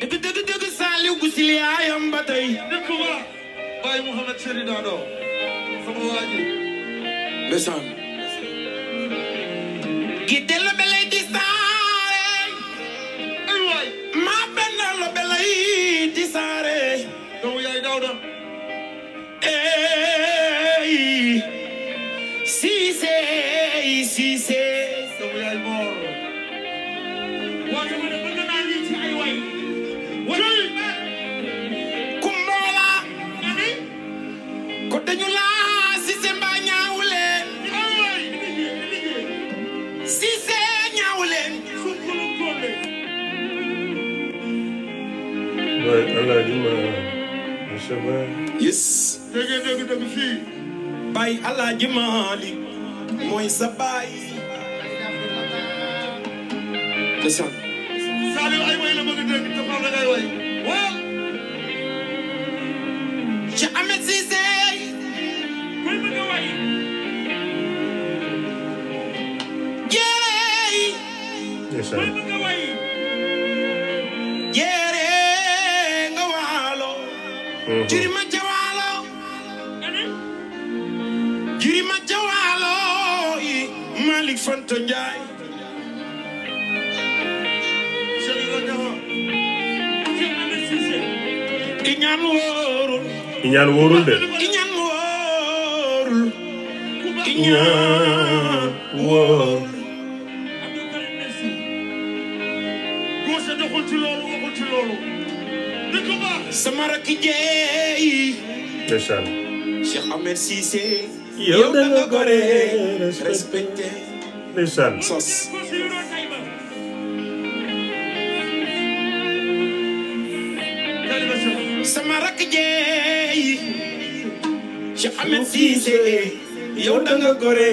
dëgg dëgg dëgg Saliou gu si yaayam ba tey. dëgg wa Baye Mouhamed Seri Dado sama waa ji. ndeysaan. gi te la belay di saare. ay waay. maa benn la belay di saare. donc yaay Dawda. ey Cissé Cissé. Eh, Alaaji yes. dégg dégg dégg mooy sa baay. ndeysaan. Saliou ay way la bëgg a dégg te la ngay way. waaw. Cheikh Ahmed Cissé. koy bëgg a way. jirima jawaalo jirima jawaalo i Malick Fanta Ndiaye iñaan wóorul iñaan wóorul de iñaan wóorul iñaan wóorul sama rakk jeey ndeysaan Cheikh Ahmed Cissé yow da gore respecté ndeysaan sos sama rakk jeey Cheikh Ahmed Cissé yow da nga gore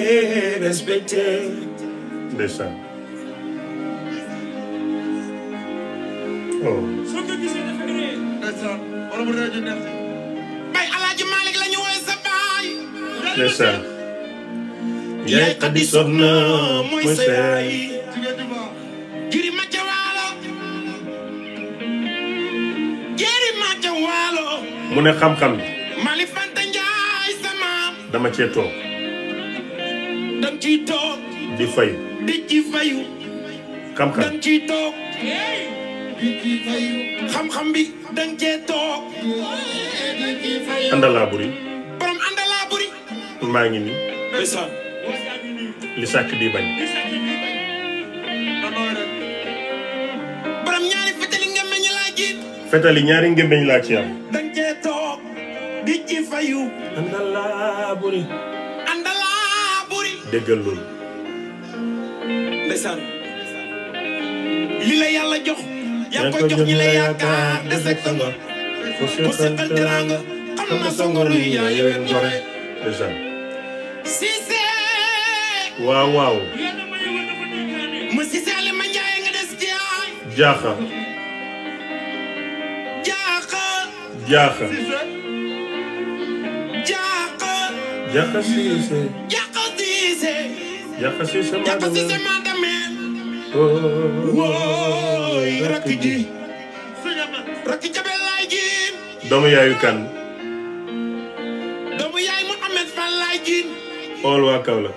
respecté ndeysaan oh bay alaaji Malick la woy sa baay ndeysaan yaay xadi soxna mooy sa yaay jiri ma ca waalo jiri ma ca waalo mu ne xam-xam bi Mali Fanta Njaay sama dama cee toog dam ciy toog di fayu di ci fayu xam-xam ciy toog xam-xam bi dang cee toog. andalaa buri. borom andalaa buri. maa ngi nii. li sàkk di bañ. borom ñaari fetali ngemeñ laa jiit. fetali ñaari ngemeñ laa ci am. dang toog di fayu. andalaa buri. andalaa buri. déggal loolu. li la yàlla jox. yaa ko jox ñi la yaakaar dese ko nga ku seqal teraanga xam na songoru yaa yeween gore Cissé waaw waaw ma Cissé ale ma Njaay nga des jaay jaaxa jaaxa jaaxa jaaxa jaaxa Cissé jaaxa Cissé jaaxa Cissé ma demee wooy rakk ji rakk jabel doomu yaayu kan doomu yaay mu amet fan laay jiin xool waa Kaolack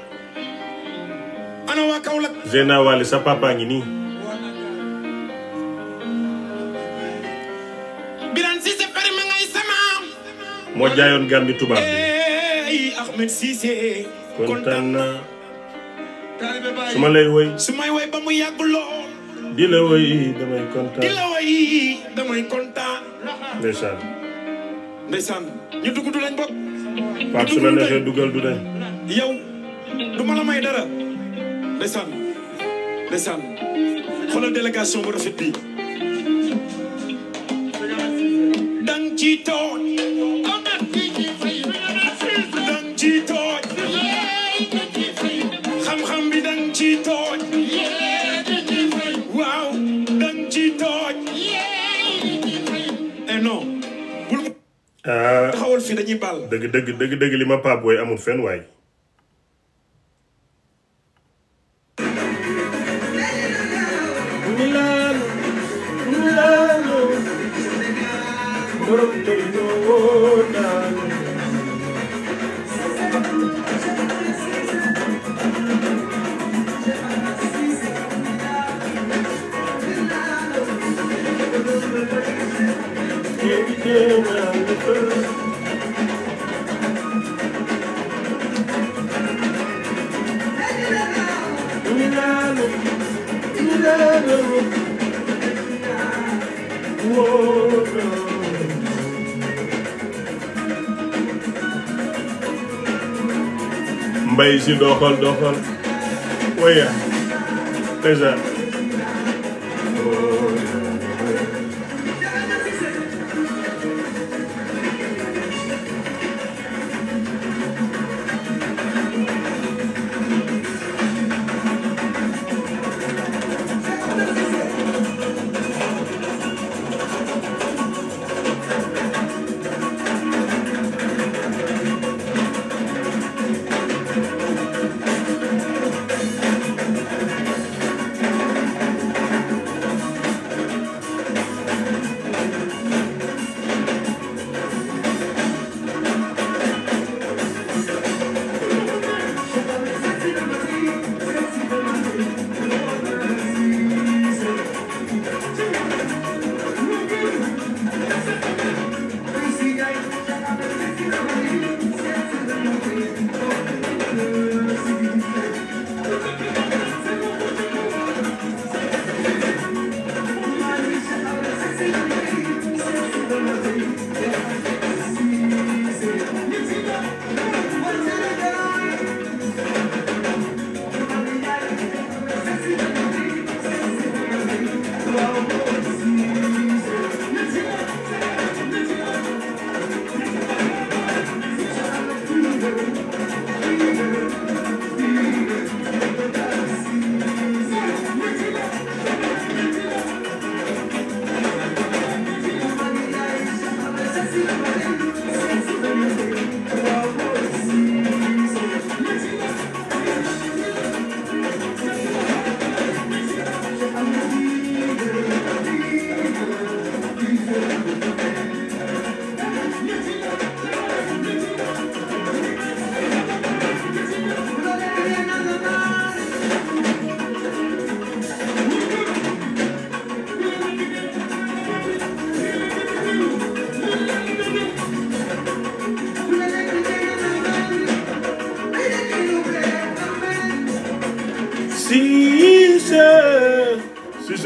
ana waa Kaolack Zena Wali sa papa ngi nii Biran Cissé pari ma ngay sama moo jaayoon Gambie tubaab bi Ahmed Cissé kontaan naa su ma lay woy su may woy ba mu yàgg lool di la woy damay kontaan di la woy damay kontaan ndeysaan ndeysaan ñu dugg du dañ bopp su la neexee dugal du dañ yow du ma la may dara ndeysaan ndeysaan xoolal délégation bu rafet bi dang ci ñi baal. dëgg dëgg dëgg li ma Pape Boye amul fenn waay.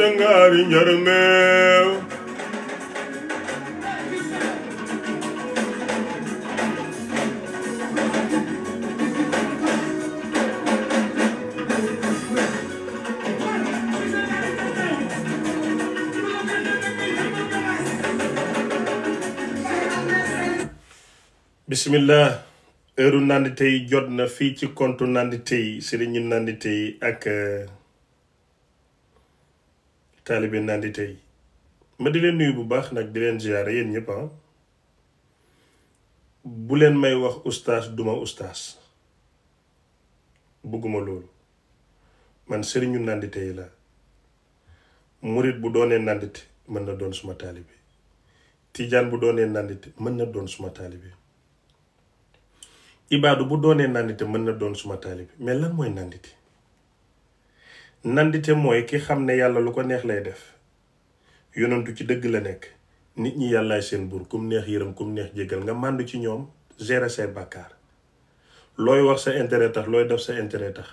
ca ngaari njarmeew bismillah heure nandite jot na fii ci compte nandite yi sëriñu nandite yi ak euh, taalibe nandi yi ma di leen nuyu bu baax nag di leen ziare yéen ñëpp ah. bu leen may wax ustaas duma ustaas bëgguma loolu man sëriñu nandi yi la murit bu doonee nandite mën na doon suma taalibe tijaan bu doonee nandite mën na doon suma taalibe ibaadu bu doonee nandite mën na doon suma taalibe mais lan mooy nandite nandite mooy ki xam ne yàlla lu ko neex lay def yonantu ci dëgg la nekk nit ñi yàllaay seen buur kum neex yërëm kum neex jéggal nga màndu ci ñoom gérer say bàkkaar looy wax sa intérêt tax looy def sa intérêt tax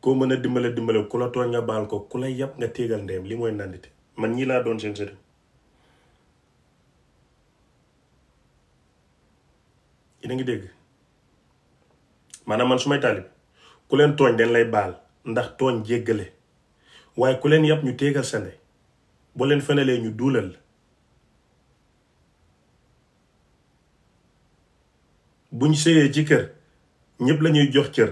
koo mën a dimbale dimbale ku la tooñ nga baal ko ku la yàpp nga téegal ndeyam li mooy nandite man ñii laa doon seen sëriñ yéen a ngi dégg maanaam man su taalib ku leen tooñ den lay baal ndax tooñ jéggale waaye ku leen yàpp ñu téegal sande boo leen fenalee ñu duulal la buñ sëyee ci kër ñépp lañuy jox cër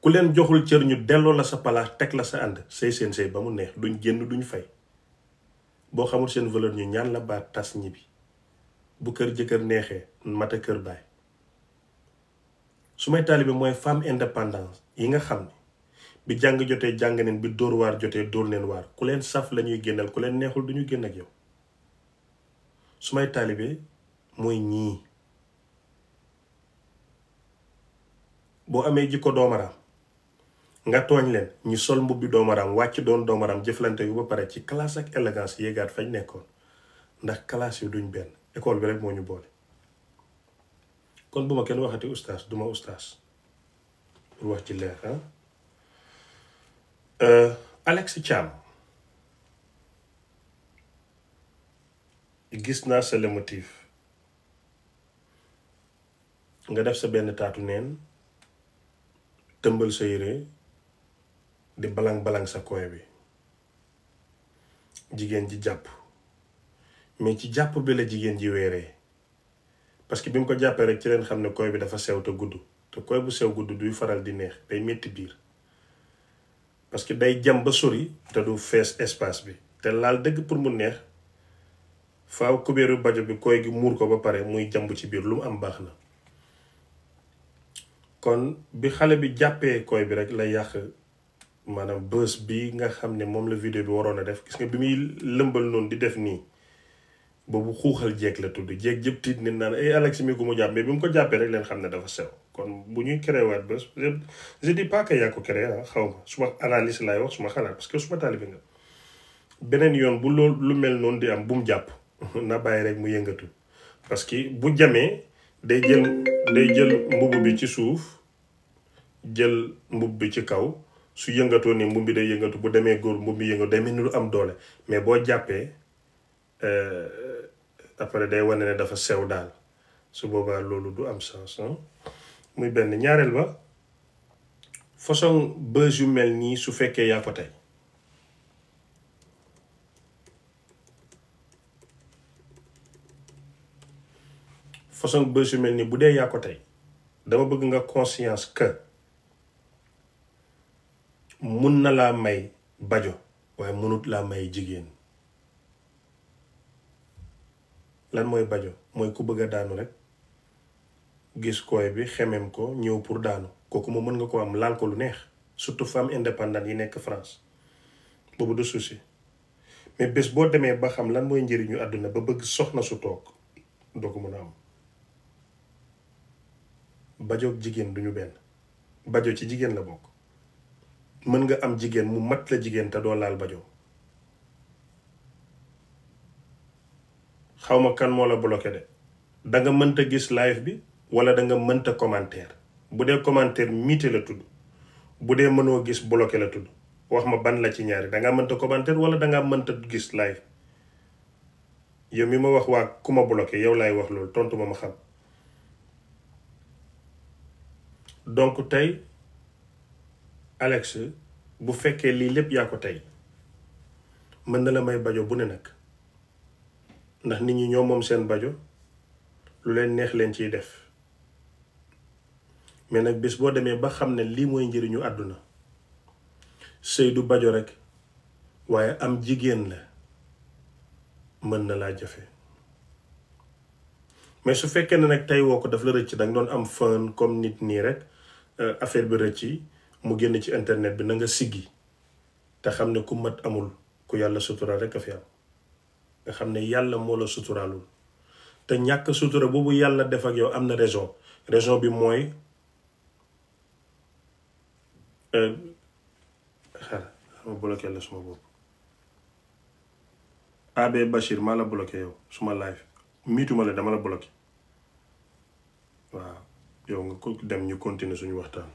ku leen joxul cër ñu delloo la sa palaas teg la sa ànd sëy seen sëy ba mu neex duñ génn duñ fay boo xamul seen valeur ñu ñaan la baat tas ñibbi bu kër jëkkër neexee mata kër baay su may taalibe mooy femme indépendance yi nga xam ni bi jàng jotee jàng neen bi dóor waar jotee dóor neen waar ku leen saf la ñuy génnal ku leen neexul du ñu génn ak yow su may taalibee mooy ñii boo amee jikko doomaraam nga tooñ leen ñu sol mbubbi doomaraam wàcc doon doomaraam jëflante yu ba pare ci classe ak élégance yéegaat fañ nekkoon ndax classe yu duñ benn école bi rek moo ñu boole kon bu ma kenn waxati ustaas duma ustaas pour wax ci leer Euh, Alex Thiam gis naa sa lemotif nga def sa benn taatu neen tëmbal sa yére di balang balang sa koy bi jigéen ji jàpp mais ci jàpp bi la jigéen ji weeree parce que bi mu ko jàppee rek ci leen xam ne koy bi dafa sew te gudd te koy bu sew gudd duy faral di neex day metti biir parce que day jam ba sori te du fees espace bi te laal dëgg pour mu neex faaw kubéeru bajo bi koy gi muur ko ba pare muy jamb ci biir lu mu am baax na kon bi xale bi jàppee koy bi rek la yàq maanaam bës bi nga xam ne moom la vidéo bi waroon a def gis nga bi muy lëmbal noonu di def nii boobu xuuxal jeeg la tudd jeeg jëpp tiit nit naan ay eh, Alex mi mu jàpp mais bi mu ko jàppee rek leen xam ne dafa sew kon bu ñuy créé waat bés je dis pas que yaa ko créé ah ma suma analyse laay wax suma xalaat parce que suma taalibe nga beneen yoon bu loolu lu mel noonu di am bu mu jàpp na bàyyi rek mu yëngatu parce que bu jamee day jël day jël mbubb bi ci suuf jël mbubb bi ci kaw su yëngatoo ni mbubb bi day yëngatu bu demee góor mbubb bi yëngatu day mel ni lu am doole mais boo jàppee euh, après day wane ne dafa sew daal su boobaa loolu du am sens muy benn ñaareel ba façon buzz yu mel nii su fekkee yaa ko tey façon buzz yu mel nii bu dee yaa ko tey dama bëgg nga conscience que mun na laa may bajo waaye mënut laa may jigéen lan mooy bajo mooy ku bëgg daanu rek gis koy bi xemem ko ñëw pour daanu kooku moom mën nga ko am laal ko lu neex surtout femme indépendante yi nekk France boobu du souci mais bés boo demee ba xam lan mooy njëriñu àdduna ba bëgg soxna su toog doo ko mën a am bajoog jigéen duñu benn bajo ci jigéen la bokk mën nga am jigéen mu mat la jigéen te doo laal bajo xawma kan moo la bloqué de da mënta gis live bi wala da nga mënta commentaire bu dee commentaire miite la tudd bu dee mënoo gis bloqué la tudd wax ma ban la ci ñaari danga ngaa mënta commentaire wala da ngaa mënta gis live yow mi ma wax waa ku ma bloqué yow laay wax loolu tontu ma ma xam donc tey Alex bu fekkee lii lépp yaa ko tey mën na la may bajo bu ne nag ndax nit ñi ñoo moom seen bajo lu leen neex leen ciy def mais nag bis boo demee ba xam ne lii mooy njëriñu àdduna sëy du bajo rekk waaye am jigéen la mën na laa jafe mais su fekkee ne nag tey woo ko daf la rëcc danga doon am fën comme nit nii rek euh, affaire bi rëcc mu génn ci internet bi nanga nga siggi te xam ne ku mat amul ku yàlla suturaal rek a fi am nga xam ne yàlla moo la suturaalul te ñàkk sutura boobu yàlla defak ak yow am na raison raison bi mooy Euh, xel ma bloqué la suma bopp AB Bachir maa la bloqué yow suma live miituma la dama la bloqué waaw yow nga ko dem ñu continuer suñu waxtaan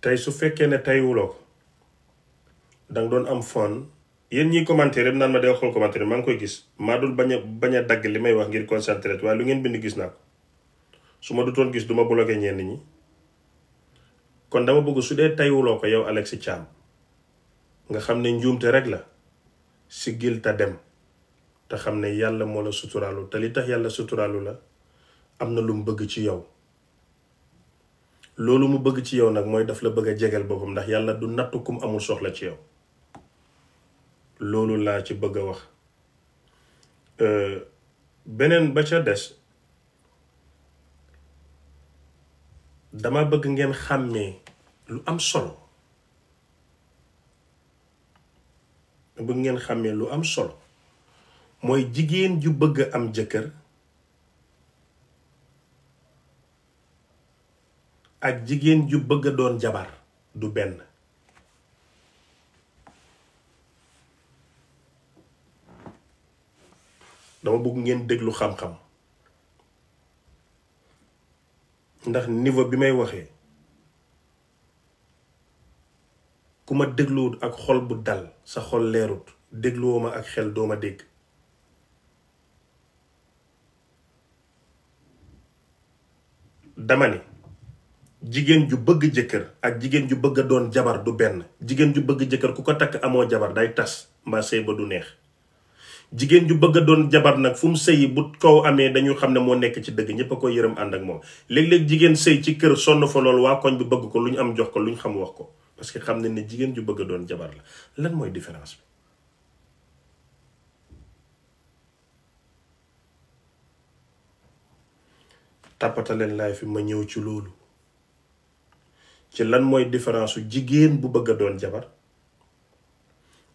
tey su fekkee ne tey ko danga doon am fon yéen ñiy commentaire naan ma day xool commentaire maa ngi koy gis maa dul bañ a bañ a dagg li may wax ngir concentré waaye lu ngeen bind gis naa ko su ma dutoon gis duma bloqué ñeen ñi kon dama bëgg su dee tayuloo ko yow Alexis Thiam nga xam ne njuumte rek la siggil ta dem te xam ne yàlla moo la suturaalu te li tax yàlla suturaalu la am na lu mu bëgg ci yow loolu mu bëgg ci yow nag mooy daf la bëgg a jegeel boppam ndax yàlla du nattu kum amul soxla ci yow loolu laa ci bëgg a wax euh, beneen ba ca des dama bëgg ngeen xàmmee lu am solo bëgg ngeen xàmmee lu am solo mooy jigéen ju bëgg am jëkkër ak jigéen ju bëgg a doon jabar du benn dama bëgg ngeen déglu xam-xam ndax niveau bi may waxee ku ma dégluwut ak xol bu dal sa xol leerut dégluwoo ma ak xel doo ma dégg dama ni jigéen ju bëgg jëkkër ak jigéen ju bëgg a doon jabar du benn jigéen ju bëgg jëkkër ku ko takk amoo jabar day tas mbaa ba du neex jigéen ju bëgg doon jabar nag fu mu sëyi bu kow amee dañu xam ne moo nekk ci dëgg ñépp a ko yërëm ànd ak moom léeg-léeg jigéen sëy ci kër sonn fa loolu waa koñ bi bëgg ko lu ñu am jox ko lu ñu xam wax ko parce xam ne ne jigéen ju bëgg doon jabar la lan mooy différence bi tàppataleen laay fi ma ñëw ci loolu ci lan mooy différence su jigéen bu bëgg a doon jabar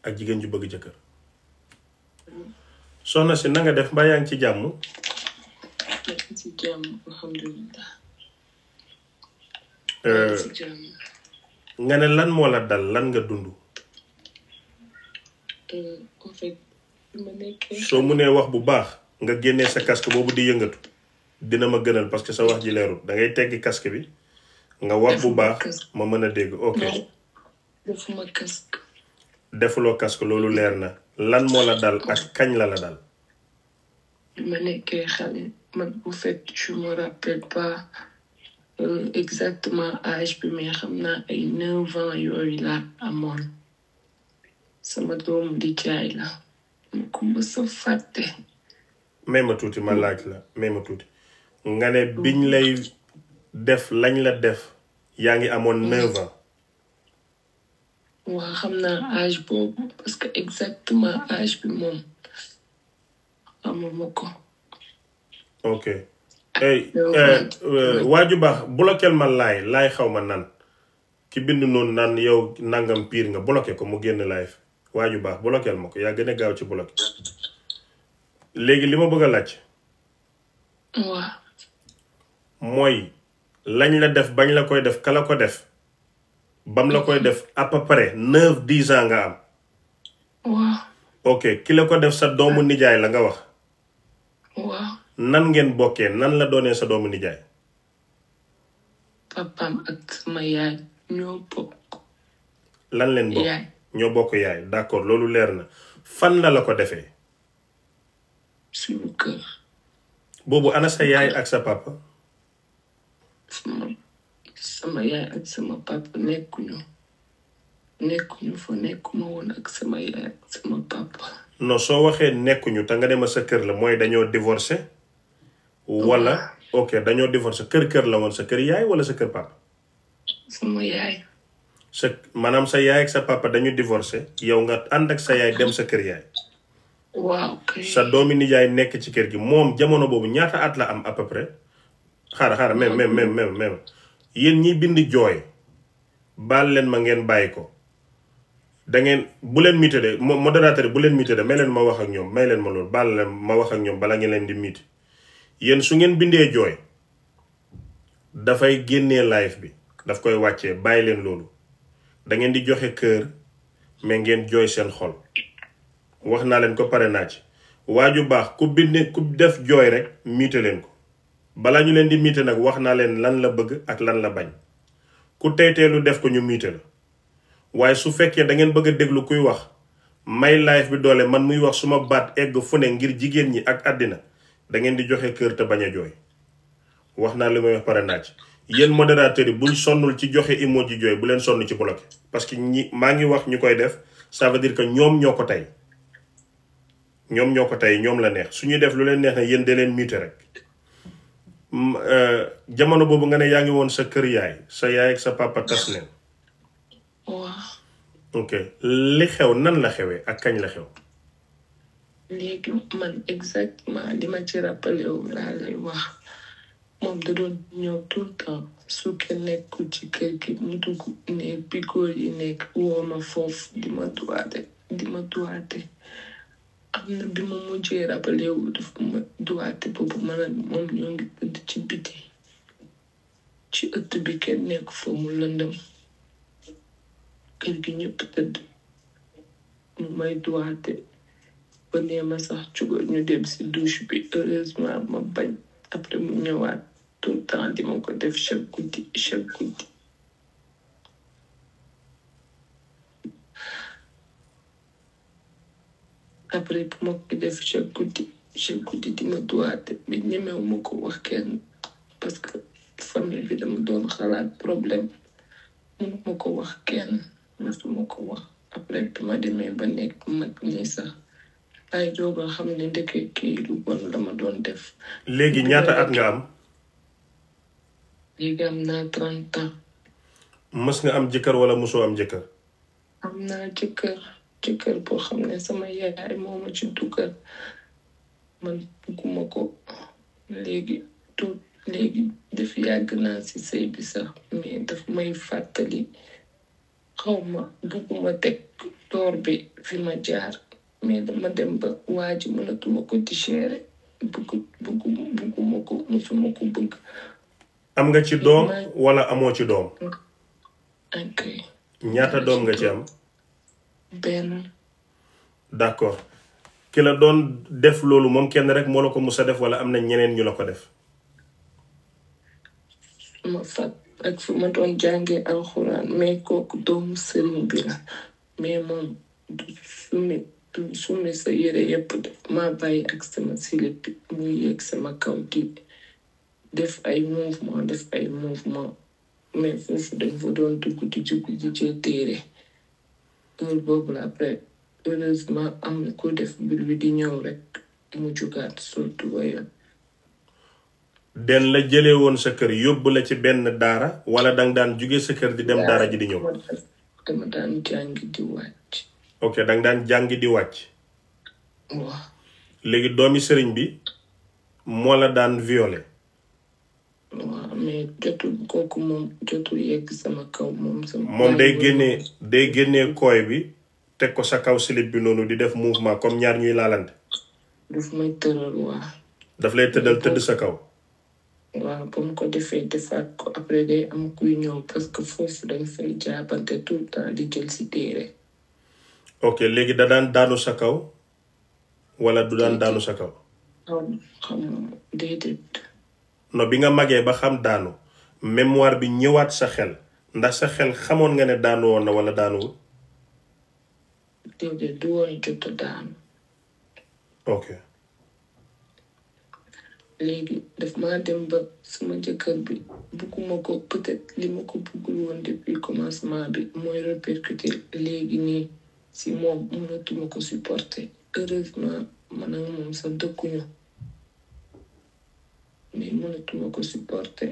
ak jigéen ju bëgg jëkkër soxna si na nga def mbaa yaa euh, ci jàmm. nga ne lan moo la dal lan nga dund. Euh, en fait ma soo mënee wax bu baax nga génnee sa casque boobu di yëngatu dina ma gënal parce que sa wax ji leerul dangay tegg teggi bi nga wax bu baax ma mën a dégg ok. defuma casque. defuloo casque loolu leer na. lan moo la dal ak kañ la la dal. ma nekkee xale man bu fekk je me rappelle pas euh, exactement âge bi mais xam naa ay neuf ans yooyu la amoon sama doomu di jaay la ma ko mës fàtte. may ma tuuti ma laaj la may ma tuuti nga ne biñ lay def lañ la def yaa ngi amoon neuf ans. waa xam naa âge boobu parce que exactement âge bi moom xamuma ko. ok. Ah, eh, waaju eh, baax bloqueel ma laay laay xaw ma nan ki bind noonu naan yow nangam piir nga bloqué ko mu génn live waaju baax bloqueel ma ko yaa gën a gaaw ci bloqué léegi li ma bëgg a laaj. waaw. mooy lañ la def bañ la koy def kala ko def. bam la koy def à peu près neuf dix ans nga am. waaw. ok ki la ko def sa doomu nijaay la nga wax. nan ngeen bokkee nan la doonee sa doomu nijaay. papaam ak sama yaay ñoo bokk. lan leen bokk yaay ñoo bokk yaay d'accord loolu leer na fan la la ko defee. suñu kër. boobu ana sa yaay ak sa papa. sama yaay ak sama papa nekkuñu nekkuñu fa nekkuma woon ak sama yaay sama papa. non soo waxee nekkuñu te nga dem sa kër la mooy dañoo divorcé. wala ok dañoo divorcé kër kër la woon sa kër yaay wala sa kër papa. sama yaay. sa maanaam sa yaay ak sa papa dañu divorcé yow nga ànd ak sa yaay dem sa kër yaay. waaw kay sa doomi nijaay nekk ci kër gi moom jamono boobu ñaata at la am à peu près. xaaral xaaral même même yéen ñiy bind jooy baal leen ma ngeen bàyyi ko da ngeen bu leen mute de modérateur bu leen mute de may leen ma wax ak ñoom may leen ma loolu baal leen ma ak ñoom bala ngeen di mute yéen su ngeen bindee jooy dafay génne live bi daf koy wàccee bàyyi leen loolu da ngeen di joxe kër mais ngeen jooy seen xol wax naa leen ko pare naa ci waaju baax ku bind ku def jooy rek mute leen ko balaa ñu leen di miite nag wax naa leen lan la bëgg ak lan la bañ ku lu def ko ñu miite la waaye su fekkee da ngeen bëgg a déglu kuy wax may live bi doole man muy wax suma baat egg fu ne ngir jigéen ñi ak àddina da ngeen di joxe kër te bañ a jooy wax naa li may wax pare naaj yéen modérateurs yi buñ sonnul ci joxe emoji jooy bu leen sonn ci bloqué parce que ñi maa ngi wax ñu koy def ça veut que ñoom ñoo ko tey ñoom ñoo ko tey ñoom la neex su ñuy def lu leen neex yéen da leen miite Euh, jamono boobu nga ne yaa ngi woon sa kër yaay sa yaay ak sa papa tas leen. waaw. ok li xew nan la xewee ak kañ la xew. léegi man exactement li ma ci rappelé wu laa lay wax moom da doon ñëw tout temps su ke nekku ci kër gi mu dugg néeg bi yi nekk woo ma foofu di ma tuwaate am na bi ma mujjee rappelé wu dafa ma duwaate boobu man ak moom ñoo ngi tëdd ci biti ci ëtt bi kenn nekk fa mu lëndëm kër gi ñëpp tëdd mu may duwaate ba ma sax cugal ñu dem si douche bi heureusement ma bañ après mu ñëwaat tout le temps di ma ko def chaque guddi chaque guddi après bu ma ko def chaque guddi chaque guddi di ma duwaate bi ñemew ma ko wax kenn parce que famille bi dama doon xalaat problème mënu ma ko wax kenn mësu ko wax après bi ma demee ba nekk mag nii sax ay jooga xam ne ndeke kii lu bon la doon def léegi ñaata at nga am léegi am naa trente ans mës nga am jëkkër wala mosoo am jëkkër am naa jëkkër ci kër boo xam ne sama yaay moo ma ci dugal man bugguma ko léegi tu léegi def yàgg naa ci sëy bi sax mais daf may fàttali xawma bugguma teg door bi fi ma jaar mais dama dem ba waa ji mënatuma ko di géré buggu bugguma ko musuma ko bëgg am nga ci doom wala amoo ci doom ok ñaata doom nga ci am benn. d'accord ki la doon def loolu moom kenn rek moo la ko mus a def wala am na ñeneen ñu la ko def. ma fat ak fi ma doon jàngee alxuraan mais kooku doomu sëriñ bi la mais moom du sumi sa yére yëpp ma bàyyi ak sama silip muy yegg sama kaw di def ay mouvement def ay mouvement mais foofu dañ fa doon dugg di jug di jël heure boobu ñëw rek mu den la jëlee woon sa kër yóbbu la ci benn daara wala danga daan jóge sa kër di dem daara ji di ñëw dama daan jàngi di wàcc ok danga daan jàngi di wàcc waaw léegi doomi sëriñ bi moo la daan violé mais moom jotul yegg sama kaw moom. sama moom day génnee kooy bi teg ko sa kaw si slip bi noonu di def mouvement comme ñaar ñuy laalante. daf may lay tëddal tëdd sa kaw. waaw ba mu ko defee defaat ko après day am kuy ñëw parce que foofu dañ fay jaabante tout temps di jël si téere. ok léegi da daan daanu sa kaw wala du daan daanu sa kaw. waaw xam nga déedéet. no bi nga magee ba xam daanu mémoire bi ñëwaat sa xel ndax sa xel xamoon nga ne daanu woon na wala daanuwul. déedéet du woon jot daanu. ok. léegi daf maa dem ba sama jëkkër bi bugguma ko peut li ma ko buggul woon depuis commencement bi mooy répercuté léegi nii si moom mënatuma ko supporter heureusement man ak moom sax dëkkuñu. mais mënatuma ko supporter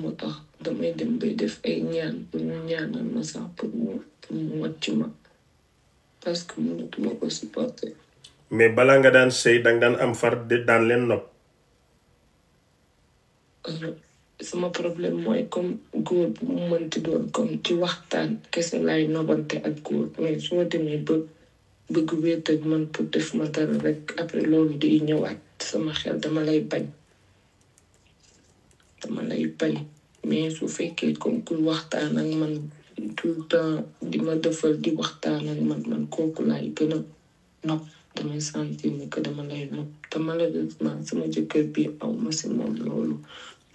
moo tax damay dem bay def ay ñaan pour ñaanal ma sax pour mu pour ma parce que mënatuma ko supporter. mais balaa nga daan sëy danga daan am far de daan leen nopp. sama problème mooy comme góor ci waxtaan kese laay nobante ak góor mais su demee ba bëgg wéet ak man pour def ma dara rek après loolu di ñëwaat sama xel dama lay bañ. dama lay bañ mais su fekkee comme ku waxtaan ak man tout le temps di ma defal di waxtaan ak man man kooku laay gën a nopp damay sentir ni que dama lay nopp te malheureusement sama jëkkër bi aw ma si moom loolu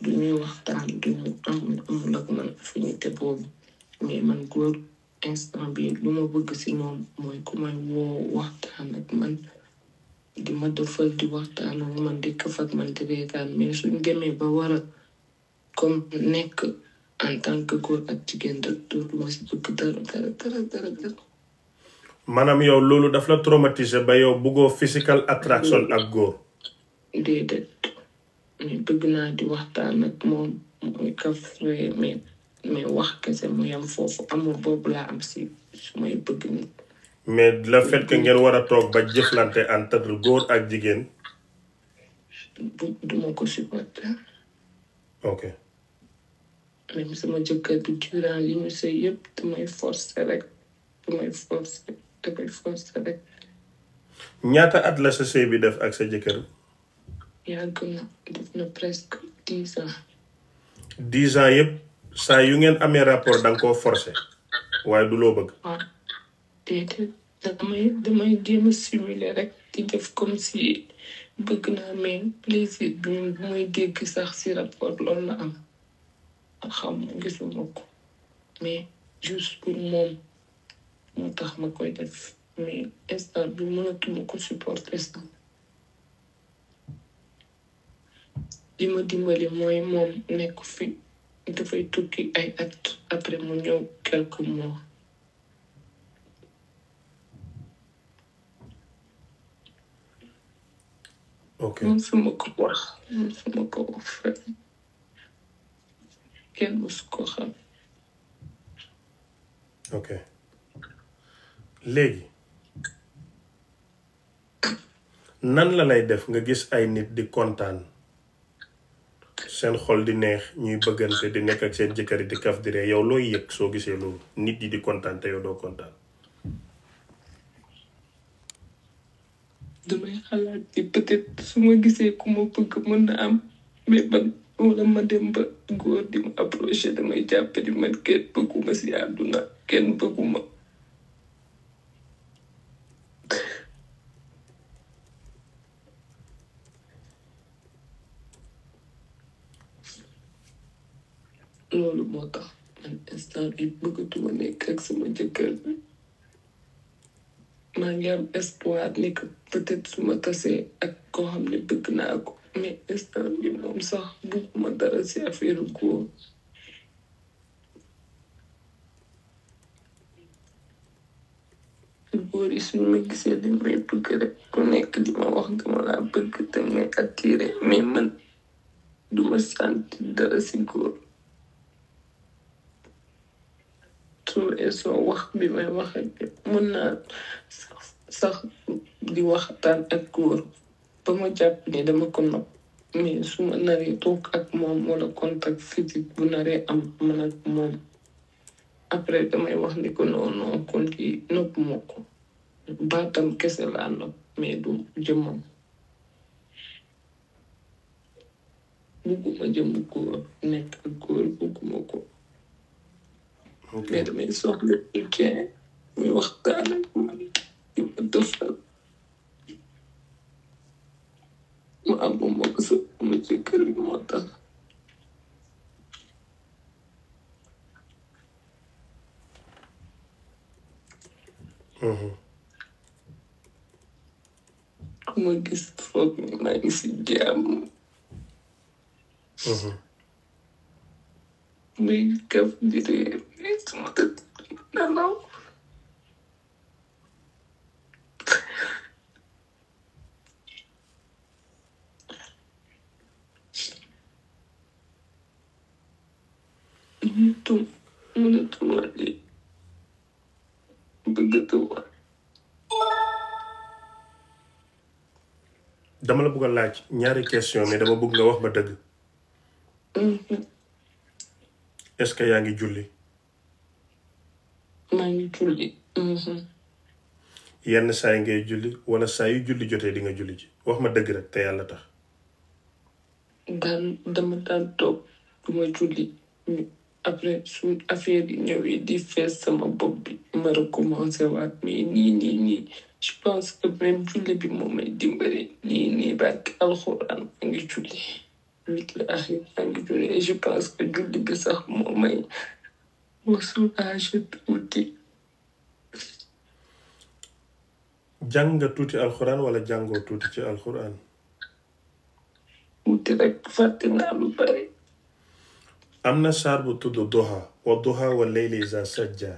du ñuy waxtaan du ñu amul amul ak man affinité boobu mais man góor instant bi lu ma bëgg si moom mooy ku may woo waxtaan ak man di ma defal di waxtaan ak man di kafak man di reetaan mais suñ demee ba war comme nekk en tant que góor ak jigéen rek dootuma si bëgg dara dara dara dara dara. maanaam yow loolu daf la traumatiser ba yow bëggoo physical attraction ak góor. déedéet bëgg naa di waxtaan ak moom muy kafee mais wax kese mu yam foofu amul boobu laa am si su may bëgg nit. mais le fait ngeen war a toog ba jëflante entre góor ak jigéen. du ko supporter. même sama jëkkër bi durant li ñu damay forcer rek ñaata at la sa bi def ak sa jëkkër. yàgg na def na presque dix ans. dix saa yu ngeen amee rapport da nga koo forcer waaye du loo bëgg. waaw ah, déedéet damay damay jéem a simuler rek di def comme si bëgg naa mais plaisir bi muy dégg sax si rapport loolu la am. xam gisuma ko mais juste pour moom moo tax ma koy def mais instant bi mënatuma ko supporter sax li ma dimbali mooy moom nekk fi dafay tukki ay at après mu ñëw quelques mois ok moom su ko wax moom su ko wax kenn musu ko xam ok léegi nan la lay def nga gis ay nit di kontaan seen xol di neex ñuy bëggante di nekk ak seen jëkkër di kaf di ree yow looy yëg soo gisee loolu nit yi di kontaan te yow doo kontaan damay xalaat ni peut su ma gisee ku ma bëgg mën na am mais man wala ma dem ba góor di ma approché damay jàppe man kenn bëgguma si àdduna kenn bëgguma loolu moo tax man instant bi bëggatuma nekk ak sama jëkkër maa ngi am espoir ni que peut tasee ak koo xam ne bëgg naa ko mais instant bi moom sax bugguma dara si affaire góor góor yi suñu ma gisee dañ may bëgg rek ku nekk di ma wax dama laa bëgg te may attiré man duma sant dara si góor soo esoo wax bi may wax ak mën naa sax di waxtaan ak góor ba ma jàpp ne dama ko nopp mais su naree toog ak moom wala contact physique bu naree am man ak moom après damay wax ni ko non non nopp ma ko baatam kese laa nopp mais du jëmmam bugguma jëmm góor nekk ak góor bugguma ko mais damay soxla quelqu'un muy waxtaan ak man di ma defal mu mhm. am ko moo ci kër gi moo tax ku ma gis foog ni maa ngi si jàmm muy kaf di réer sama tëdd nelaw dama la bëgg a laaj ñaari question mais dama bëgg nga wax ma dëgg est-ce yaa ngi julli maa ngi julli yenn saa yi ngay julli wala saa yu julli jotee di nga julli ci wax ma dëgg rek te yàlla tax daan dama daan toog duma julli après su affaire yi ñëwee di fees sama bopp ma recommencé waat mais nii nii nii je pense que même julli bi moom may dimbali nii nii barke alxuraan maa ngi julli huit la axir bi sax moo may ma soulagé tuuti jàng nga tuuti alxuraan wala jàngoo tuuti ci alxuraan tuuti rek fàtte naa lu bari am na saar bu tudd duha wa duha wa layli iza sajja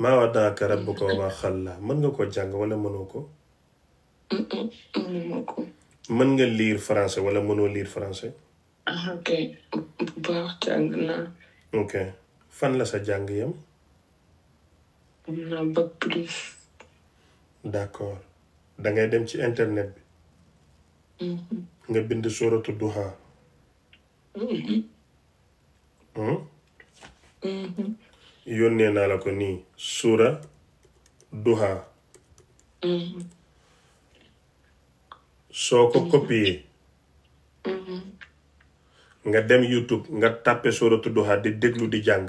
maa waddaaka rabbuka wa maa xalla mën nga koo jàng wala mënoo ko mën nga liir français wala mënoo liir français ah, fan la sa jàng yam am naa dangay dem ci internet bi mhm. nga bind suratu duha mhm. Hmm? Mm-hmm. yónnee naa la ko nii suura duha mm-hmm. soo ko copier mm-hmm. nga dem youtube nga tàppe suuratu duha di déglu di jàng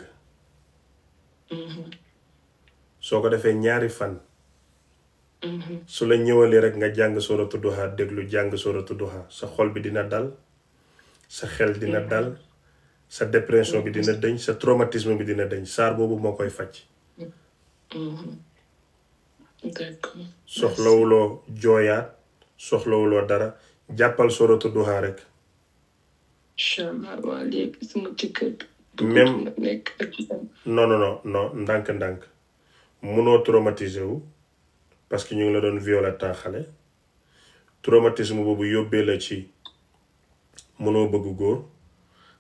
soo ko defee ñaari fan su la ñëwalee rek nga jàng suuratu duha déglu jàng suuratu duha sa xol bi dina dal sa xel dina dal sa dépression bi dina dañ sa traumatisme bi dina dañ saar boobu moo koy faj mm-hmm. Mm-hmm. soxlawuloo jooyaat soxlawuloo dara jàppal soratu duhaa rek même non non ndànk-ndànk munoo traumatisé wu parce que ñu ngi la doon violer temps xale traumatisme boobu yóbbee la ci munoo bëgg góor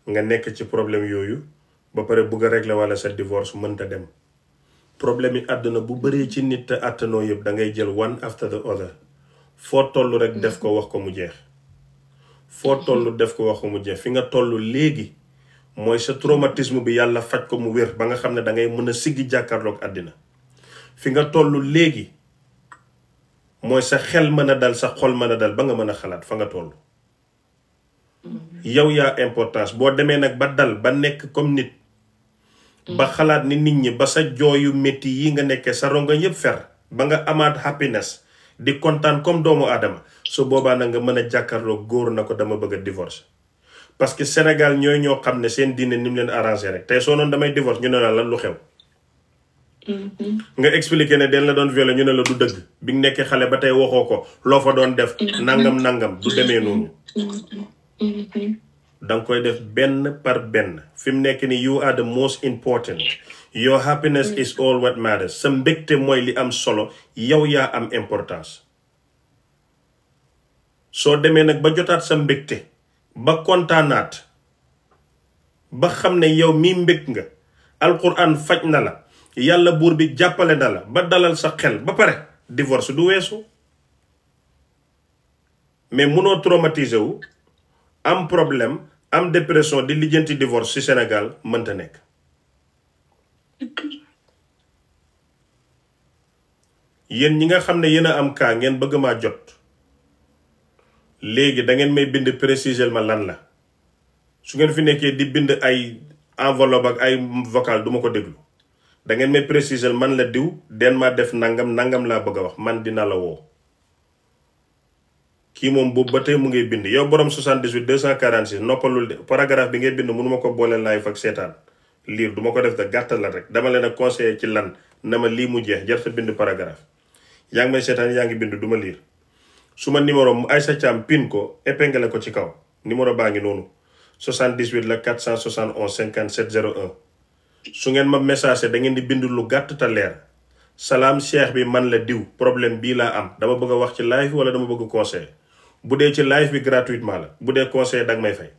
nga nekk ci problème yooyu ba pare bugg a la wala sa divorce mënta dem problème yi àdduna bu bëree ci nit te yëpp dangay jël one after the other foo toll rek def ko wax ko mu jeex foo toll def ko wax mu jeex fi nga toll léegi mooy sa traumatisme bi yàlla faj ko mu wér ba nga xam ne da ngay mën a siggi jàkkaarloog àddina fi nga tollu léegi mooy sa xel mën a dal sa xol mën a dal ba nga mën a xalaat fa nga toll yow yaa importance boo demee nag ba dal ba nekk comme nit ba xalaat ni nit ñi ba sa jooyu métti yi nga nekkee sa ronga yëpp fer ba nga amaat happiness di kontaan comme doomu aadama su boobaa nag nga mën a jàkkaarloo góor na ko dama bëgg a divorce parce que Sénégal ñooy ñoo xam ne seen diine ni leen arrangé rek tey soo noonu damay divorce ñu ne la lu xew nga expliqué ne den la doon violé ñu ne la du dëgg bi nga nekkee xale ba tey waxoo ko loo fa doon def nangam mm-hmm. nangam du demee noonu danga koy def benn par benn fi mu nekk nii you are the most important your happiness is all what matters sa mbégte mooy li am solo yow yaa am importance soo demee nag ba jotaat sa mbégte ba kontaanaat ba xam ne yow mii mbég nga alquran faj na la yàlla buur bi jàppale na la ba dalal sa xel ba pare divorce du weesu mais munoo traumatiser wu am problème am dépression di lijjanti divorce ci Sénégal mënta nekk yéen ñi nga xam ne yéen a am cas ngeen bëgg maa jot léegi da ngeen may bind préciser ma lan la su ngeen fi nekkee di bind ay enveloppe ak ay vocal duma ko déglu da ngeen may préciser man la diw den ma def nangam nangam laa bëgg a wax man dina la woo kii moom boobu ba tey mu ngee bind yow borom 78 246 noppalul de paragraphe bi ngay bind mënu ma ko boole live ak seetaan liir du ma ko def de gàttal la rek dama leen a conseillé ci lan na ma lii mu jeex jar sa bind paragraphe yaa ngi may seetaan yaa ngi bind du ma liir su ma numéro mu Aïssa Thiam pin ko épingle ko ci kaw numéro baa ngi noonu 78 la 471 57 01 su ngeen ma message da ngeen di bind lu gàtt ta leer salaam cheikh bi man la diw problème bii laa am dama bëgg wax ci live wala dama bëgg conseil bu dee ci live bi gratuitement la bu dee conseil danga may fay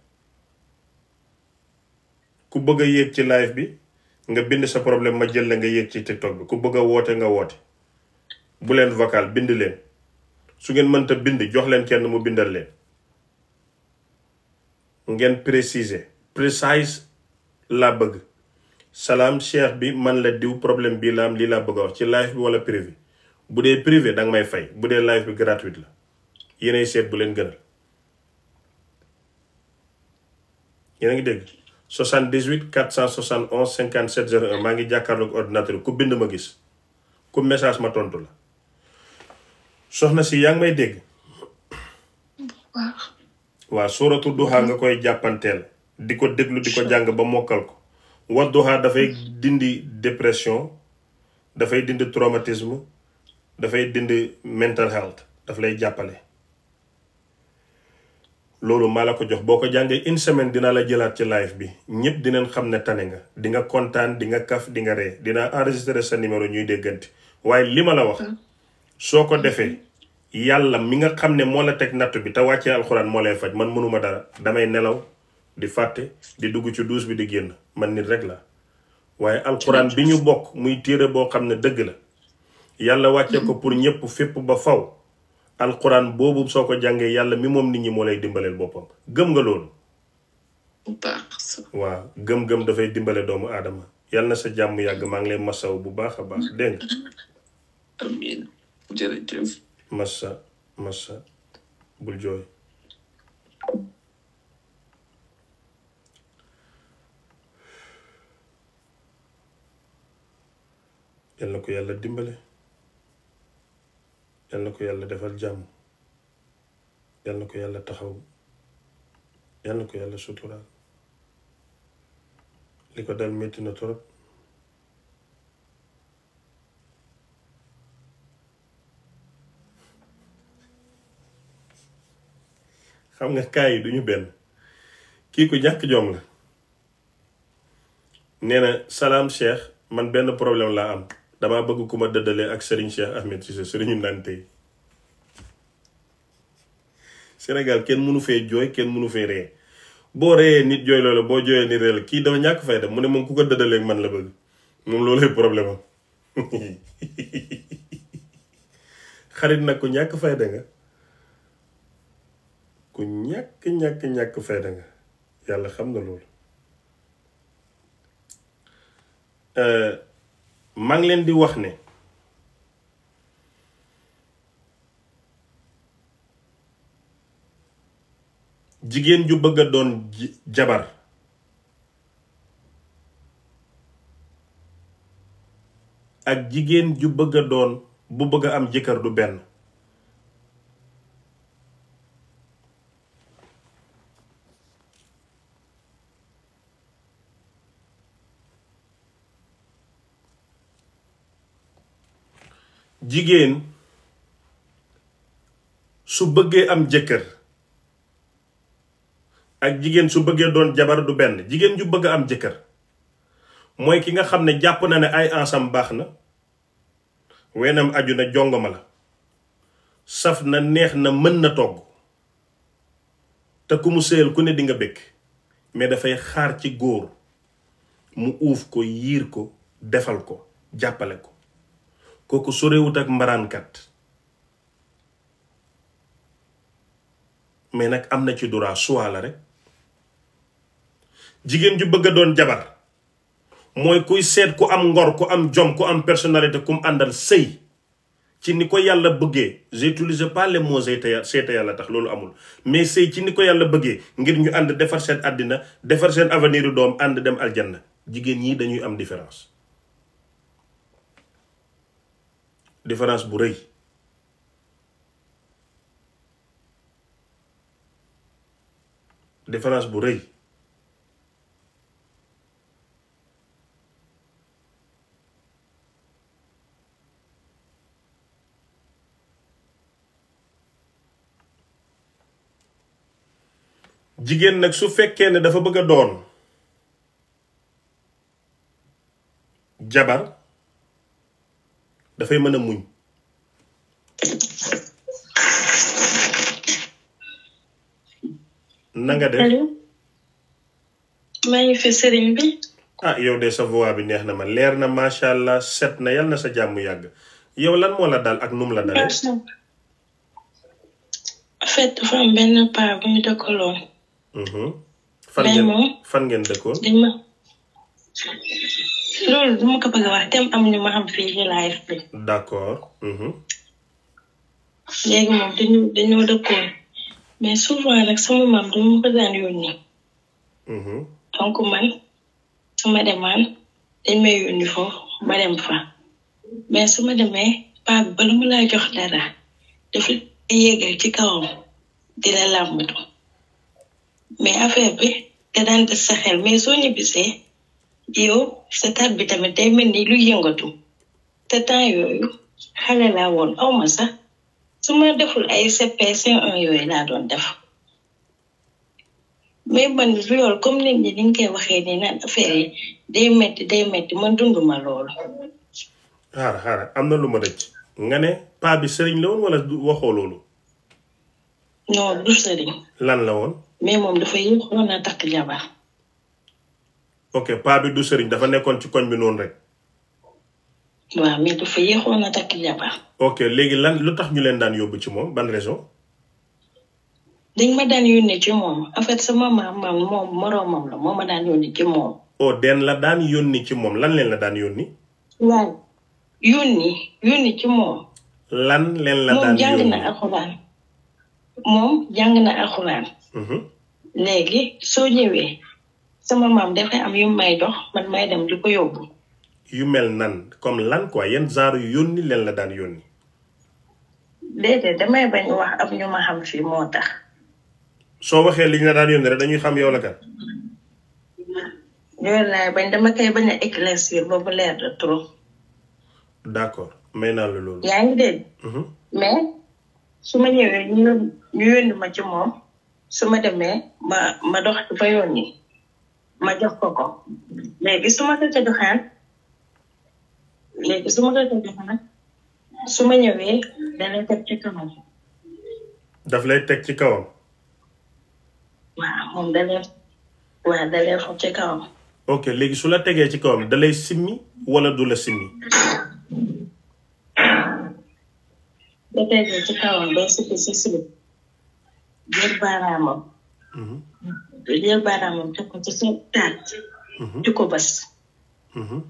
ku bëgg a yéeg ci live bi nga bind sa problème ma jël la nga yéeg ci tiktok bi ku bëgg a woote nga woote bu leen vocal bind leen su ngeen mënta bind jox leen kenn mu bindal leen ngeen préciser précise laa bëgg salaam cheikh bi man la diw problème bii la am lii laa bëgg a wax ci live bi wala privé bu dee privé danga may fay bu dee live bi gratuite la yéenay seet bu leen gënal yéen a ngi dégg 78 471 57 01 maa ngi jàkkaarloog ordinateur bi ku bind ma gis ku message ma tontu la soxna si yaa ngi may dégg. waa soo suuratu duha nga koy jàppanteel di ko déglu di ko jàng ba mokkal ko. wax duha dafay mm-hmm. dindi dépression dafay dindi traumatisme dafay dindi mental health daf lay jàppale. loolu maa la ko jox boo ko jàngee une semaine dina la jëlaat ci live bi ñëpp dinañ xam ne tane nga dinga kontaan dinga nga kaf di nga dinaa enregistré sa numéro ñuy déggante waaye li ma la wax soo ko defee yàlla mi nga xam ne moo la teg natt bi te wàccee alxuraan moo lay faj man mënuma dara damay nelaw di fàtte di dugg ci duus bi di génn man nit rek la waaye alxuraan bi ñu bokk muy téere boo xam ne dëgg la yàlla wàccee ko pour ñëpp fépp ba faw alxuraan boobu soo ko jàngee yàlla mi moom nit ñi moo lay dimbaleel boppam gëm nga loolu. waaw gëm-gëm dafay dimbale doomu aadama yàlla na sa jàmm yàgg maa ngi lay masaw bu baax a baax dégg nga. amiin massa massa bul jooy. yàlla ko yàlla dimbale. yal na ko yàlla defal jàmm yal na ko yàlla taxaw yal na ko yàlla suturaal li ko dal métti na torop xam nga kaay yi ñu benn kii ku ñàkk jom la nee salaam cheikh man benn problème laa am damaa bëgg ku ma dëddale ak Serigne Cheikh Ahmed Cissé Serigne Nante Sénégal kenn mënu fee jooy kenn mënu fee ree boo reyee nit jooy loola boo jooyee nit ree la kii dama ñàkk fay dem mu ne moom ku ko dëddaleeg man la bëgg moom loolay problème am xarit nag ku ñàkk fayda nga ku ñàkk ñàkk ñàkk fayda nga yàlla xam na loolu euh, mag leen di wax ne jigéen ju bëgg doon jabar ak jigéen ju bëgg a doon bu bëgg am jëkkër du benn jigéen su bëggee am jëkkër ak jigéen su bëggee doon jabar du benn jigéen ju bëgg am jëkkër mooy ki nga xam ne jàpp na ne ay ansam baax na weenam aju na jongoma la saf na neex na mën na togg te ku mu sëyal ku ne dinga nga bëgg mais dafay xaar ci góor mu uuf ko yiir ko defal ko jàppale ko kooku sorewut ak mbaraankat mais nag am na ci droit choix la rek jigéen ju bëgg a doon jabar mooy kuy seet ku am ngor ku am jom ku am personnalité ku àndal sëy ci ni ko yàlla bëggee j'utilise pas les mots seeta yàlla tax loolu amul mais sëy ci ni ko yàlla bëggee ngir ñu ànd defar seen àddina defar seen avenir yu doom ànd dem aljanna jigéen ñii dañuy am différence différence bu rëy différence bu rëy jigéen nag su fekkee ne dafa bëgg a doon jabar dafay mën a muñ na nga def bi ah yow de sa voix bi neex na ma leer na macha allah set na yal na sa jàmm yàgg yow lan moo la dal ak num la dalee en fait dafa am benn paa bu ñu loolu du ma ko bëgg a wax tem am ñu ma xam fii ci live bi. d'accord. Mhm. léegi moom dañu dañoo dëkkoon mais souvent nag sama maam dama ko daan yónni. Mhm. donc man su ma demaan dañ may yónni foofu ma dem fa mais su ma demee paa bi jox dara dafa yéegal ci kawam di la làmbatu mais affaire bi da daan des sa mais soo ñibbisee. yow sa taat bi tamit day mel ni luy yëngatu te temps yooyu xale laa woon awma ma sax su ma deful ay CP1 yooyu laa doon def mais man loolu comme nit ñi ni koy waxee nii naan affaire day metti day man dunduma loolu. xaar xaar am na lu ma dëj nga ne paa bi sëriñ la woon wala waxoo loolu. non du sëriñ. lan la woon. mais moom dafa yéex a takk jabar. ok paa bi du sëriñ dafa nekkoon ci koñ bi noonu rek. waaw mais dafa yéexoon a takk jabar. ok léegi lan lu tax ñu leen daan yóbbu ci moom ban raison. dañ ma daan ci moom en fait oh, la daan yónni ci moom. lan leen la daan yónni. waaw yónni yónni ci moom. lan leen la daan yónni moom jàng na alxuraan. moom jàng na alxuraan. Mhm. léegi soo ñëwee. sama maam dafay am yu may dox man may dem di ko yóbbu. yu mel nan comme lan quoi yenn genre yu yónni leen la daan yónni. déedéet damay bañ wax ab ñu xam fii moo tax. soo waxee li na la daan yónni rek dañuy xam yow la kat. yooyu bañ dama koy bañ a éclaircir ba bu leer la trop. d' accord may naa la loolu. yaa ngi dégg. Mhm. mais su ma ñëwee ñu ñu ma ci moom su demee ma dox ba yónni. ma jox ko ko léegi su ma ko teg ci kawam. daf léegi su la tegee ci kawam da lay simmi wala du la simmi. da tegee ci kawam day simmi si simmi. jël baaraamam. Mhm. jël baaraamam mm-hmm. teg ko ci sa taat. di ko bas. Mm-hmm.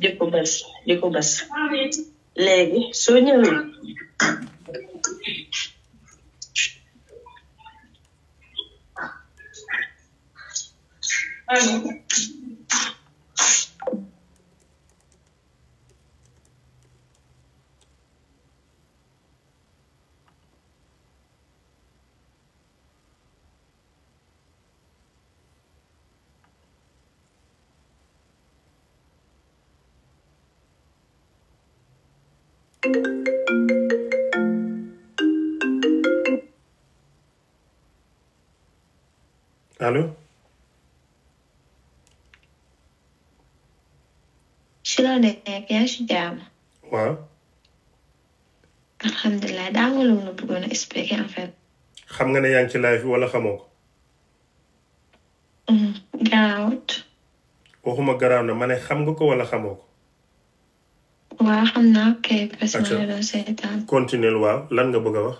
di ko bas di ko bas léegi soo ñëwee. Alo? Shila Diagne yaa si jàmm. waaw. alhamdulilah daa am lu ma bëggoon a expliquer en fait. xam nga ne yaa ngi ci wala xamoo ko. Mm, garaawut. waxuma garaaw na ma xam nga ko wala xamoo ko. waaw xam naa kay. continuer lan nga bëgg a wax.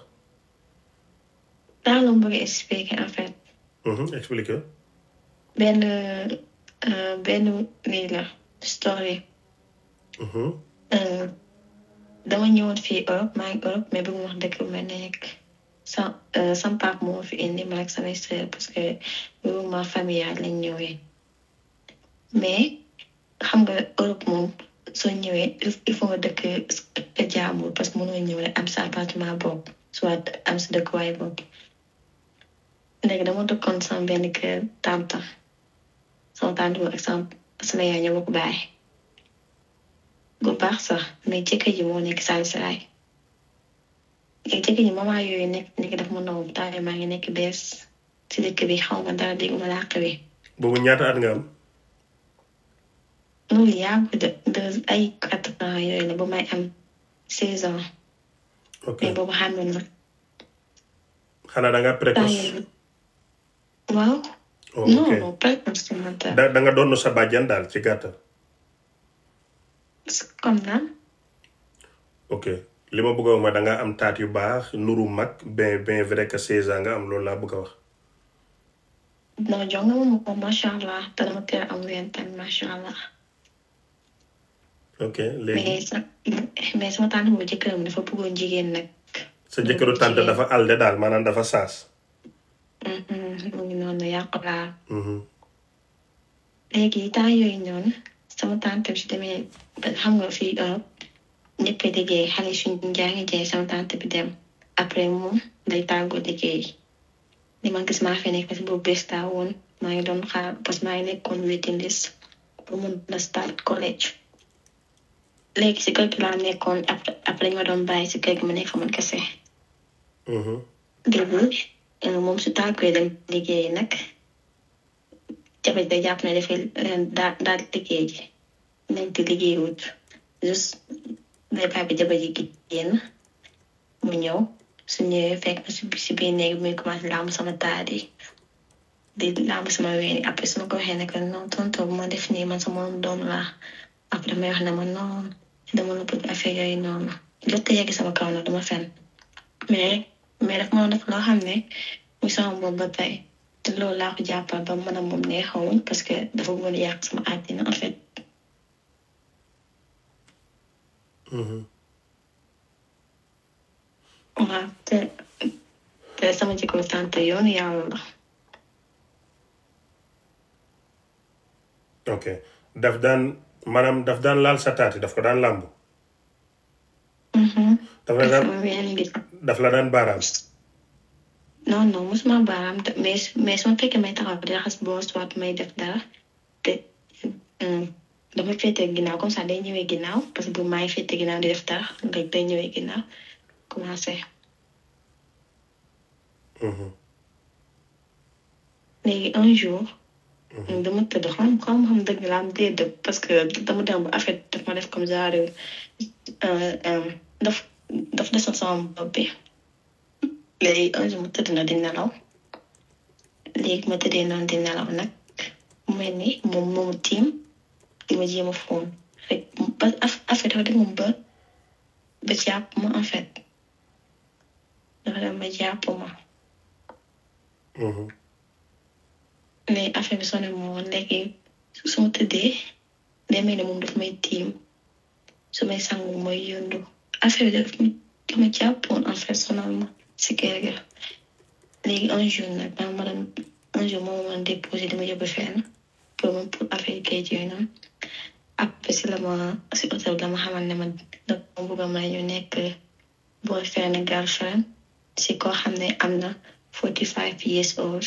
daa nga bëgg expliquer en fait. Mhm, expliquer. benn euh, benn lii la story. Mhm. Euh, dama ñëwoon fii Europe maa ngi Europe mais bëgg wax dëkk bu ma nekk sam euh, sam pap fi indi ma ak samay parce que loolu ma familial lañ ñëwee mais xam nga Europe moom. soo ñëwee il faut nga dëkk sa parce que mënoo ñëw rek am sa appartement bopp soit am sa dëkkuwaay bopp léegi dama dëkkoon sama benn kër tante sama tante moom ak sama sama yaay ñoo bu baax sax mais jëkkër ji moo nekk Sali Salaay léegi jëkkër ji maman yooyu nekk nekk daf ma na bu tawee maa ngi nekk bees si dëkk bi xaw ma dara dégg ma làq boobu ñaata at nga am loolu yàgg de deux ay quatre ans yooyu la ba may am seize ans. ok mais boobu xàmme na. xanaa da nga précoce. waaw. ok non non précoce da da nga daal ci gàttal. comme na. ok li ma bëgg a wax da nga am taat yu baax nuru mag bien bien vrai que seize ans nga am loolu laa bëgg wax. non jox nga ko macha allah te dama am wéyantaan macha allah. ok léegi mais mais sama tante bu jëkkëram dafa bëggoon jigéen nag. sa jëkkëru tante dafa alde daal maanaam dafa saas. Mm-hmm, mm-hmm. léegi temps yooyu noonu sama euh, a liggéey xale suñu jàngi jee sama tante bi après moom day tàggoo liggéey li ma gis maa fi nekk parce que boobu bés woon maa ngi doon xa parce que maa ngi nekkoon waiting mun na start college. léegi si kër gi laa nekkoon après après dañ ma doon bàyyi si kër gi ma nekk man kese. Mm-hmm. Euh, moom si su tànkee dem liggéeyi nag jafe da jàpp ne dafay euh, daal liggéey ji nañ ko liggéey wut juste day bàyyi jabar ji génn mu ñëw su ñëwee fekk na si biir néeg bi muy commencé laamu sama taat yi di laamu sama ween yi après su ma ko waxee ne que non tonton bu ma def nii man sama doom laa après may wax ne ma noonu. dama la bëgg affaire yooyu noonu lu te yegg sama kaw nag dama fenn mais mais daf ma def loo xam ne muy sama boobu ba tey te loolu laa ko jàppal ba mën a moom ne parce que dafa mën a yàq sama àddina en fait. te sama jikko tante yoonu yàlla la. ok daf daan. maanaam daf daan laal sa daf ko daan làmb. Mm-hmm. daf la daan daf non non mosuma baaraam mais mais su ma fekkee may taxaw di raxas boo soit may def dara te euh, dama féetee ginnaaw comme day ñëwee ginnaaw parce que bu maay féetee ginnaaw di def dara rek day ñëwee ginnaaw commencé. Mm-hmm. léegi un jour. Mmh. dama tëdd xam xam dëgg laa am dee parce que dama dem ba daf ma def comme genre euh, euh, daf daf desal sama bopp bi léegi un ma tëdd na di nelaw léegi ma tëddee noonu di nelaw nag mu mel ni tiim di ma jéem a foon rek ba affaire dafa dem ba ba ma en fait dafa dem ma. Mmh. mais affaire bi sonné moo léegi su ma tëddee day mel ne moom daf may tiim su may sangu mooy yëndu affaire bi daf ma jàppoon pour ma pour affaire kayit si la si oto bi ma xamal ne ma da ma bëgg a may ñu nekk boyfriend si koo xam ne am na forty five years old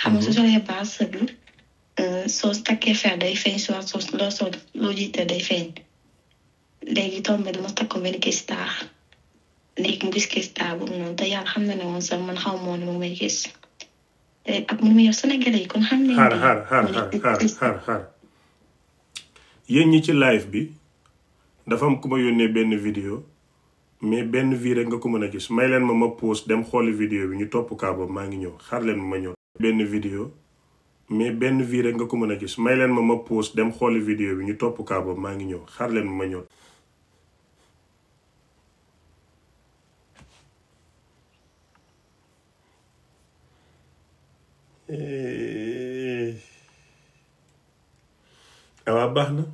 xam nga su solee base sëgg soos takkee fer day feeñ xam na ne woon sax man xaw ma xaar xaar xaar xaar xaar yéen ñi ci live bi dafa ku ma yónnee benn vidéo mais benn vie nga ko mën a gis may leen ma ma pause dem xol vidéo bi ñu topp kaa maa ngi ñëw xaar leen ma ma ñëw. benn vidéo mais benn vie rek nga ko mën a gis may leen ma ma pause dem xooli vidéo bi ñu topp kaa maa ngi ñëw xaar leen ma ma ñëw. Eh. Ah, baax na.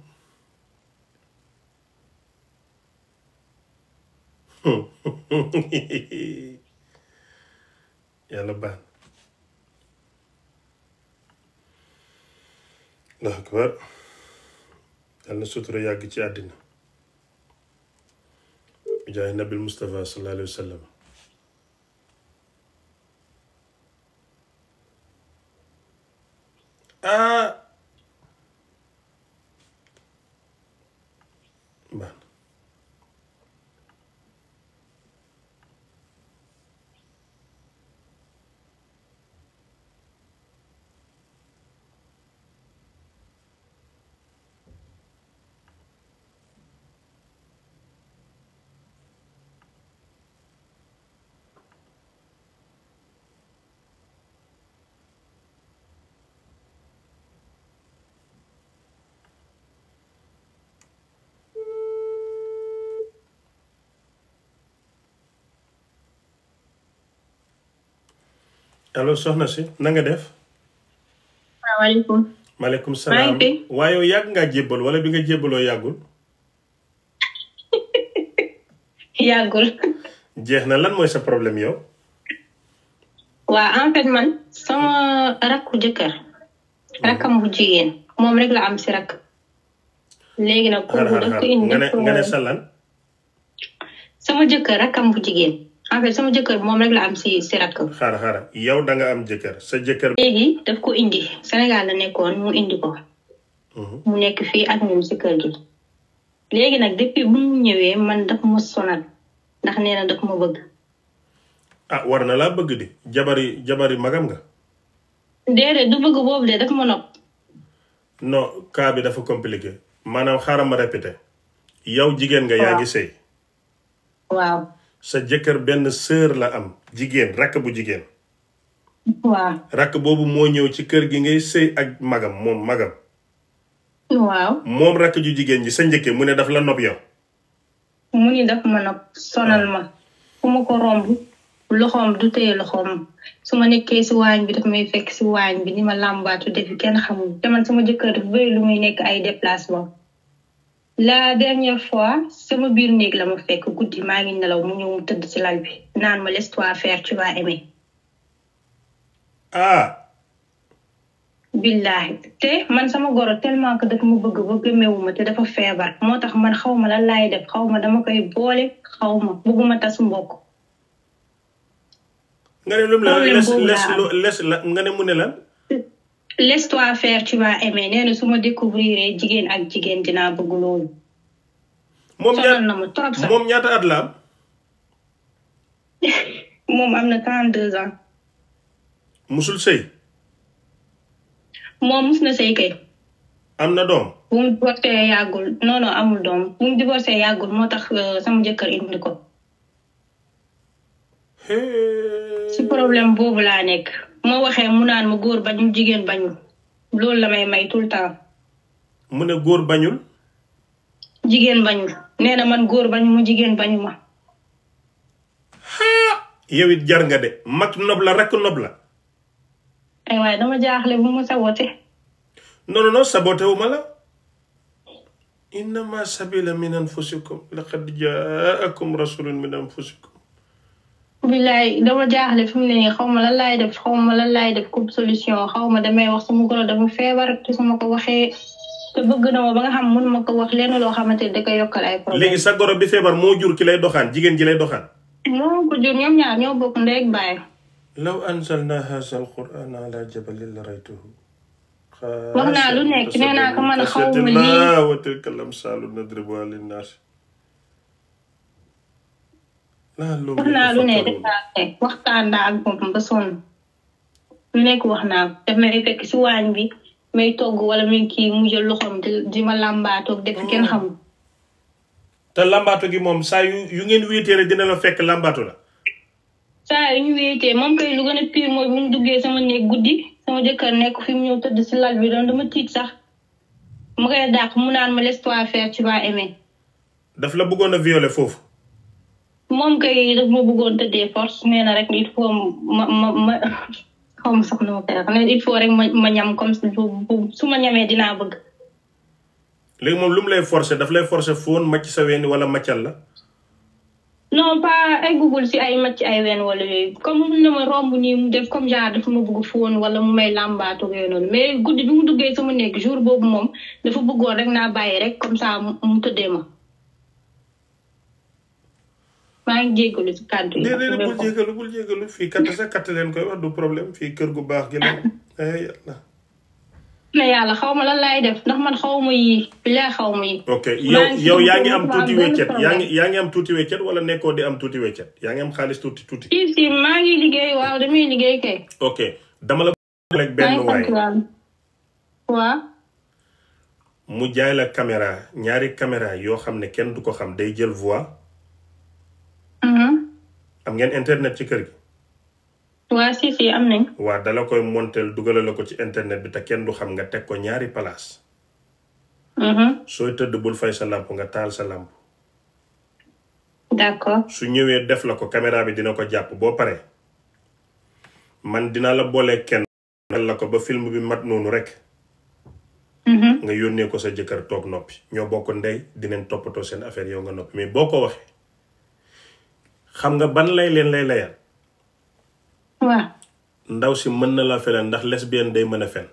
allahu akbar yàlla na sutura yàgg ci àddina jaay nabil Mustafa sallallahu alayhi wa sallam ah. allo soxna si na def. asalaamaaleykum. maaleykum salaam waaye yow yàgg ngaa jébbalu wala bi nga jébbaloo yàggul. yàggul. jeex na lan mooy sa problème yow. waa en fait man sama rakku jëkkër. Mhm. rakkam bu jigéen moom rek la am rakk. léegi nag. xar nga ne sa lan. sama jëkkër rakkam bu jigéen. en fait sama jëkkër moom rek la am si si rakk. xaaral xaaral yow danga nga am jëkkër sa jëkkër. léegi daf ko indi Sénégal la nekkoon mu indi ko. Mhm. mu nekk fii ak ñun si kër léegi nag depuis bu ñëwee man daf ma sonal ndax nee daf ma bëgg. ah war na laa bëgg di jabari jabari magam nga. déedéet du bëgg boobu de daf ma nopp. non cas dafa compliqué. maanaam xaaral ma répété. yow jigéen nga. yaa ngi sëy waaw. sa jëkkër benn sœur la am jigéen rakk bu jigéen waaw rakk boobu moo ñëw ci kër gi ngay sëy ak magam moom magam waaw moom rakk ju jigéen ji sa njëkkee mu ne daf la nopp yow mu ni daf ma nopp sonal ma fu ma ko romb loxoom du téye loxoom su ma nekkee si waañ bi daf may fekk si waañ bi ni ma làmbaatu defi kenn xamul te man sama jëkkër daf bëri lu muy nekk ay déplacement la dernière fois sama biir néeg la ma fekk guddi maa ngi nelaw mu ñëw mu tëdd ci lal bi naan ma laisse-toi faire tu vas aimer. Ah. te man sama goro tellement que daf ma bëgg ba gëmewuma te dafa feebar moo tax man xaw ma lan laay def xaw ma dama koy boole xawma ma bëgguma tas mbokk. nga ne lu mu les les la nga ne mu ne lan. laisse-toi faire tu vas aimer nee na jigéen ak jigéen dinaa bëgg loolu. na ma trop sax moom ñaata at la moom am na 42 ans. musul sëy. moom mus na sëy kay. am na doom. mu divorcé yàggul noonu amul doom bu mu divorcé yàggul moo tax euh, sama jëkkër indi ko. si problème boobu laa nekk. ma waxee mu naan ma góor bañul jigéen bañul loolu la may may tout temps. mu ne góor bañul. jigéen bañul nee na man góor bañu mu jigéen bañu ma. yow it jar de mag nob la rakk nob la. ay waaye dama jaaxle bu ma sabote. non non non sabote wu ma la. innama sabila min anfusikum laqad jaakum rasulun min anfusikum billaay dama jaaxle fi mu ne nii xaw ma laay def xaw ma lan laay def coupe solution xaw ma damay wax sama goro dama feebar te ma ko waxee te bëgg na ma a nga xam mun ma ko wax lenn loo xamante ne da koy yokkal sa goro bi feebar moo jur ki lay doxaan jigéen ji lay doxaan moo ko jur ñoom ñaar ñoo bokk ndey ak baay law anzalna haza alquran a jabalin la raytuhu wax naa lu nekk nee naa ko man xaw ma lii wax naa lu ne def wax naa ko daf may bi may togg wala muy mu jël loxoom di ma làmbaatoog def mm. kenn xamul gi moom saa yu yu ngeen dina la fekk làmbaatu la saa yu ñu wéetee a pire mu duggee sama néeg guddi sama jëkkër nekk fi mu tëdd si lal bi doon dama tiit sax mu koy dàq mu naan ma laisse-toi faire tu daf la bëggoon a violer foofu moom kay daf ma bëggoon tëddee force nee na rek il faut ma ma ma xaw ma sax ma koy wax ma ma ñam comme su ma ñamee dinaa bëgg. léegi moom lu mu lay forcer daf lay forcer foon màcc sa ween wala màccal la. non pas eggugul si ay màcc ay ween wala yooyu comme na ma romb nii mu def comme genre dafa ma bëgg foon wala mu may làmbaatu yooyu noonu mais guddi bi mu duggee sama néeg jour boobu moom dafa bëggoon rek naa bàyyi rek comme ça mu tëddee ma. maa ngi jégalu ci kàddu yi. déedéet bul jégalu bul jégalu fii kat sa kat leen koy wax du problème fii kër gu baax gi la ay eh, xaw ma man xaw ma xaw ma yii. yow yow yaa ngi am tuuti weccet yaa ngi yaa ngi am tuuti weccet wala nekkoo di am tuuti weccet yaa ngi am xaalis tuuti tuuti. si si maa ngi liggéey waaw damay liggéey kay. ok dama la. rek benn waay mu jaay la caméra ñaari caméra yoo xam ne kenn du ko xam day jël voix. Mm-hmm. am ngeen internet ci kër gi. waa si si am nañ. waa dala koy monteel dugalal la ko ci internet bi te kenn du xam nga teg ko ñaari palaas. Mm-hmm. sooy tëdd bul fay sa làmp nga taal sa làmp. d'accord su ñëwee def la ko caméra bi dina ko jàpp boo paree. man dina la boole kenn la ko ba film bi mat noonu rek. Mm-hmm. nga yónnee ko sa jëkkër toog noppi ñoo bokk ndey dinañ toppatoo seen affaire yow nga noppi mais boo ko waxee. xam nga ban lay leen lay layal. waaw. ndaw si mën na la feneen ndax lesbienne day mën a fen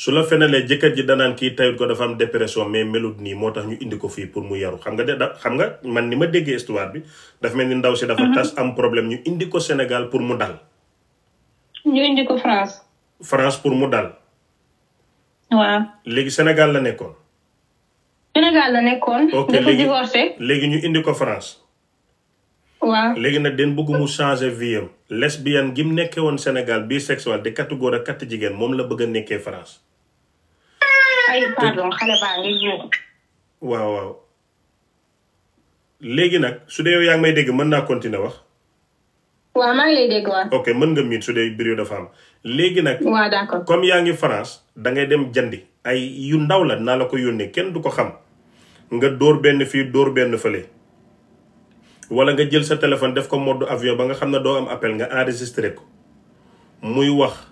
su la fenalee jëkkër ji danaan kii tayut ko dafa am dépression mais melut nii moo tax ñu indi ko fii pour mu yaru xam nga de da xam nga man ni ma déggee histoire bi dafa mel ni ndaw si dafa mhm. tas am problème ñu indi ko Sénégal pour mu dal. ñu indi ko France. France pour mu dal. waaw. léegi Sénégal la nekkoon. Sénégal la nekkoon. dafa divorcé. léegi ñu indi ko France. waaw léegi nag den bëgg mu changer vie am lesbienne gi nekkee woon Sénégal bisexuel di góor ak jigéen moom la bëgg nekkee France. ay léegi nag su dee yaa ngi may dégg mën naa continuer wax. waaw ok mën nga miin su dee bureau de femme. léegi nag. comme yaa ngi France da ngay dem jandi ay yu ndaw la naa la ko yónnee kenn du ko xam nga dóor benn fii dóor benn fële. wala nga jël sa téléphone def ko mode avion ba nga xam ne doo am appel nga enregistré ko muy wax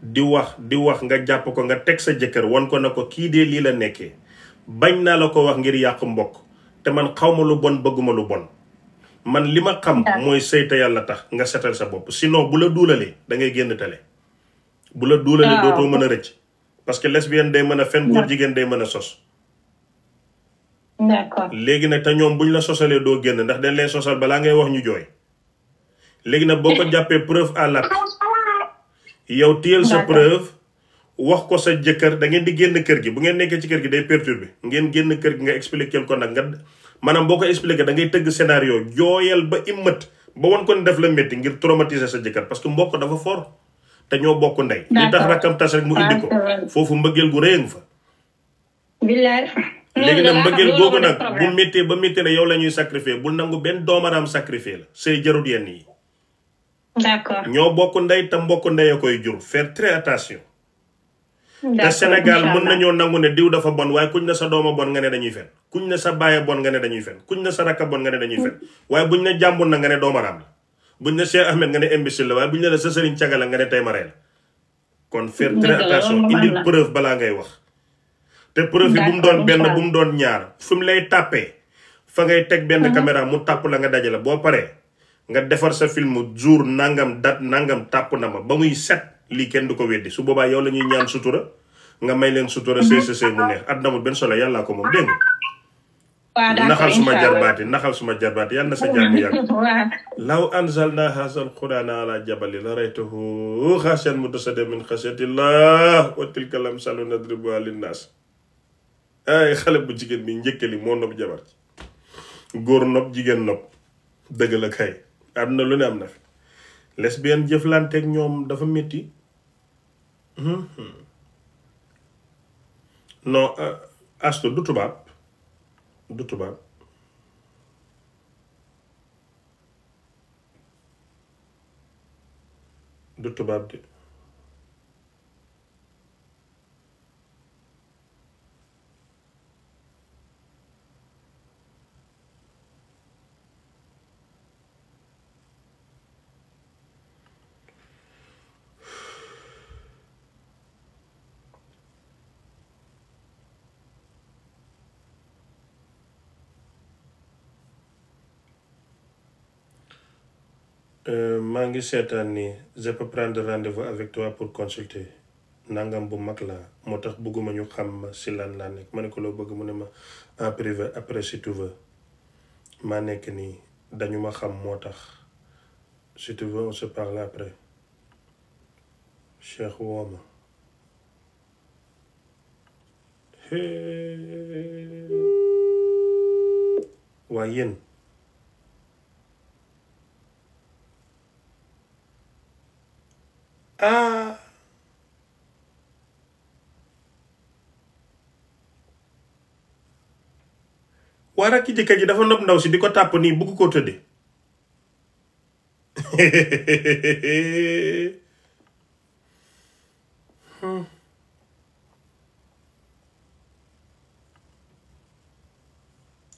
di wax di wax nga jàpp ko nga teg sa jëkkër wan ko na ko kii dee lii la nekkee bañ naa la ko wax ngir yàqu mbokk te man xawma lu bon bëgguma lu bon man li ma xam mooy sëy yàlla tax nga setal sa bopp si sinon bu la duulalee da ngay génn tale bu la duulalee ah. dootoo mën a rëcc parce que lesbienne day mën a fen góor jigéen day mën a sos d'accord léegi nag te ñoom buñ la sosalee doo génn ndax dañ lay sosal balaa ngay wax ñu jooy. léegi nag boo ko jàppee preuve à l'appui yow tiyel sa preuve wax ko sa jëkkër da ngeen di génn kër gi bu ngeen nekkee ci kër gi day bi ngeen génn kër gi nga expliqué ko nag nga maanaam boo ko expliqué da ngay tëgg scénario jooyal ba immat ba wan ko ne def la métti ngir traumatiser sa jëkkër parce que mbokk dafa fort te ñoo bokk ndey. li tax rakkam tas rek mu indi ko foofu mbëggeel gu rëy fa. Mmh, léegi nag mbëggeel boobu nag bu méttee ba méttee na yow la ñuy sacrifié bul nangu benn doomaraam sacrifié la sëy jarul yenn yi ñoo bokk ndey te mbokk ndey a koy jur faire très attention te Sénégal mën nañoo nangu ne diw dafa bon waaye kuñ ne sa dooma bon nga ne dañuy fen kuñ ne sa baaya bon nga ne dañuy fen kuñ ne sa rakka bon nga ne dañuy fen mmh. waaye buñ ne jàmbur na nga ne doomaraam la buñ ne Cheikh Ahmed ne imbécile la waaye buñ ne sa sëriñ caga la nga ne tey la kon faire très attention indil preuve balaa ngay wax te profil bu mu doon benn bu mu doon ñaar fu lay tàppee fa ngay teg benn uh-huh. caméra mu tàpp la nga dajale boo paree nga defar sa filmu jour nangam dat nangam tàpp na ma ba muy set lii kenn du ko weddi su boobaa yow la ñuy ñaan sutura nga may leen sutura ccc uh-huh. mu neex at na mu benn solo yàllaa ko moom dégg nga naxal suma jarbaati naxal suma jarbaati yàlla na sa jàmm yàgg law anzalna haazal quraana ala jabali la raytahu xaasyan mutasaddian min xasyatillah wa tilka lamsalu nadribuha ay xale bu jigéen bi njëkkali moo nopp jabar ci góor nopp jigéen nopp dëgg la kay am na lu ne am na fi lesbienne jëflanteeg ñoom dafa metti hmm, hmm. non euh, astu du tubaab du tubaab du tubaab de Euh, maa ngi seetaan ni je peux prendre rendez-vous avec toi pour consulter nangam bu mag la moo tax bëgguma ñu xam si lan laa nekk ma ne ko loo bëgg mu ne ma en privé après si tu veux maa nekk nii dañu ma xam moo tax si tu veux on se parle après Cheikh wooma waa yéen ah waa rakk jëkkër ji dafa nopp ndaw si di ko tàpp nii bugg koo tëdde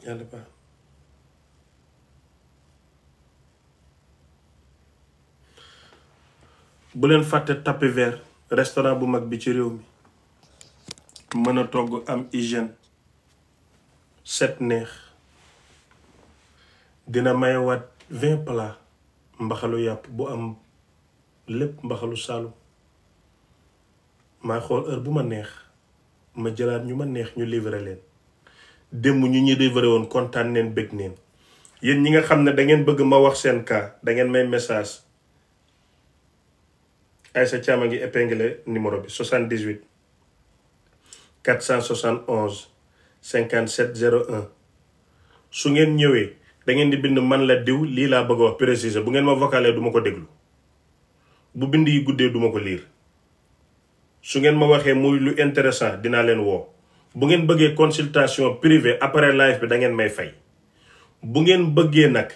yàlla baax buleen leen fàtte tapis vert restaurant bu mag bi ci réew mi mën a togg am hygiène set neex dina mayewaat vingt plat mbaxalu yàpp bu am lépp mbaxalu saalum maa xool heure bu ma neex ma jëlaat ñu ma neex ñu livrer leen démb ñu ñuy livrer woon kontaan neen bëgg neen yéen ñi nga xam ne da ngeen bëgg ma wax seen cas da ngeen may message Aïssa Thiam a ngi épinglé numéro bi 78 471 57 01 su ngeen ñëwee dangeen di bind man la diw lii laa bëgg a wax préciser bu ngeen ma vocalee duma ko déglu bu bind yi guddee duma ko liir su ngeen ma waxee muy lu intéressant dinaa leen woo bu ngeen bëggee consultation privée après live bi da ngeen may fay bu ngeen bëggee nag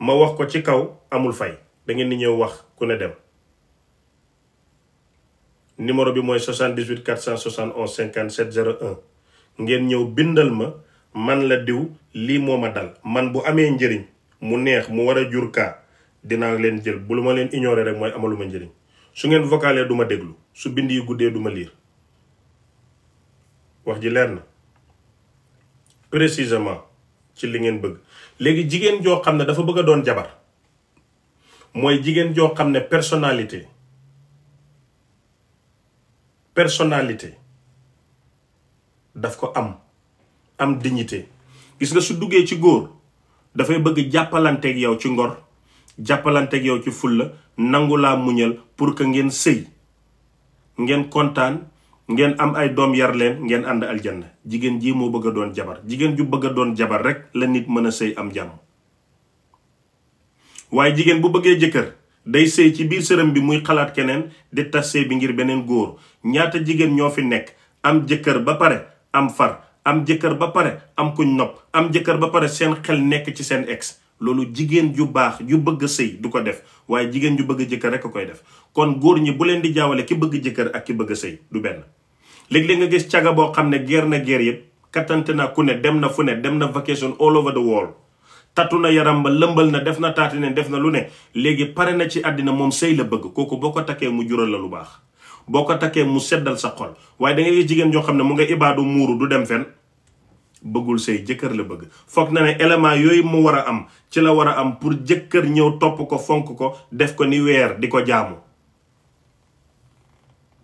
ma wax ko ci kaw amul fay da ngeen di ñëw wax ku ne dem numéro bi mooy 78 471 57 01 ngeen ñëw bindal ma man la diw lii moo ma dal man bu amee njëriñ mu neex mu war a jur kaa dina leen jël bu lu ma leen ignorer rek mooy amaluma njëriñ su ngeen vocalee du ma déglu su bind yi guddee du ma liir wax ji leer na précisément ci li ngeen bëgg léegi jigéen joo xam ne dafa bëgg doon jabar mooy jigéen joo xam ne personnalité personnalité daf ko am am dignité gis nga su duggee ci góor dafay bëgg jàppalanteeg yow ci ngor jàppalanteeg yow ci fulla nangu laa muñal pour que ngeen sëy ngeen kontaan ngeen am ay doom yar leen ngeen ànd aljanna jigéen ji moo bëgg doon jabar jigéen ju bëgg a doon jabar rek la nit mën a sëy am jàmm waaye jigéen bu bëggee jëkkër day sëy ci biir sërëm bi muy xalaat keneen di tas bi ngir beneen góor ñaata jigéen ñoo fi nekk am jëkkër ba pare am far am jëkkër ba pare am kuñ nopp am jëkkër ba pare seen xel nekk ci seen ex loolu jigéen ju baax ju bëgg sëy du ko def waaye jigéen ju bëgg jëkkër rek a koy def kon góor ñi bu leen di jaawale ki bëgg jëkkër ak ki bëgg sëy du benn léegi léeg nga gis caga boo xam ne geer na geer yëpp kattante naa ku ne dem na fu ne dem na vacation all over the world tattu na yaram ba lëmbal na def na taati ne def na lu ne léegi pare na ci àddina moom sëy la bëgg kooku boo ko takkee mu jural la lu baax boo ko takkee mu seddal sa xol waaye da ngay jigéen joo xam ne mu nga ibaadu muuru du dem fen bëggul say jëkkër la bëgg foog na ne élément yooyu mu war a am ci la war a am pour jëkkër ñëw topp ko fonk ko def ko ni weer di ko jaamu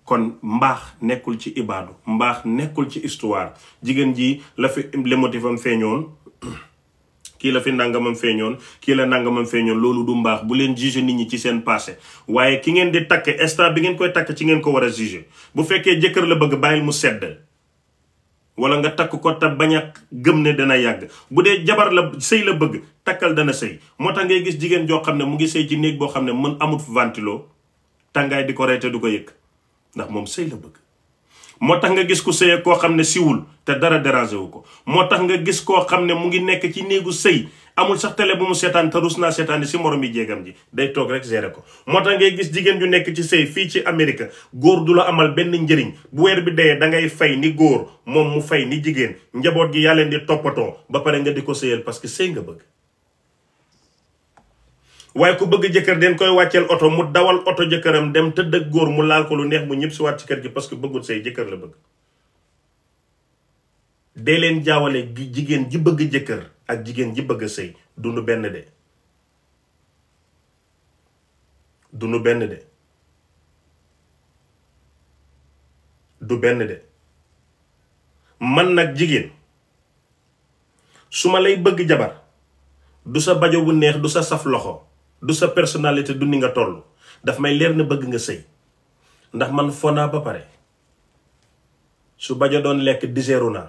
kon mbaax nekkul ci ibaadu mbaax nekkul ci histoire jigéen ji la fi le motifam feeñoon kii la fi nangamam feeñoon kii la nangamam feeñoon loolu du mbaax bu leen juge nit ñi ci seen passé waaye ki ngeen di takk instant bi ngeen koy takk ci ngeen ko war a juge bu fekkee jëkkër la bëgg bàyyil mu sedd wala nga takk ko te bañ ak gëm ne dana yàgg bu dee jabar la sëy la bëgg takkal dana sëy moo tax ngay gis jigéen joo xam ne mu ngi sëy ci néeg boo xam ne mën amut ventilo tàngaay di ko rey te du ko yëkk ndax moom sëy la bëgg moo tax nga gis ko sëy koo xam ne siwul te dara déranger wu ko moo tax nga gis koo xam ne mu ngi nekk ci néegu sëy amul sax télé bu mu seetaan te rus naa seetaan si morom yi jéegam ji day toog rek gérer ko moo tax ngay gis jigéen ju nekk ci sëy fii ci Amérique góor du la amal benn njëriñ bu weer bi dee da ngay fay ni góor moom mu fay ni jigéen njaboot gi yaa leen di toppatoo ba pare nga di ko sëyal parce que sëy nga bëgg waaye ku bëgg jëkkër den koy wàcceel oto mu dawal oto jëkkëram dem tëdd ak góor mu laal ko lu neex mu ñëpp si waat kër gi parce que bëggul say jëkkër la bëgg dee leen jaawale jigéen ji bëgg jëkkër ak jigéen ji bëgg sëy dunu benn de dunu benn de du benn de man nag jigéen su ma lay bëgg jabar du sa bajo bu neex du sa saf loxo du sa personnalité du ni nga toll daf may leer na bëgg nga sëy ndax man fo naa ba pare su bajo doon lekk diseeru naa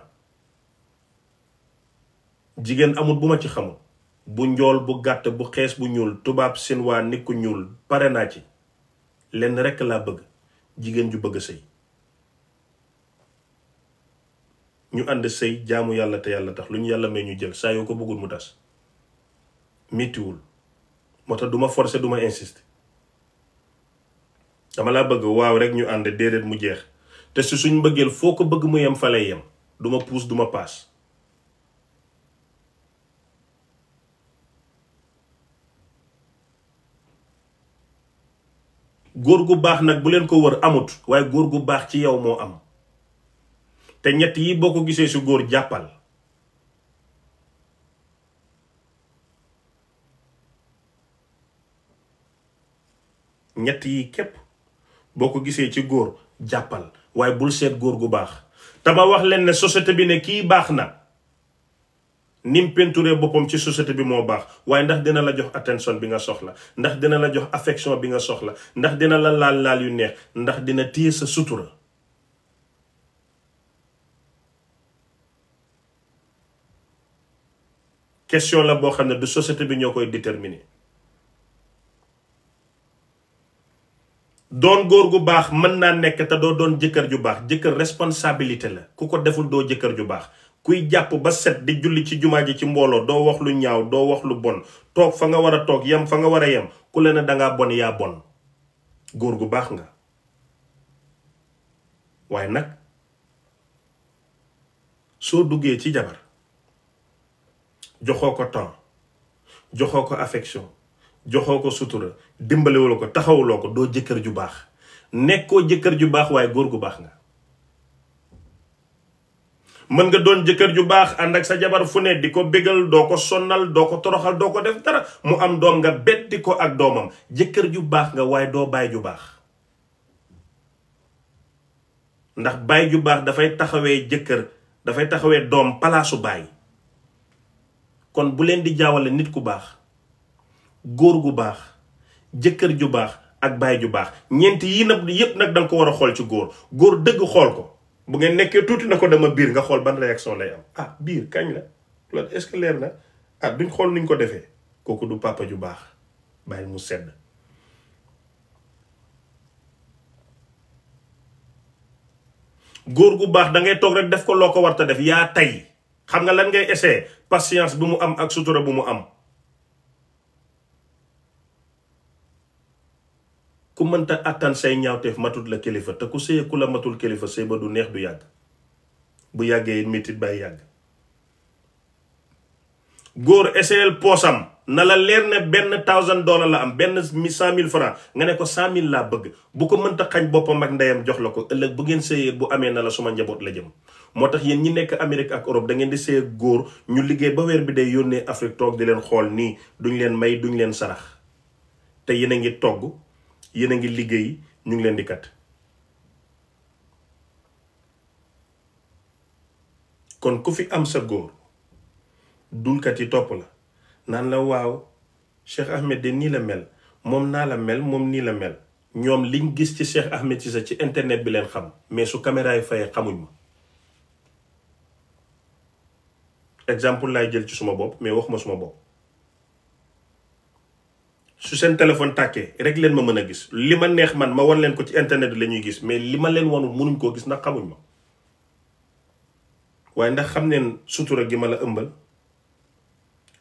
jigéen amul bu ma ci xamul bu njool bu gàtt bu xees bu ñuul tubaab sinwaa nit ku ñuul pare naa ci lenn rekk laa bëgg jigéen ju bëgg sëy ñu ànd sëy jaamu yàlla te yàlla tax lu ñu yàlla may ñu jël saa yoo ko bëggul mu das mettiwul moo tax du ma forcer du ma insister dama laa bëgg waaw rek ñu ànd déedéet mu jeex te su suñ mbëggeel foo ko bëgg mu yem fa yem duma puus duma ma paas góor gu baax nag bu leen ko wër amut waaye góor gu baax ci yow moo am te ñett yi boo ko gisee su góor jàppal ñett yi képp boo ko gisee ci góor jàppal waaye bul seet góor gu baax te wax leen ne société bi ne kii baax na nim penturee boppam ci société bi moo baax waaye ndax dina la jox attention bi nga soxla ndax dina la jox affection bi nga soxla ndax dina la laal laal yu neex ndax dina téye sa sutura question la boo xam ne du société bi ñoo koy déterminer doon góor gu baax mën naa nekk te doo doon jëkkër ju baax jëkkër responsabilité la ku ko deful doo jëkkër ju baax kuy jàpp ba set di julli ci jumaa ji ci mbooloo doo wax lu ñaaw doo wax lu bon toog fa nga war a toog yem fa nga war a yem ku la dangaa bon yaa bon góor gu baax nga waaye nag soo duggee ci jabar joxoo ko temps joxoo ko affection joxoo ko sutura dimbalewuloo ko taxawuloo ko doo jëkkër ju baax nekkoo jëkkër ju baax waaye góor gu baax nga mën nga doon jëkkër ju baax ànd ak sa jabar fu ne di ko bégal doo ko sonnal doo ko toroxal doo ko def dara mu am doom nga betti ko ak doomam jëkkër ju baax nga waaye doo baay ju baax ndax baay ju baax dafay taxawee jëkkër dafay taxawee doom palaasu baay kon bu leen di jaawale nit ku baax góor gu baax jëkkër ju baax ak baay ju baax ñeent yii nag yépp nag danga ko war a xool ci góor góor dëgg xool ko bu ngeen nekkee tuuti na ko dama biir nga xool ban réaction lay am ah biir kañ la loolu est na ah duñ xool nuñ ko defee kooku du papa ju baax bàyyi mu sedd góor gu baax da ngay toog rek def ko loo ko war def yaa tey xam nga lan ngay essayer patience bi mu am ak sutura bu mu am ku mënta attan say ñaawteef matut la kilifa te ku sëye ku la matul kilifa sëy ba du neex du yàgg bu yàggee métit bay yàgg góor essayel poosam na la leer ne benn thousand dollar la am benn cent mille francs nga ne ko cent mille laa bëgg bu ko mënta xañ boppam ak ndeyam jox la ko ëllëg bu ngeen sëyee bu amee na la suma njaboot la jëm moo tax yéen ñi nekk Amérique ak Europe da ngeen di sëy góor ñu liggéey ba weer bi day yónnee Afrique toog di leen xool nii duñ leen may duñ leen sarax te yéen a ngi togg yéen a ngi liggéey ñu ngi leen di kat kon ku fi am sa góor dulkat yi topp la naan la waaw Cheikh Ahmed de nii la mel moom naa la mel moom nii la mel ñoom liñ gis ci Cheikh Ahmed Cissé ci internet bi leen xam mais su caméra yi fayee xamuñ ma exemple laay jël ci suma bopp mais wax ma suma bopp su seen téléphone tàkkee rek leen ma mën a gis li ma neex man ma wan leen ko ci internet bi la ñuy gis mais li ma leen wanul mënuñ koo gis na xamuñ ma waaye ndax xam neen sutura gi ma la ëmbal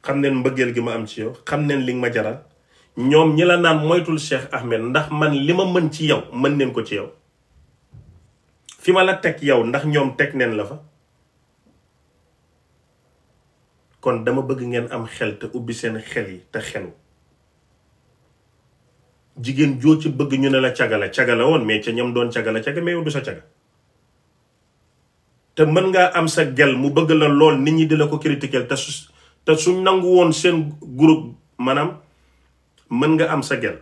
xam neen mbëggeel gi ma am ci yow xam neen li nga ma jaral ñoom ñi naan moytul Cheikh Ahmed ndax man li ma mën ci yow mën neen ko ci yow fi ma la teg yow ndax ñoom teg neen la fa kon dama bëgg ngeen am xel te ubbi seen xel yi te xelu jigéen joo ci bëgg ñu ne la cagala cagala woon mais ca ñam doon cagala caga mais yow du sa caga te mën ngaa am sa gel mu bëgg la lool nit ñi di la ko critiquer te su te suñ nangu woon seen groupe maanaam mën nga am sa gel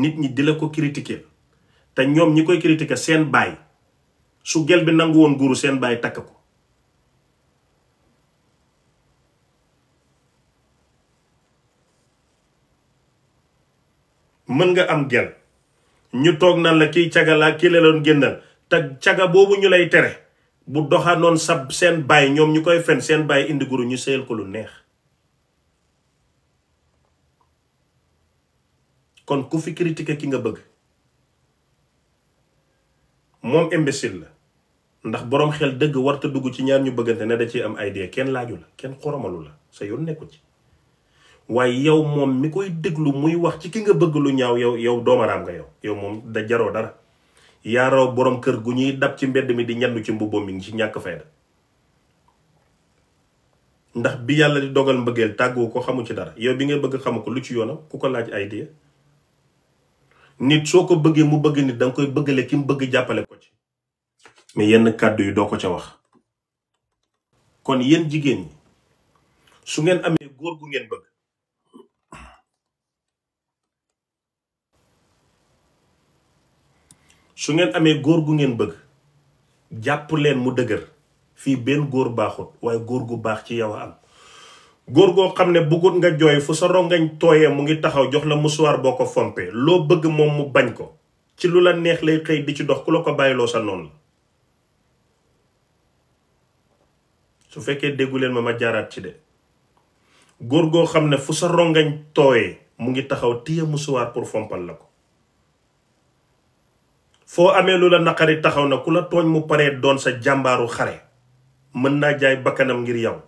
nit ñi di la ko critiquer te ñoom ñi koy critiquer seen baay su gel bi nangu woon guru seen baay takk ko mën nga am gel ñu toog na la kiy caga laa kii la doon génnal te caga boobu ñu lay tere bu doxanoon sa seen baay ñoom ñu koy fen seen baay indi guru ñu sëyal ko lu neex kon ku fi critiquer ki nga bëgg moom imbécile la ndax boroom xel dëgg warta dugg ci ñaar ñu bëggante ne da ci am ay idée kenn laaju la kenn xoromalu la sa yoon nekku ci waaye yow moom mi koy déglu muy wax ci ki nga bëgg lu ñaaw yow yow doomaraam nga yow yow moom da jaroo dara yaaroo boroom kër gu ñuy dab ci mbedd mi di ñandu ci mbubbam mi ci ñàkk fayda ndax bi yàlla di dogal mbëggeel tàggu ko xamu ci dara yow bi ngay bëgg xamu ko lu ci yoonam ku ko laaj ay diye nit soo ko bëggee mu bëgg nit danga koy bëggale ki mu bëgg jàppale ko ci mais yenn kàddu yi doo ko ca wax kon yéen jigéen ñi su ngeen amee góor gu ngeen bëgg su ngeen amee góor gu ngeen bëgg jàpp leen mu dëgër fii benn góor baaxut waaye góor gu baax ci yow am góor goo xam ne bëggut nga jooy fu sa rongañ tooyee mu ngi taxaw jox la musuwaar boo ko fompee loo bëgg moom mu bañ ko ci lu la neex lay xëy di ci dox ku la ko bàyyiloo sa noonu su fekkee déggu leen ma ma jaaraat ci de góor goo xam ne fu sa rongañ mu ngi taxaw téye musuwaar pour fompal la ko foo amee lu la naqari taxaw na ku la tooñ mu paree doon sa jàmbaaru xare mën naa jaay bakkanam ngir yow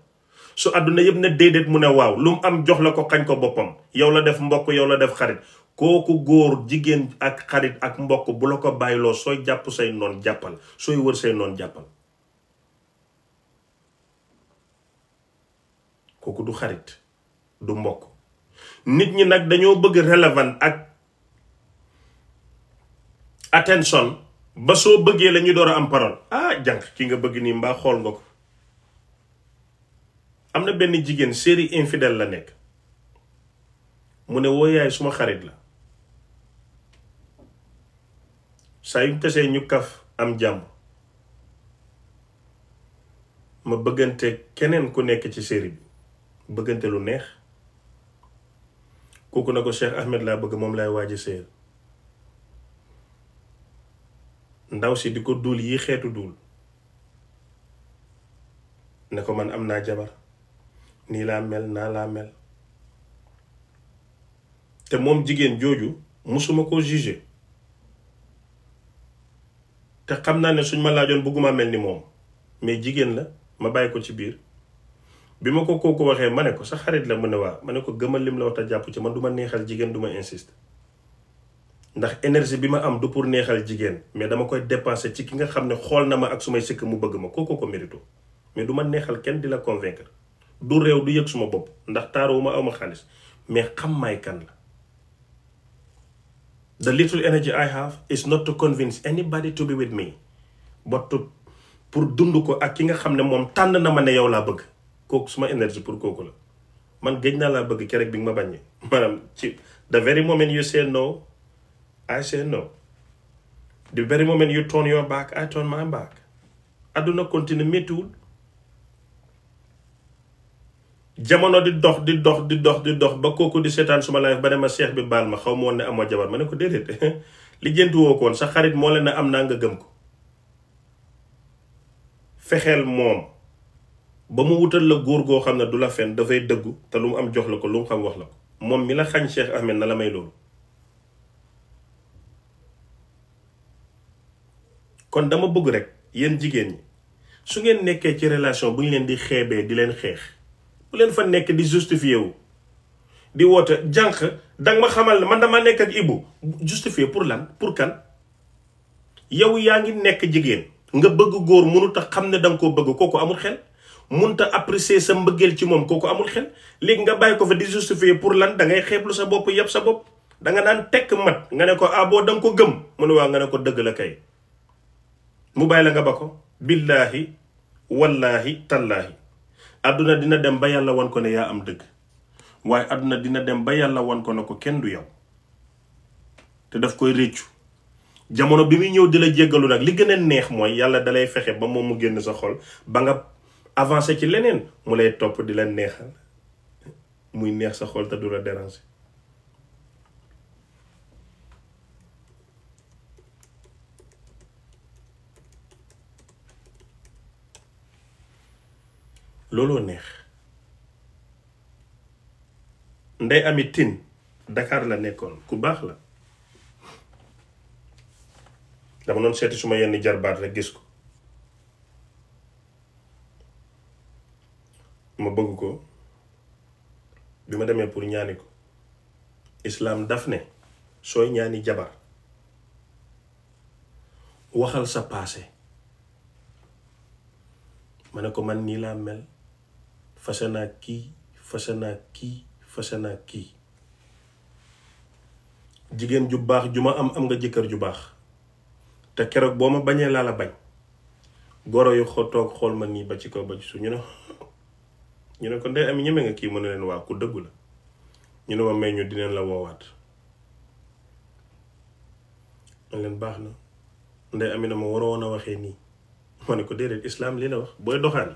su àdduna yëpp ne déedéet mu ne waaw lu mu am jox la ko xañ ko boppam yow la def mbokk yow la def xarit kooku góor jigéen ak xarit ak mbokk bu la ko bàyyiloo sooy jàpp say noon jàppal sooy wër say noon jàppal kooku du xarit du mbokk nit ñi nag dañoo bëgg relevant ak attention ba soo bëggee lañuy ñu door a am parole ah jànq ki nga bëgg nii mbaa xool nga ko am na benn jigéen série infidel la nekk mu ne woo yaay suma xarit la saa yu tesee ñu kaf am jàmm ma bëggante keneen ku nekk ci série bi bëggante lu neex kooku na ko Cheikh Ahmed laa bëgg moom laay waaji séer ndaw si di ko duul yi xeetu duul ne ko man am naa jabar nii laa mel naa laa mel te moom jigéen jooju musuma ko juger te xam naa ne suñ ma laajoon bëgguma mel ni moom mais jigéen la ma bàyyi ko ci biir bi ma ko kooku waxee ma ne ko sa xarit la mu ne waa ma ne ko gëmal lim la wax te jàpp ci man du ma neexal jigéen du ma insiste ndax énergie bi ma am du pour neexal jigéen mais dama koy dépenser ci ki nga xam ne xool na ma ak sumay sikk mu bëgg ma kooko ko mérito mais du ma neexal kenn di la convaincre du réew du yëg suma bopp ndax taaru ma awma xaalis mais xam maay kan la the little energy I have is not to convince anybody to be with me but pour dund ko ak ki nga xam ne moom tànn na ma ne yow laa bëgg kooku suma énergie pour kooku la man géej naa laa bëgg keroog bi nga ma baññee maanaam ci the very moment you say no I say no. The very moment you turn your back, I turn my back. adduna continue méttiwul jamono di dox di dox di dox di dox ba kooku di seetaan suma live ba ne ma seex bi baal ma xaw ma woon ne amoo jabar ma ne ko déedéet li jëntu woo ko sa xarit moo leen ne am naa nga gëm ko fexeel moom ba mu wutal la góor goo xam ne du la fen dafay dëggu lu mu am jox la ko lu wax la moom mi la xañ Cheikh Ahmed na la may loolu kon dama bëgg rek yéen jigéen ñi su ngeen nekkee ci relation bu ñu leen di xeebee di leen xeex bu leen fa nekk di justifié wu di woote jànq danga ma xamal ne man dama nekk ak Ibou justifié pour lan pour kan yow yaa ngi nekk jigéen nga bëgg góor mënut a xam ne danga koo bëgg kooku amul xel mënut a apprécier sa mbëggeel ci moom kooku amul xel léegi nga bàyyi ko fa di pour lan da ngay xeeblu sa bopp yëpp sa bopp danga daan tekk mat nga ne ko ah boo danga ko gëm mu waa nga ne ko dëgg la kay mu bàyyi nga ba ko billaahi wallaahi tallaahi àdduna dina dem ba yàlla wan ko ne yaa am dëgg waaye àdduna dina dem ba yàlla wan ko ne ko kenn du yow te daf koy réccu jamono bi muy ñëw di la jéggalu nag li gën a neex mooy yàlla dalay fexe ba moom mu génn sa xol ba nga avancé ci leneen mu lay topp di la neexal muy neex sa xol te du la déranger looloo neex Ndeye Amy Tine Dakar la nekkoon ku baax la dama noon seeti suma yenn jarbaat rek gis ko ma bëgg ko bi ma demee pour ñaani ko islaam daf ne sooy ñaani jabar waxal sa passé ma ne ko man nii laa mel fase naa kii fase naa kii fase naa kii jigéen ju baax ju ma am am nga jëkkër ju baax te keroog boo ma bañee laa la bañ goro yu xoo toog xool ma nii ba ci kaw ba ci suuf ñu ne ñu ne ko ndey am ñeme nga kii mën na leen waa ku dëggu la ñu ne ma may ñu dinañ la woowaat man leen baax na ndey amina ma waroon a waxee nii ma ne ko déedéet islaam lii la wax booy doxaan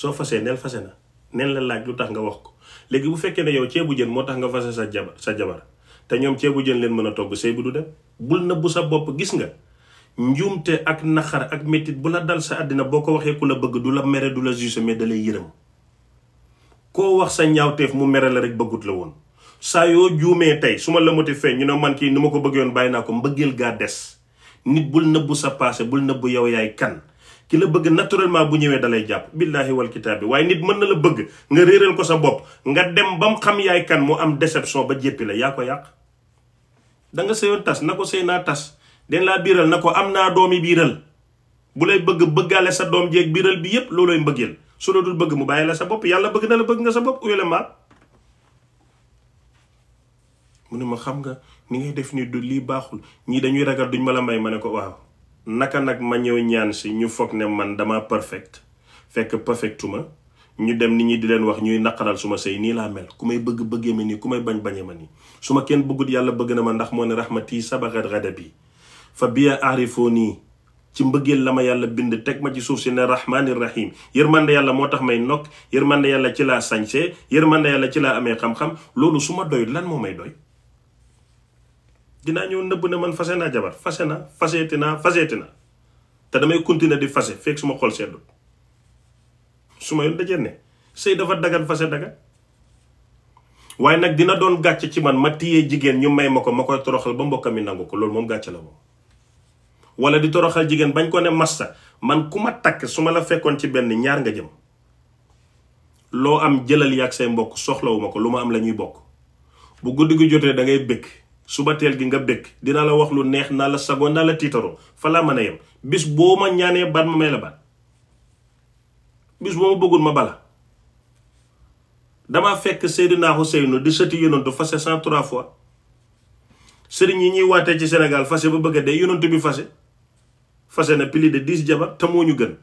soo fasee neel fase na nen la laaj lu tax nga wax ko léegi bu fekkee ne yow ceebu jën moo tax nga fase sa jabar sa jabar te ñoom ceebu jën leen mën a togg sëy bu du def bul nëbbu sa bopp gis nga njuumte ak naxar ak métit bu la dal sa àddina boo ko waxee ku la bëgg du la mere du la juge mais da lay yërëm koo wax sa ñaawteef mu mere la rek bëggut la woon saa yoo juumee tey su ma la moti feeñ ñu ne man kii nu ma ko bëgg yoon bàyyi naa ko mbëggeel gaa des nit bul nëbbu sa passé bul nëbbu yow yaay kan ki la bëgg naturellement bu ñëwee dalay jàpp billaahi wal kitaab bi waaye nit mën na la bëgg nga réeral ko sa bopp nga dem ba mu xam yaay kan mu am déception ba jéppi la yaa ko yàq da sëyoon tas na ko sëy naa tas den laa biiral na ko am naa doomi biiral bu lay bëgg bëggaale sa doom jeeg biiral bi yépp loolooy mbëggeel su la dul bëgg mu bàyyi la sa bopp yàlla bëgg na la bëgg nga sa bopp uyule ma mu ne ma xam nga ni ngay def ni du lii baaxul ñii dañuy ragal duñ ma la may ma ne ko waaw naka nag ma ñëw ñaan si ñu foog ne man dama perfect fekk perfectuma ñu dem nit ñi di leen wax ñuy naqaral suma ma sëy nii laa mel ku may bëgg bëggee ma nii ku may bañ bañee ma nii su ma kenn bëggut yàlla bëgg na ma ndax moo ne rahmati sabaxat ghadabi fa biya aarifoo nii ci mbëggeel la ma yàlla bind teg ma ci suuf si ne yër man yërmande yàlla moo tax may nokk yërmande yàlla ci laa sañsee ne yàlla ci laa amee xam-xam loolu su ma doyut lan moo may doy dinaa ñëw nëbb ne man fase naa jabar fase na faseeti naa faseeti na te damay continuer di fase fekk suma xol seddut su ma yoon dajee ne sëy dafa dagan fase dagan waaye nag dina doon gàcc ci man ma téye jigéen ñu may ma ko ma koy toroxal ba mbokkam mi nangu ko loolu moom gàcce la moom wala di toroxal jigéen bañ ko ne masta man ku ma takk su ma la fekkoon ci benn ñaar nga jëm loo am jëlal yaag say mbokk soxlawuma ko lu ma am la ñuy bokk bu guddi gi jotee da ngay bëgg suba teel gi nga bëgg dina la wax lu neex naa la sago naa la tiitaroo fa laa mën a yem bis boo ma ñaanee baat ma may la baat bis boo ma bëggul ma bala dama fekk Seydina Ousseynou di sëti yonantu fase cent trois fois sëriñ yi ñuy waatee ci senegal fase ba bëgg a dee yonantu bi fase fase na plus de dix jabar te moo ñu gën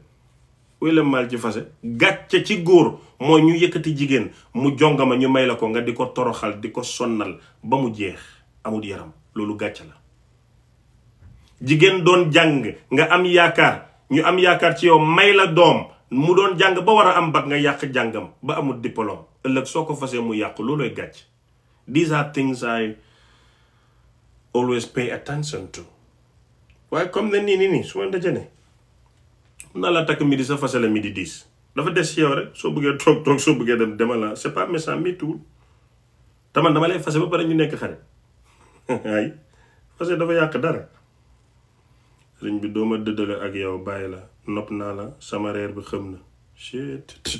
wuy la maal ci fase gàcce ci góor mooy ñu yëkkati jigéen mu jongama ñu may la ko nga di ko toroxal di ko sonnal ba mu jeex amul yaram loolu gàcc la jigéen doon jàng nga am yaakaar ñu am yaakaar ci yow may la doom mu doon jàng ba war a am bag nga yàq jàngam ba amul diplôme ëllëg soo ko fasee mu yàqu looloy gàcc these are things I always pay attention to waaye comme ne nii nii nii su ma daje ne mun naa la takk midi sa fase la midi dix dafa des ci yow rek soo buggee toog toog soo bëggee dem demal la c'est pas méchant méttiwul taman dama lay fase ba pare ñu nekk xarit ay fase dafa yàq dara sëriñ bi dooma dëddale ak yow bàyyi la nopp naa la sama reer bi xam na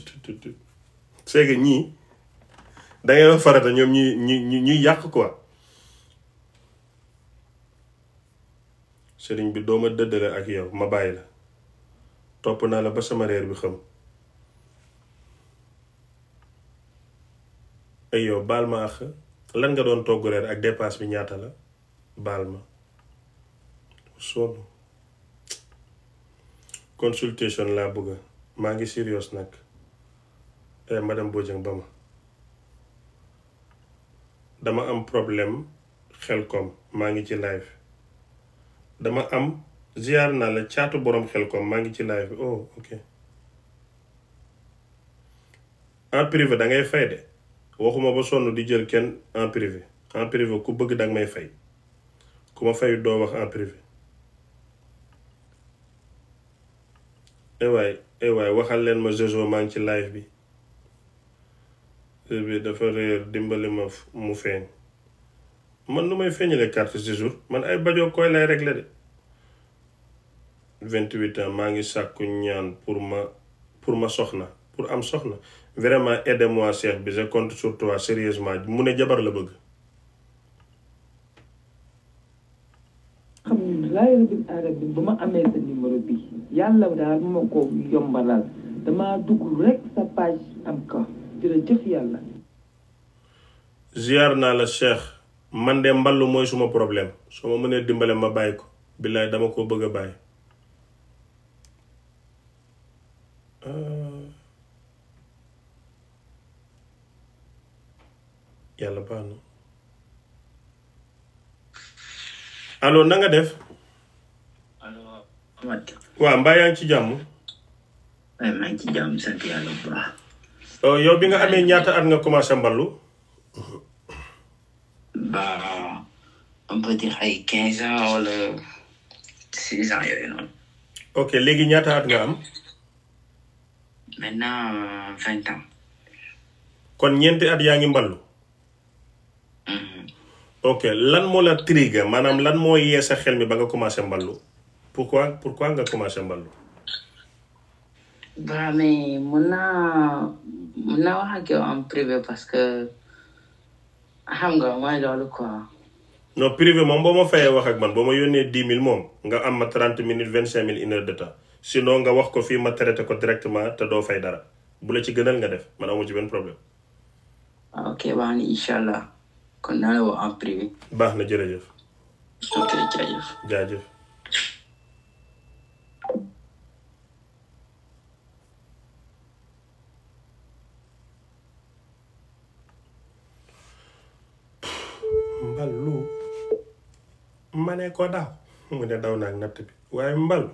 c'est que ñii dangay wax farata ñoom ñuy yàq quoi sëriñ bi dooma dëddale ak yow ma bàyyi la topp naa la ba sama reer bi xam ay yow baal ma àq lan nga doon togg reer ak dépense bi ñaata la baal ma sonn consultation laa bëgga maa ngi sérieux nag eh madame Bojang ba ma dama am problème xel kom maa ngi ci live dama am ziar naa la caatu boroom xel kom maa ngi ci live oh ok en privé da ngay fay de waxuma ba sonn di jël kenn en privé en privé ku bëgg danga may fay ku ma fay doo wax en privé ewaay eh ewaay eh waxal leen ma Jojo maa ngi ci live bi bi dafa réer dimbali ma mu feeñ man nu may feeñalee carte séjour man ay bajoo koy lay régler de vingt-huit ans maa ngi sàkku ñaan pour ma pour ma soxna pour am soxna vraiment aide-moi cheikh bi je compte sur toi sérieusement mu ne jabar la bëgg. xam nga laa rabbil alamin ba ma amee sa numéro bi yàlla daal ma ko yombalal damaa dugg rek sa page am ko jërëjëf yàlla. ziar naa la cheikh man de mballu mooy suma problème soo ma mënee dimbale ma bàyyi ko billaay dama koo bëgg a bàyyi. Ah. yàlla baax na allo na def. allo. waaw mbaa ci jàmm. Oh, yow bi nga amee ñaata at nga commencé mballu. ba on peut dire quinze ans wala six ans yooyu noonu. ok léegi ñaata at nga am. maintenant vingt ans. kon ñeenti at yaa ngi mballu. ok lan moo la trigger maanaam lan moo yee sa xel mi ba nga commencé mballu pour quoi nga commencé mballu waaw mais mun naa mun naa wax ak yow en privé parce que xam nga mooy loolu ko non privé moom boo ma fayee wax ak man boo ma yónnee dix mille moom nga am ma trente minutes vingt cinq mille une heure de temps sinon nga wax ko fii ma traité ko directement te doo fay dara bu la ci gënal nga def man amu ci benn problème. Ah, ok baax na incha allah. kon naa baax na jërëjëf. ok jaajëf. jaajëf. mballu ma ne mu ne daw naag natt bi waaye mbal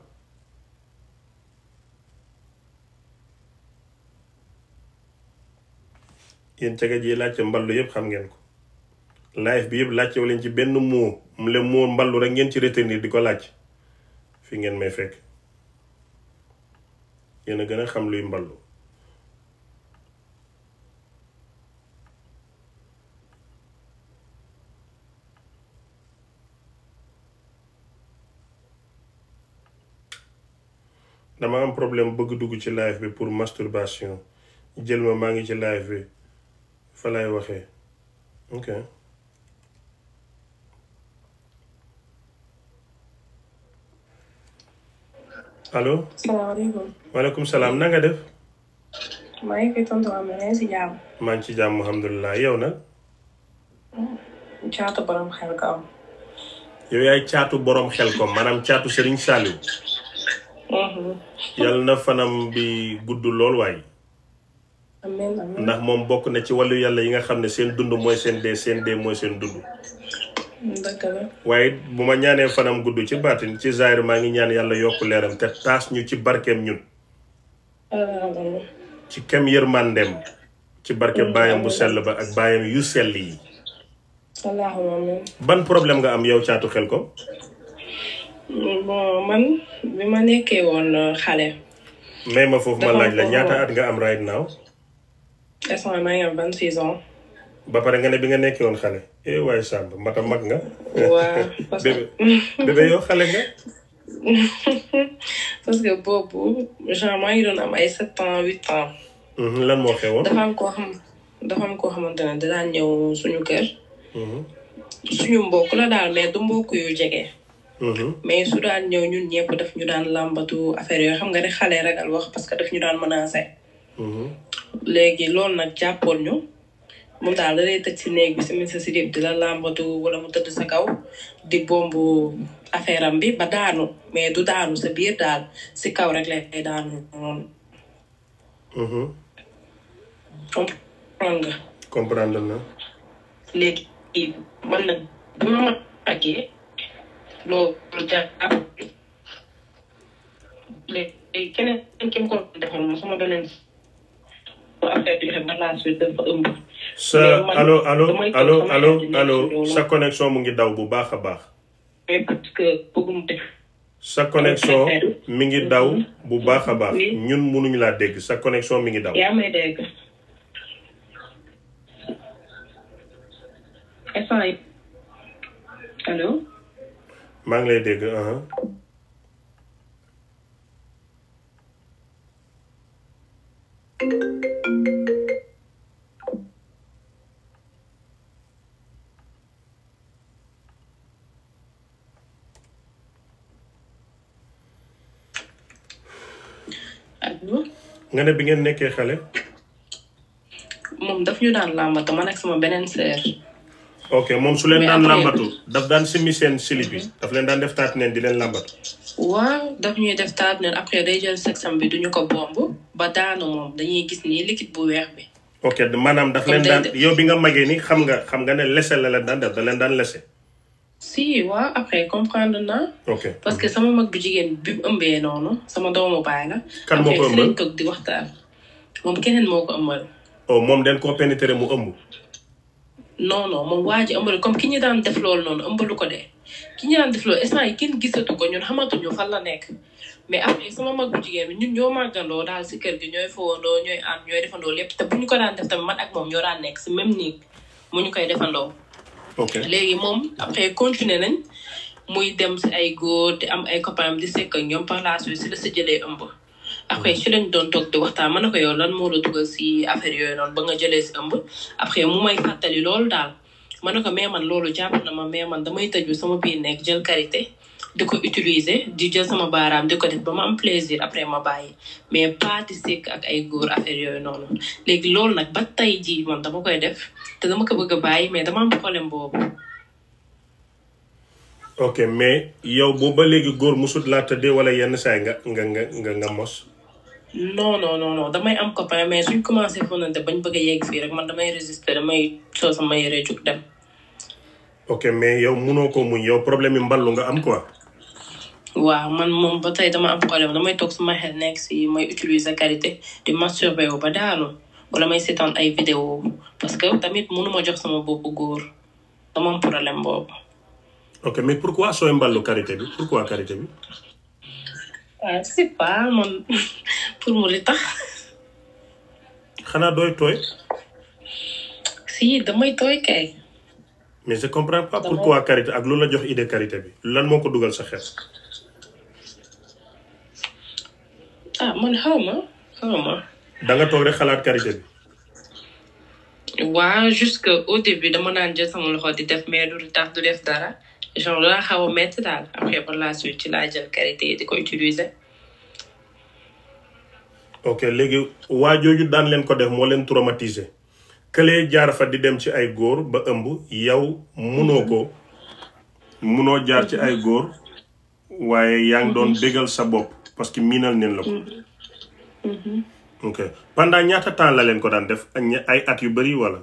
yéen caga ji laajte mballu yépp xam ngeen ko live bi yëpp laajte wu ci benn mot le mot mballu rek ngeen ci retenir di ko laaj fii ngeen may fekk yéen a gën a xam luy mballu dama am problème bëgg dugg ci live bi pour masturbation jël ma maa ngi ci live bi fa lay waxee ok alo salaamaaleykum. waaleykum salaam nanga def. maa ngi fi tontu am na si maa ngi ci jàmm alhamdulilah yow nag. Hmm, caatu yow yaay caatu boroom xel ko maanaam caatu Serigne Saliou. Hmm. yàlla na fanam bi gudd lool waaye. ndax moom bokk na ci wàllu yàlla yi nga xam ne seen dund mooy seen dee seen dee mooy seen dund. waaye bu ma ñaanee fanam gudd ci baatin ci zaahir maa ngi ñaan yàlla yokk leeram te taas ñu ci barkeem ñun. Ah. ci kem yërmandeem ci barke mm. baayam bu sell ba ak baayam yu sell yi. ban problème nga am yow caatu xel ko. bon man bi ma nekkee woon euh, xale. may ma foofu ma laaj la ñaata at nga am right now. est ba pare nga ne bi nga nekkee woon xale. eh waay mag nga. waaw parce que bébé yow xale nga. parce que boobu genre maa ngi doon am ay sept ans huit ans. Mhm, lan moo xewoon. dafa am koo xam dafa am koo xamante ne da daan ñëw suñu kër. Mhm. suñu mbokk la daal mais du mbokk yu jege. Mhm. mais su daan ñëw ñun ñëpp daf ñu daan làmbatu affaire yoo xam nga ne xale ragal wax parce que daf ñu daan mën menacé. léegi lool nag jàppoon ñu. moom daal da lay si néeg bi semaine sa si dib di la làmbatu wala mu tëdd sa kaw di bombu affaire am ba daanu mais du daanu sa biir daal si kaw rek lay daanu noonu. Mhm. comprendre na. léegi man nag bi ma mën a àggee loolu jàpp léegi keneen ki mu ko defoon moom sama affaire bi xam nga laa suite dafa ëmb. sa allo allo allo allo sa connexion mu ngi daw bu baax a baax. parce sa connexion mi ngi daw bu baax a baax. ñun mënuñu laa dégg sa connexion mi ngi daw. maa ngi lay dégg. Ah. ak ñu. nga ne bi ngeen nekkee xale. moom daf ñu daan làmbatu man ak sama beneen sœur. ok moom su leen daan làmbatu daf daan simi seen silib bi daf leen daan def taat neen di leen làmbatu. waaw daf ñuy def taat neen après day jël sexam bi duñu ko bomb ba daanu moom dañuy gis nii liquide bu weex bi. ok maanaam daf leen daan yow bi nga magee ni xam nga xam nga ne lese la leen daan def da leen daan lese. si waaw après comprendre naa. parce que sama mag bu jigéen bi mu ëmbee noonu sama doomu baay la. kan di waxtaan. moom keneen moo ko ëmbal. oh moom dañ koo pénétrer mu ëmb. non non moom waa ji ëmbalu comme ki ñu daan def loolu noonu ëmbalu ko de ki ñu daan def loolu instant yi kenn gisatu ko ñun xamatuñu fan la nekk mais après sama mag bu jigéen bi ñun ñoo màggandoo daal si kër gi ñooy fowandoo ñooy ànd ñooy defandoo lépp te bu ñu ko daan def tamit man ak moom ñoo daan nekk si même nii mu ñu koy defandoo. léegi moom après continuer nañ muy dem si ay góor te am ay copains di ñoom par la suite si si jëlee ëmb. après si hmm. lañ doon toog waxtaan ma ne ko yow lan moo la dugal si affaire yooyu noonu ba nga jëlee si ëmb après mu may fàttali loolu daal ma ne ko mais man loolu jàpp na ma mais man damay tëju sama biir nekk jël karité. di ko utiliser di jël sama baaraam di ko def ba ma am plaisir après ma bàyyi mais pas di sekk ak ay góor affaire yooyu noonu léegi loolu nag ba tey jii man dama koy def te dama ko bëgg a bàyyi mais dama am problème boobu. ok mais yow boobu ba léegi góor musut laa tëddee wala yenn saay nga mos. non non non damay am copain mais commencé fonante bañ bëgg a yegg fii rek man damay résister damay soo sama yére jug dem. ok mais yow munoo ko muñ yow problème yi mballu nga am quoi. waaw man moom ba tey dama am damay toog ma xel nekk si may utiliser qualité di masturbé wu ba daanu wala may seetaan ay vidéo parce que tamit mënuma jox sama bopp góor dama am problème boobu. ok mais pourquoi sooy mballu karité bi pourquoi karité bi. ah je pas man pour mu li tax. xanaa dooy tooy. si damay tooy kay. mais je comprends pas pourquoi karité ak loolu la jox idée karité bi lan moo ko dugal sa xel. ah man xaw ma xaw ma. da toog rek xalaat karité bi. waaw jusque au début dama daan jël sama loxo di def mais du tax du def dara genre laa xaw a métti daal après par la suite ci laa jël karité yi di ko utiliser. ok léegi waa jooju daan leen ko def moo leen traumatiser këlee jaar fa di dem ci ay góor ba ëmb yow munoo ko munoo jaar ci ay góor waaye yaa ngi doon mhm. bégal sa bopp parce que miinal neen la ko. Mm-hmm. Mm-hmm. ok pendant ñaata temps la leen ko daan def ay at yu bëri wala.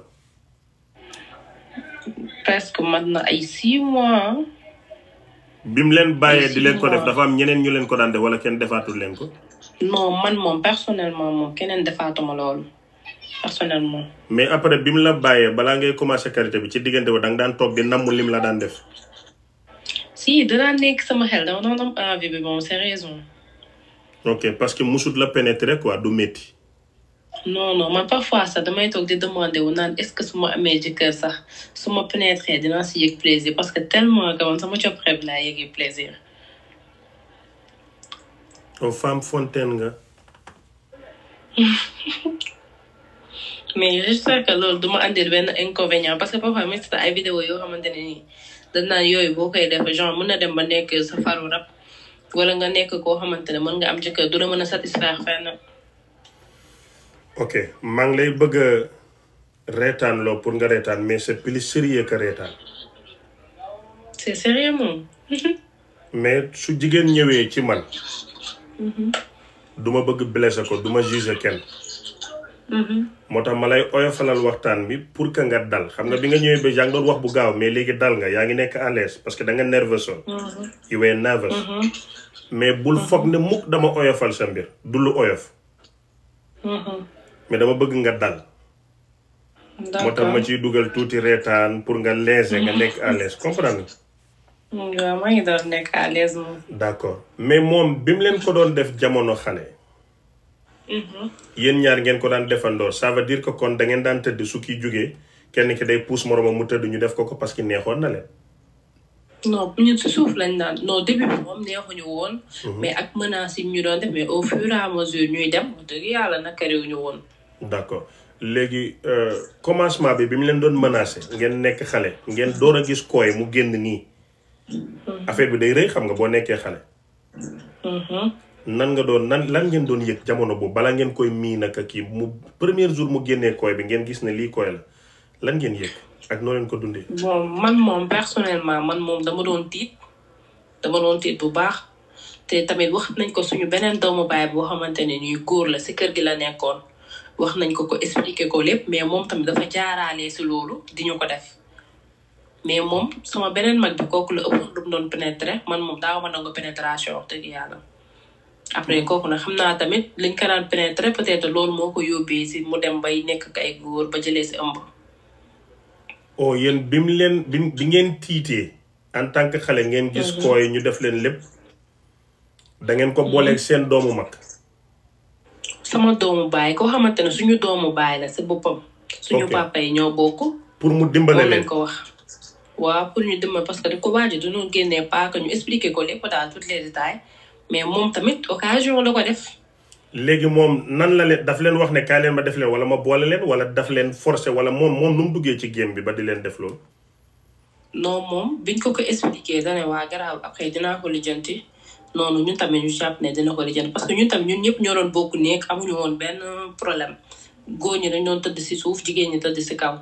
presque man na ay six mois. bi mu leen bàyyee di leen ko def dafa am ñeneen ñu leen ko daan def wala kenn defaatul leen ko. non man moom personnellement moom keneen defaatuma loolu personnellement. mais après bi mu la bàyyee balaa ngay commencé karité bi ci diggante ba dang daan toog di namm lim la daan def. si danaa nekk sama xel dama doon am envie c'est ok parce que musut la pénétrer quoi du métti. non non man parfois sax damay toog di demander wu naan est-ce que su ma amee jëkkër sax su ma pénétrer dinaa si yëg plaisir parce que tellement que man sama coppite bi laa yëgee plaisir. oh femme fontaine nga. mais j'espère que loolu du ma andil benn inconvénient parce que parfois mi ngi ay vidéo yoo xamante ne nii dañ naan yooyu boo koy def genre mën na dem ba nekk sa faru rab. wala nga nekk koo xamante ne mën nga am jëkkër du la mën a satisfaire fenn. ok maa ngi lay bëgg a reetaan loo pour nga reetaan mais c'est plus sérieux que reetaan. c'est sérieux moom. mais su jigéen ñëwee ci man. Mhm. duma bëgg blessé ko duma ma juger kenn. Mhm. moo tax ma lay oyofalal waxtaan bi pour que nga dal xam nga bi nga ñëwee ba yaa ngi wax bu gaaw mais léegi dal nga yaa ngi nekk à parce que da nga nerveux soon. Mhm. you were mais bul foog ne mukk dama oyofal sa mbir du lu oyof. mais dama bëgg nga dal. moo tax ma ciy dugal tuuti reetaan pour nga léger nga nekk à l'aise comprendre nga. maa ngi doon nekk à l'aise mais moom bi mu leen ko doon def jamono xale. Mm-hmm. yéen ñaar ngeen ko daan defandoo ça veut ko kon da ngeen daan tëdd su kii jógee kenn ki day puus moromam mu tëdd ñu def ko ko parce que neexoon na leen. non bu ñu suuf lañ naan non début bi moom neexuñu woon. Mhm. mais ak menaces yi ñu doon def mais au fur et à mesure ñuy dem wax dëgg yàlla nakariwuñu woon. d'accord léegi euh, commencement bi bi mu leen doon menacé ngeen nekk xale ngeen door a gis kooy mu génn nii. Mhm. affaire bi day rëy xam nga boo nekkee xale. Mhm. nan nga doon nan lan ngeen doon yëg jamono boobu balaa ngeen koy mii naka kii mu premier jour mu génnee kooy bi ngeen gis ne lii kooy la. lan ngeen ko dundee. bon man moom personnellement man moom dama doon tiit dama doon tiit bu baax te tamit wax nañ ko suñu beneen doomu baay boo xamante ne nii góor la si kër gi la nekkoon wax nañ ko ko expliqué ko lépp mais moom tamit dafa jaaraalee si loolu di ko def mais moom suma beneen mag bi kooku la ëppoon lu doon pénétré man moom daaw ma nangu pénétration wax dëgg yàlla. après mm. kooku na xam naa tamit liñ ko daan pénétré peut-être loolu moo ko yóbbee si mu dem bay nekk ak ay góor ba jëlee si ëmb. o oh, yéen bi mu leen bi bi ngeen tiitee en tant que xale ngeen gis kooy ñu def leen lépp da ngeen ko booleeg mm-hmm. seen doomu mag sama doomu baay koo xamante ne suñu doomu baay la si boppam suñu papa yi ñoo bokk pour mu dimbale leen ko wax waaw pour ñu dimbale parce que daf ko waajo dañoo génnee paaka ñu expliquer ko lépp daal tous les détails mais moom tamit occasion la ko def léegi moom nan la leen daf leen wax ne kaay leen ma def leen wala ma boole leen wala daf leen forcé wala moom moom nu mu duggee ci game bi ba di leen def loolu. non moom biñ ko ko expliqué da waa garaaw après dinaa ko lijjanti noonu ñun tamit ñu jàpp ne dina ko lijjanti parce que ñun tamit ñun ñëpp ñoo doon bokk nekk amuñu woon benn problème góor ñi dañ doon tëdd si suuf jigéen ñi tëdd si kaw.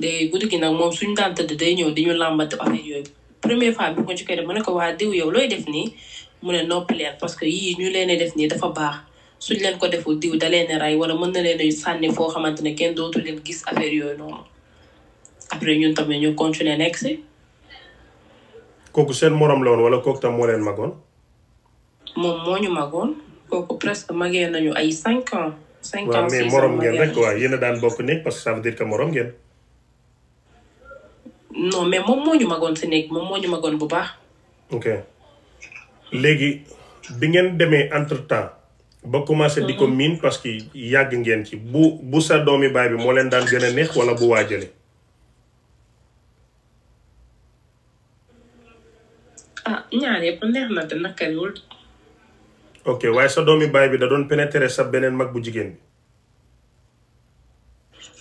léegi guddi gi nag moom suñ daan tëdd day ñëw di ñu làmbati affaire yooyu première fois bi ko njëkkee def ma ne ko waa diw yow looy def nii. mu ne nopp leen parce que yii ñu leen def nii dafa baax suñ leen ko deful diw da leen ray wala mën na leen sànni foo xamante ne kenn dootu leen gis affaire yooyu noonu après ñun tamit ñu continuer nekk si. kooku seen moroom la woon wala kooku tam moo leen magoon. moom moo ñu magoon kooku presque magee nañu ay cinq ans. cinq ans mais morom ngeen rek waaw a daan bokk nekk parce que ça veut dire mais moom moo ñu magoon si nekk moom moo ñu magoon bu baax. léegi bi ngeen demee entre temps ba commencé di ko mhm. miin parce que yàgg ngeen ci bu bu sa doomi baay bi moo leen daan gën a neex wala waa waajale ah ñaar yëpp neex na te nakariwul ok waaye sa doomi baay bi da doon pénétrer sa beneen mag bu jigéen bi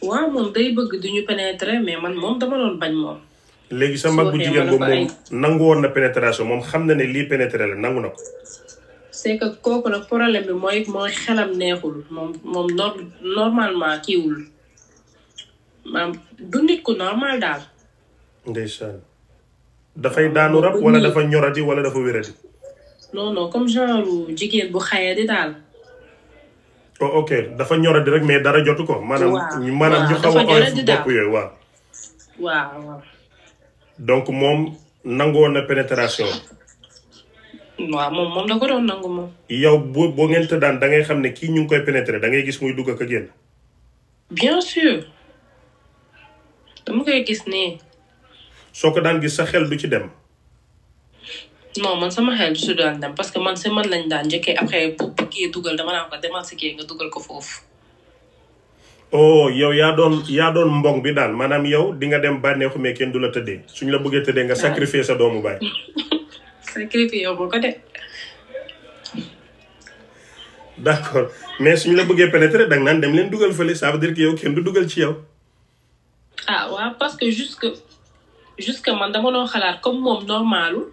waaw moom day bëgg duñu pénétrer mais man moom dama doon bañ moom léegi sa mag bu jigéen boobu moom nangu woon na pénétration moom xam na ne lii pénétré la nangu na ko. c'est que kooku nag problème bi mooy mooy xelam neexul moom moom nor normalement kiiwul maam du nit ku normal daal. ndeysaan dafay ah, daanu rab wala dafa ñorati wala dafa wérati. non comme genre jigéen bu xaye di daal. oh ok dafa ñoradi rek mais dara jotu ko. waaw maanaam maanaam ñu xaw a oyof bopp yooyu waaw. waaw. donc moom nangoon na pénétration. waaw moom moom da ko doon nangu moom. yow boo boo ngeen daan da ngay xam ne kii ñu ngi koy pénétrer da ngay gis muy dugg a a génn. bien sûr dama koy gis nii. soo ko daan gis sa xel du ci dem. non man sama xel du si daan dem parce que man si man lañ daan njëkkee après bu kii dugal dama naan ko demal si kii nga dugal ko foofu. oh yow yaa doon yaa doon mbong bi daal maanaam yow di nga dem bànneexu mais kenn du la tëddee suñ la bëggee tëddee nga sacrifier sa doomu baay. sacrifier yow boo ko de. d' accord mais suñ la bëggee pénétrer danga naan dem leen dugal fële ça veut dire que kenn du dugal ci yow. ah waaw parce que jusque jusque man dama doon xalaat comme moom normalu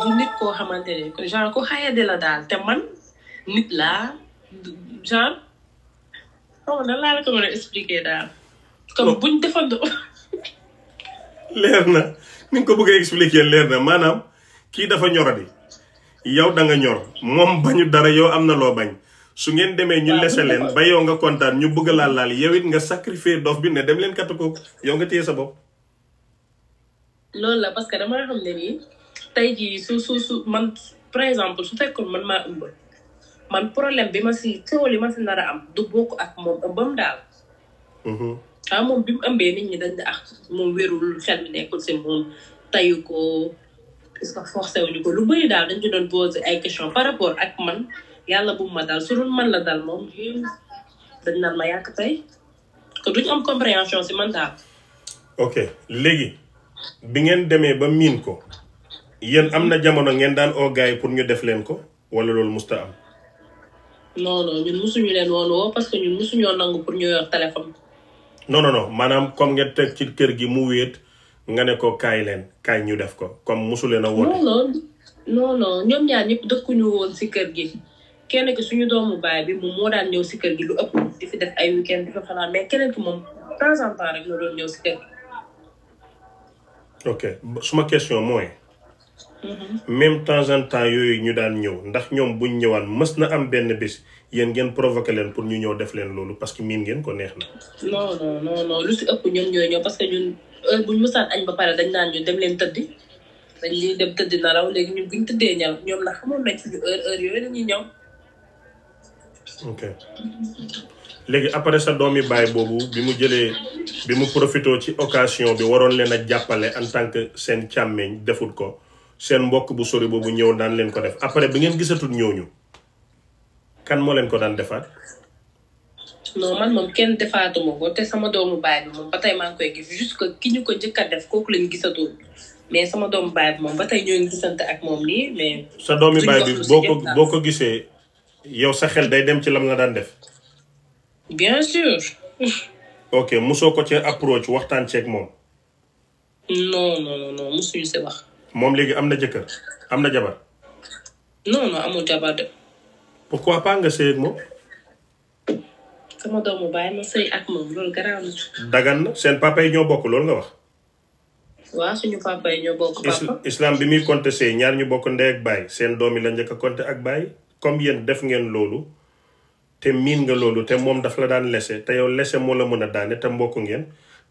du nit koo xamante ne genre ku xayade la daal te man nit laa genre. xaw oh, ma laa la ko mën a expliquer daal. comme buñ defandoo. leer na ni nga ko bëggee expliquer leer na maanaam kii dafa ñoradi yow da nga ñor moom bañu dara yow am na loo bañ. su ngeen demee ñu lese leen ba yow nga kontaan ñu bëgg laal laal yow it nga sacrifier dof bi ne dem leen katt ko yow nga téye sa bopp. loolu la parce que damaa xam ne nii tey jii su su su man par exemple su fekkoon man maa ëmb. man problème bi ma si coow li ma si nar a am du bokk ak moom ëmbam daal. Mhm. ah moom bi mu ëmbee nit ñi dañ ne ah moom wérul xel mi nekkul si moom tayu ko est-ce que ko lu bëri daal dañ doon posé ay question par rapport ak man yàlla bu ma daal su man la daal moom dañ naan ma yàq tey que duñ am compréhension si man daal. ok léegi bi ngeen demee ba miin ko yéen am na jamono ngeen daan oo yi pour ñu def leen ko wala loolu musta am. non ñun mosuñu leen woon woo parce que ñun mosuñoo nangu pour ñu yor téléphone. non non non maanaam comme nga teg ci kër gi mu wéet nga ne ko kaay leen kaay ñu def ko comme mosu leen a woote. non non ñoom ñaar ñëpp dëkkuñu woon si kër gi kenn ki suñu doomu baay bi moom moo daan ñëw si kër gi lu ëpp di fi def ay weekend di fanaan mais keneen ki moom temps en temps rek la doon ñëw si kër gi. ok suma question mooy. Mm-hmm. même temps en temps yooyu ñu daan ñëw ndax ñoom buñ ñëwaan mës na am benn bés yéen ngeen provoqué leen pour ñu ñëw def leen loolu parce que miin ngeen ko neex na. non non lu si ëpp ñoom ñëw parce que ñun heure buñ mësaan añ ba pare dañ naan ñu dem leen tëddi dañ leen dem tëddi naraw léegi ñun buñ tëddee ñal ñoom nag xamoon nañ suñu heure heure yooyu dañuy ñëw. ok léegi après sa doomi baay boobu bi mu jëlee bi mu profité ci occasion bi waroon leen a jàppale en tant que seen càmmeñ defut ko. seen mbokk bu sori boobu ñëw daan leen ko def après bi ngeen gisatul ñooñu kan moo leen ko daan defaat. non man moom kenn defaatuma ko te sama doomu baay bi moom ba tey maa ngi gis jusque ki ko njëkk kooku lañ gisatul mais sama doomu baay bi moom ba gisante ak moom nii mais. sa doomi baay bi boo ko boo ko gisee yow sa xel day dem ci lam la daan def. bien sûr. ok musoo ko ci approche waxtaan ceeg moom. non non non musuñu si wax. moom léegi am na jëkkër am na jabar. non non amul jabar de. pourquoi pas nga sëy ak moom. sama doomu baay ma sëy ak moom loolu garaaw dagan na seen papa yi ñoo bokk loolu nga wax. waaw suñu papa yi ñoo bokk. papa islam bi muy compter sëy ñaar ñu bokk ndey ak baay seen doom yi la njëkk a ak baay comme yéen def ngeen loolu te miin nga loolu te moom daf la daan lese te yow lese moo la mën a daane te mbokk ngeen.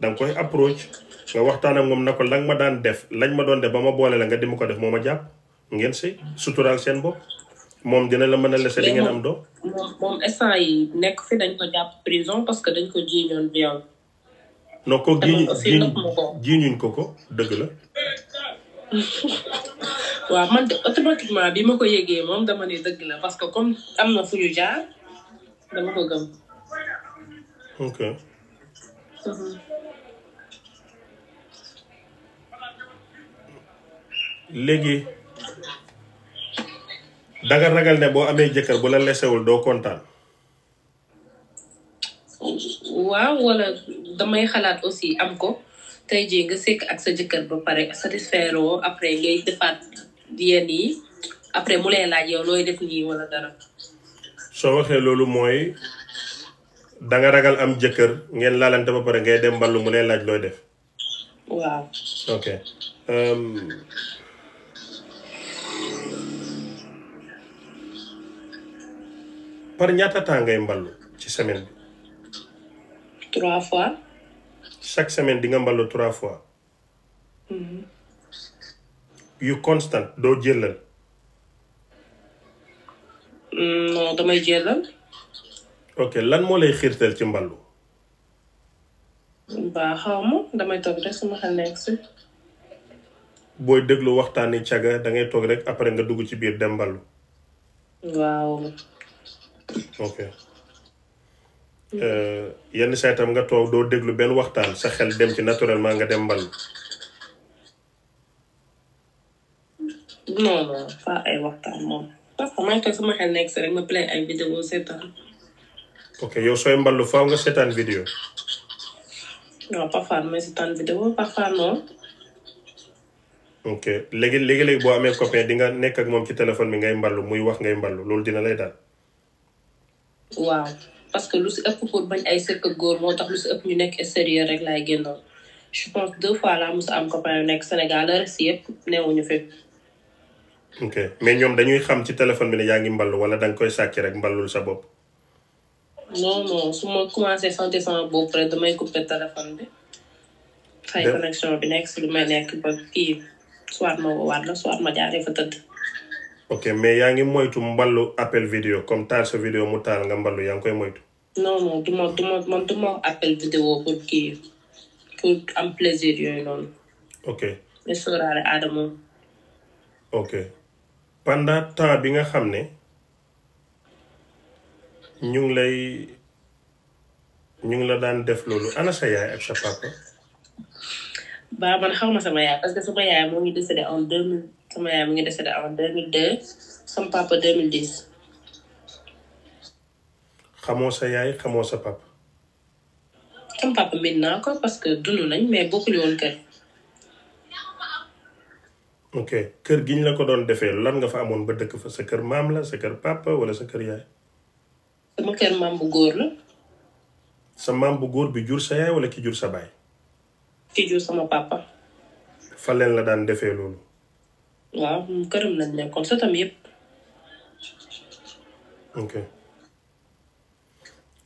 danga koy approche nga waxtaan ak moom na ko lan ma daan def lañ ma doon def ba ma boole la nga di ko def moo ma jàpp ngeen sëy suturaal seen bopp moom dina la mën a lese di ngeen am doom. moom instant yi nekk fi dañ ko jàpp prison parce que dañ ko jiiñoon viol. non ko jiiñ jiiñuñ ko ko dëgg la. waaw man de automatiquement bi ma ko yëgee moom dama ne dëgg la parce que comme am na fu jaar dama ko gëm. ok. Mhm. léegi danga ragal ne boo amee jëkkër bu la lesewul doo kontaan. waaw wala damay xalaat aussi am ko tey jii nga sekk ak sa jëkkër ba pare satisfaire woo après ngay defaat yenn yi après mu lay laaj yow looy def nii wala dara. soo waxee loolu mooy danga ragal am jëkkër ngeen laalante ba pare ngay dem ballu mu lay laaj looy def. waaw ok. Ehm, par ñaata temps ngay mballu ci semaine bi. trois fois. chaque semaine di nga mballu trois fois. Mm-hmm. yu constant doo jëlal. Mm, non damay jëlal. ok lan moo lay xiirtal ci mballu. baa xaw ma damay toog rek sama xel nekk si. booy déglu waxtaani caga da ngay rek après nga dugg ci biir dem mballu. waaw. ok euh, yenn saa itam nga toog doo déglu benn waxtaan sa xel dem ci naturellement nga dem mbal. non non pas ay waxtaan moom parce que man kay sama xel nekk si rek ma play ay vidéo seetaan. ok yow sooy mballu nga seetaan vidéo. non parfois may seetaan ok léegi léegi léegi boo amee copain di nga nekk ak moom ci téléphone bi ngay mballu muy wax ngay mballu loolu dina lay daal. waaw parce que lu si ëpp pour bañ ay sëkk góor moo tax lu si ëpp ñu nekk extérieur rek laay génnoon je pense deux fois laa mos am ko yu nekk Sénégal la reste yëpp newuñu fépp. ok mais ñoom dañuy xam ci téléphone bi ne yaa ngi wala danga koy sàcc rek mballul sa bopp. non non su ma commencé santé sama bopp rek damay coupé téléphone bi. fay connexion bi nekk si lu may nekk ba kii soit ma woowaat la soit ma jaaree fa tëdd. ok mais yaa ngi moytu mballu appel vidéo comme taal sa vidéo mu taal nga mballu yaa ngi koy moytu. non non du ma du ma man du ma appel vidéo pour kii pour am plaisir yooyu noonu. ok nga sóoraale Adama. ok pendant temps bi nga xam ne ñu ngi lay ñu ngi la daan def loolu ana sa yaay ak sa papa. ba man xaw ma sama yaay parce que sama yaay moo ngi décédé en deux mille sama yaay mi ngi décédé en deux mille deux sama papa xamoo sa yaay xamoo sa papa. sama papa naa ko parce que dund ok kër gi ñu la ko doon defee lan nga fa amoon ba dëkk fa sa kër maam la sa kër wala sa kër yaay. sama kër bu góor bi jur sa yaay jur sa baay. ki fa leen la daan defee loolu. waaw këram lañ nekkoon sëtam yëpp. ok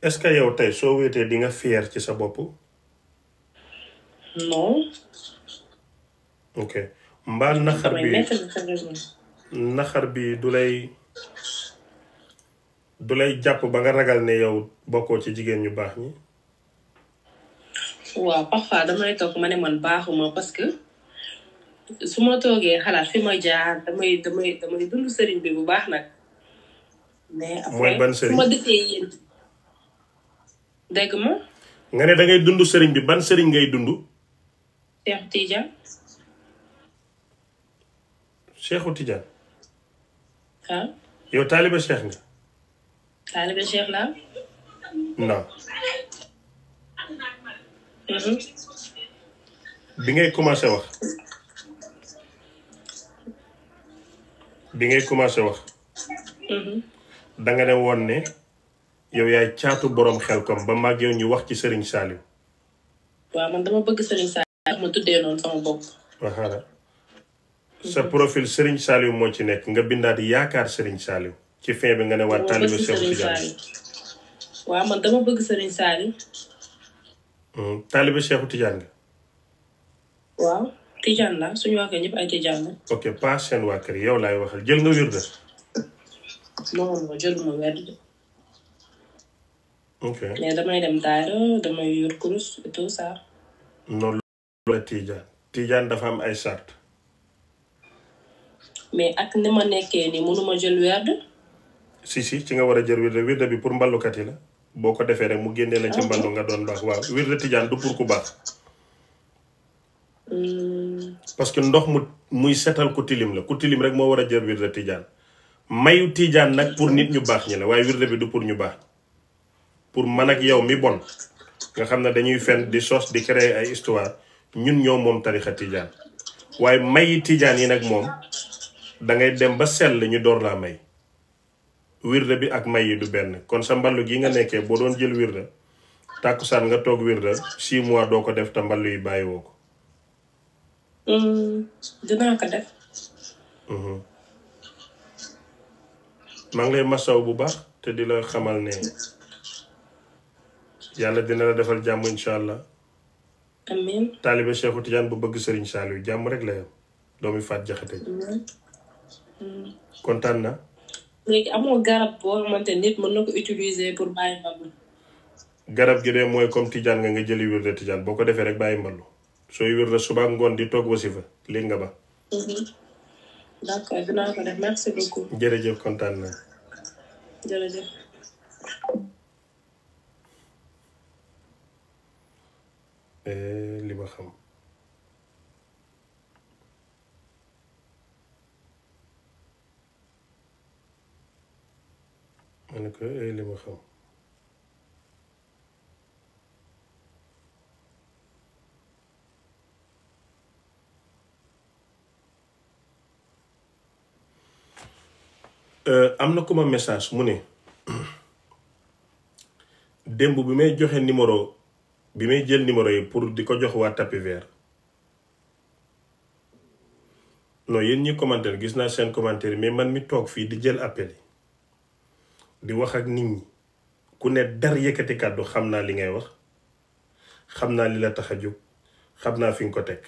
est-ce que yow tey soo wéetee di nga fier ci sa bopp. non. ok mbaa naxar bi naxar bi du lay du lay jàpp ba nga ragal ne yow bokkoo ci jigéen ñu baax ñi. waaw parfois damay toog ma ne man baaxuma parce su ma toogee xalaat fi ma jaar damay damay dund sëriñ bi bu baax nag. mais après ma dëkkee yéen dund sëriñ bi ban sëriñ ngay dund. Cheikh Tidiane. Cheikhu Tidiane. Ah? yow taaliba Cheikh nga. taaliba Cheikh laa. non. Mm-hmm. bi ngay commencé wax. bi ngay commencé wax. Mm-hmm. danga nga ne woon ne yow yaay caatu boroom xel kom ba mag yow ñu wax ci sëriñ Saliou. waaw man dama bëgg Serigne Saliou moo ci nekk nga bindaat yaakaar sëriñ Saliou ci fin bi nga ne waa taalibe Serigne Saliou. waaw tijaan la suñu waa kër ñëpp ay tijaan la. ok pas seen waa yow laay waxal jël nga wird. non non jëluma werd. ok mais dafa am ay sart. ak ni jël werd. si ci nga war a jël wird wird bi pour mballukat yi la boo ko defee rek mu génnee la ci ah, mballu nga doon baax waaw wird tijaan du pour ku baax. Hmm. parce que ndox mu muy setal ku tilim la ku tilim rek moo war a jël wirde tijaan mayu tijaan nag pour nit ñu baax ñi la waaye wirde bi du pour ñu baax pour mën ak yow mi bon nga xam ne dañuy fenn di sos di créer ay histoire ñun ñoo moom tarixa tijaan waaye mayi tijaan yi nag moom dangay ngay dem ba sell ñu door laa may wirde bi ak may yi du benn kon sa mballu gi nga nekkee boo doon jël wirde tàkkusaan nga toog wirde six mois doo ko def te mball yi bàyyiwoo ko Mm. dinaa ko def. Mm-hmm. maa ngi lay masaw bu baax te di la xamal ne yàlla dina la defal jàmm incha allah. amiin taalibe Cheikhu bu bëgg Serigne Saliou jàmm rek la yam doomi Faat Jaxate mm. kontaan na. léegi amoo garab boo xamante nit mën na ko utiliser pour bàyyi mbalu. garab gi de mooy comme Tidiane nga nga jëli wér de Tidiane boo ko defee rek bàyyi mbalu. sooy wér la suba ngoon di toog wasifa lii ba. Mhm. d'accord dinaa ko def merci beaucoup. jërëjëf kontaan naa. jërëjëf. Eh, li xam. ma ne ko eh, li xam. Euh, am na ku ma message mu ne démb bi may joxe numéro bi may jël numéro yi pour di ko jox waa tapis vert non yéen ñi commentaire gis naa seen commentaire mais man mi toog fii di jël appel yi di wax ak nit ñi ku ne dar yëkkati kàddu xam naa li ngay wax xam naa li la tax a jóg xam naa fi nga ko teg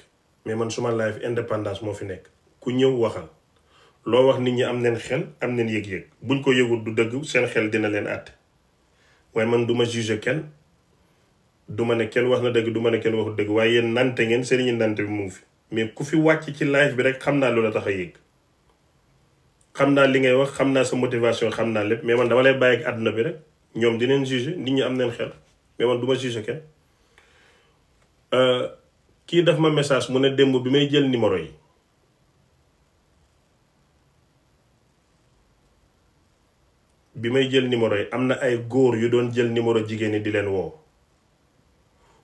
mais man suma live indépendance moo fi nekk ku ñëw waxal loo wax nit ñi am neen xel am neen yëg-yëg buñ ko yëgul du dëgg seen xel dina leen àtt waaye man du ma juge kenn du ma ne kenn wax na dëgg du ma ne kenn waxu dëgg waaye yéen nante ngeen sëriñu nante bi mu ngi fi mais ku fi wàcc ci live bi rek xam naa lu la tax a yëg xam naa li ngay wax xam naa sa motivation xam naa lépp mais man dama lay bàyyi ak àdduna bi rek ñoom dineen juge nit ñi am neen xel mais man du ma juge kenn euh, kii daf ma message mu ne démb bi may jël numéro yi bi may jël numéro yi am na ay góor yu doon jël numéro jigéen ñi di leen woo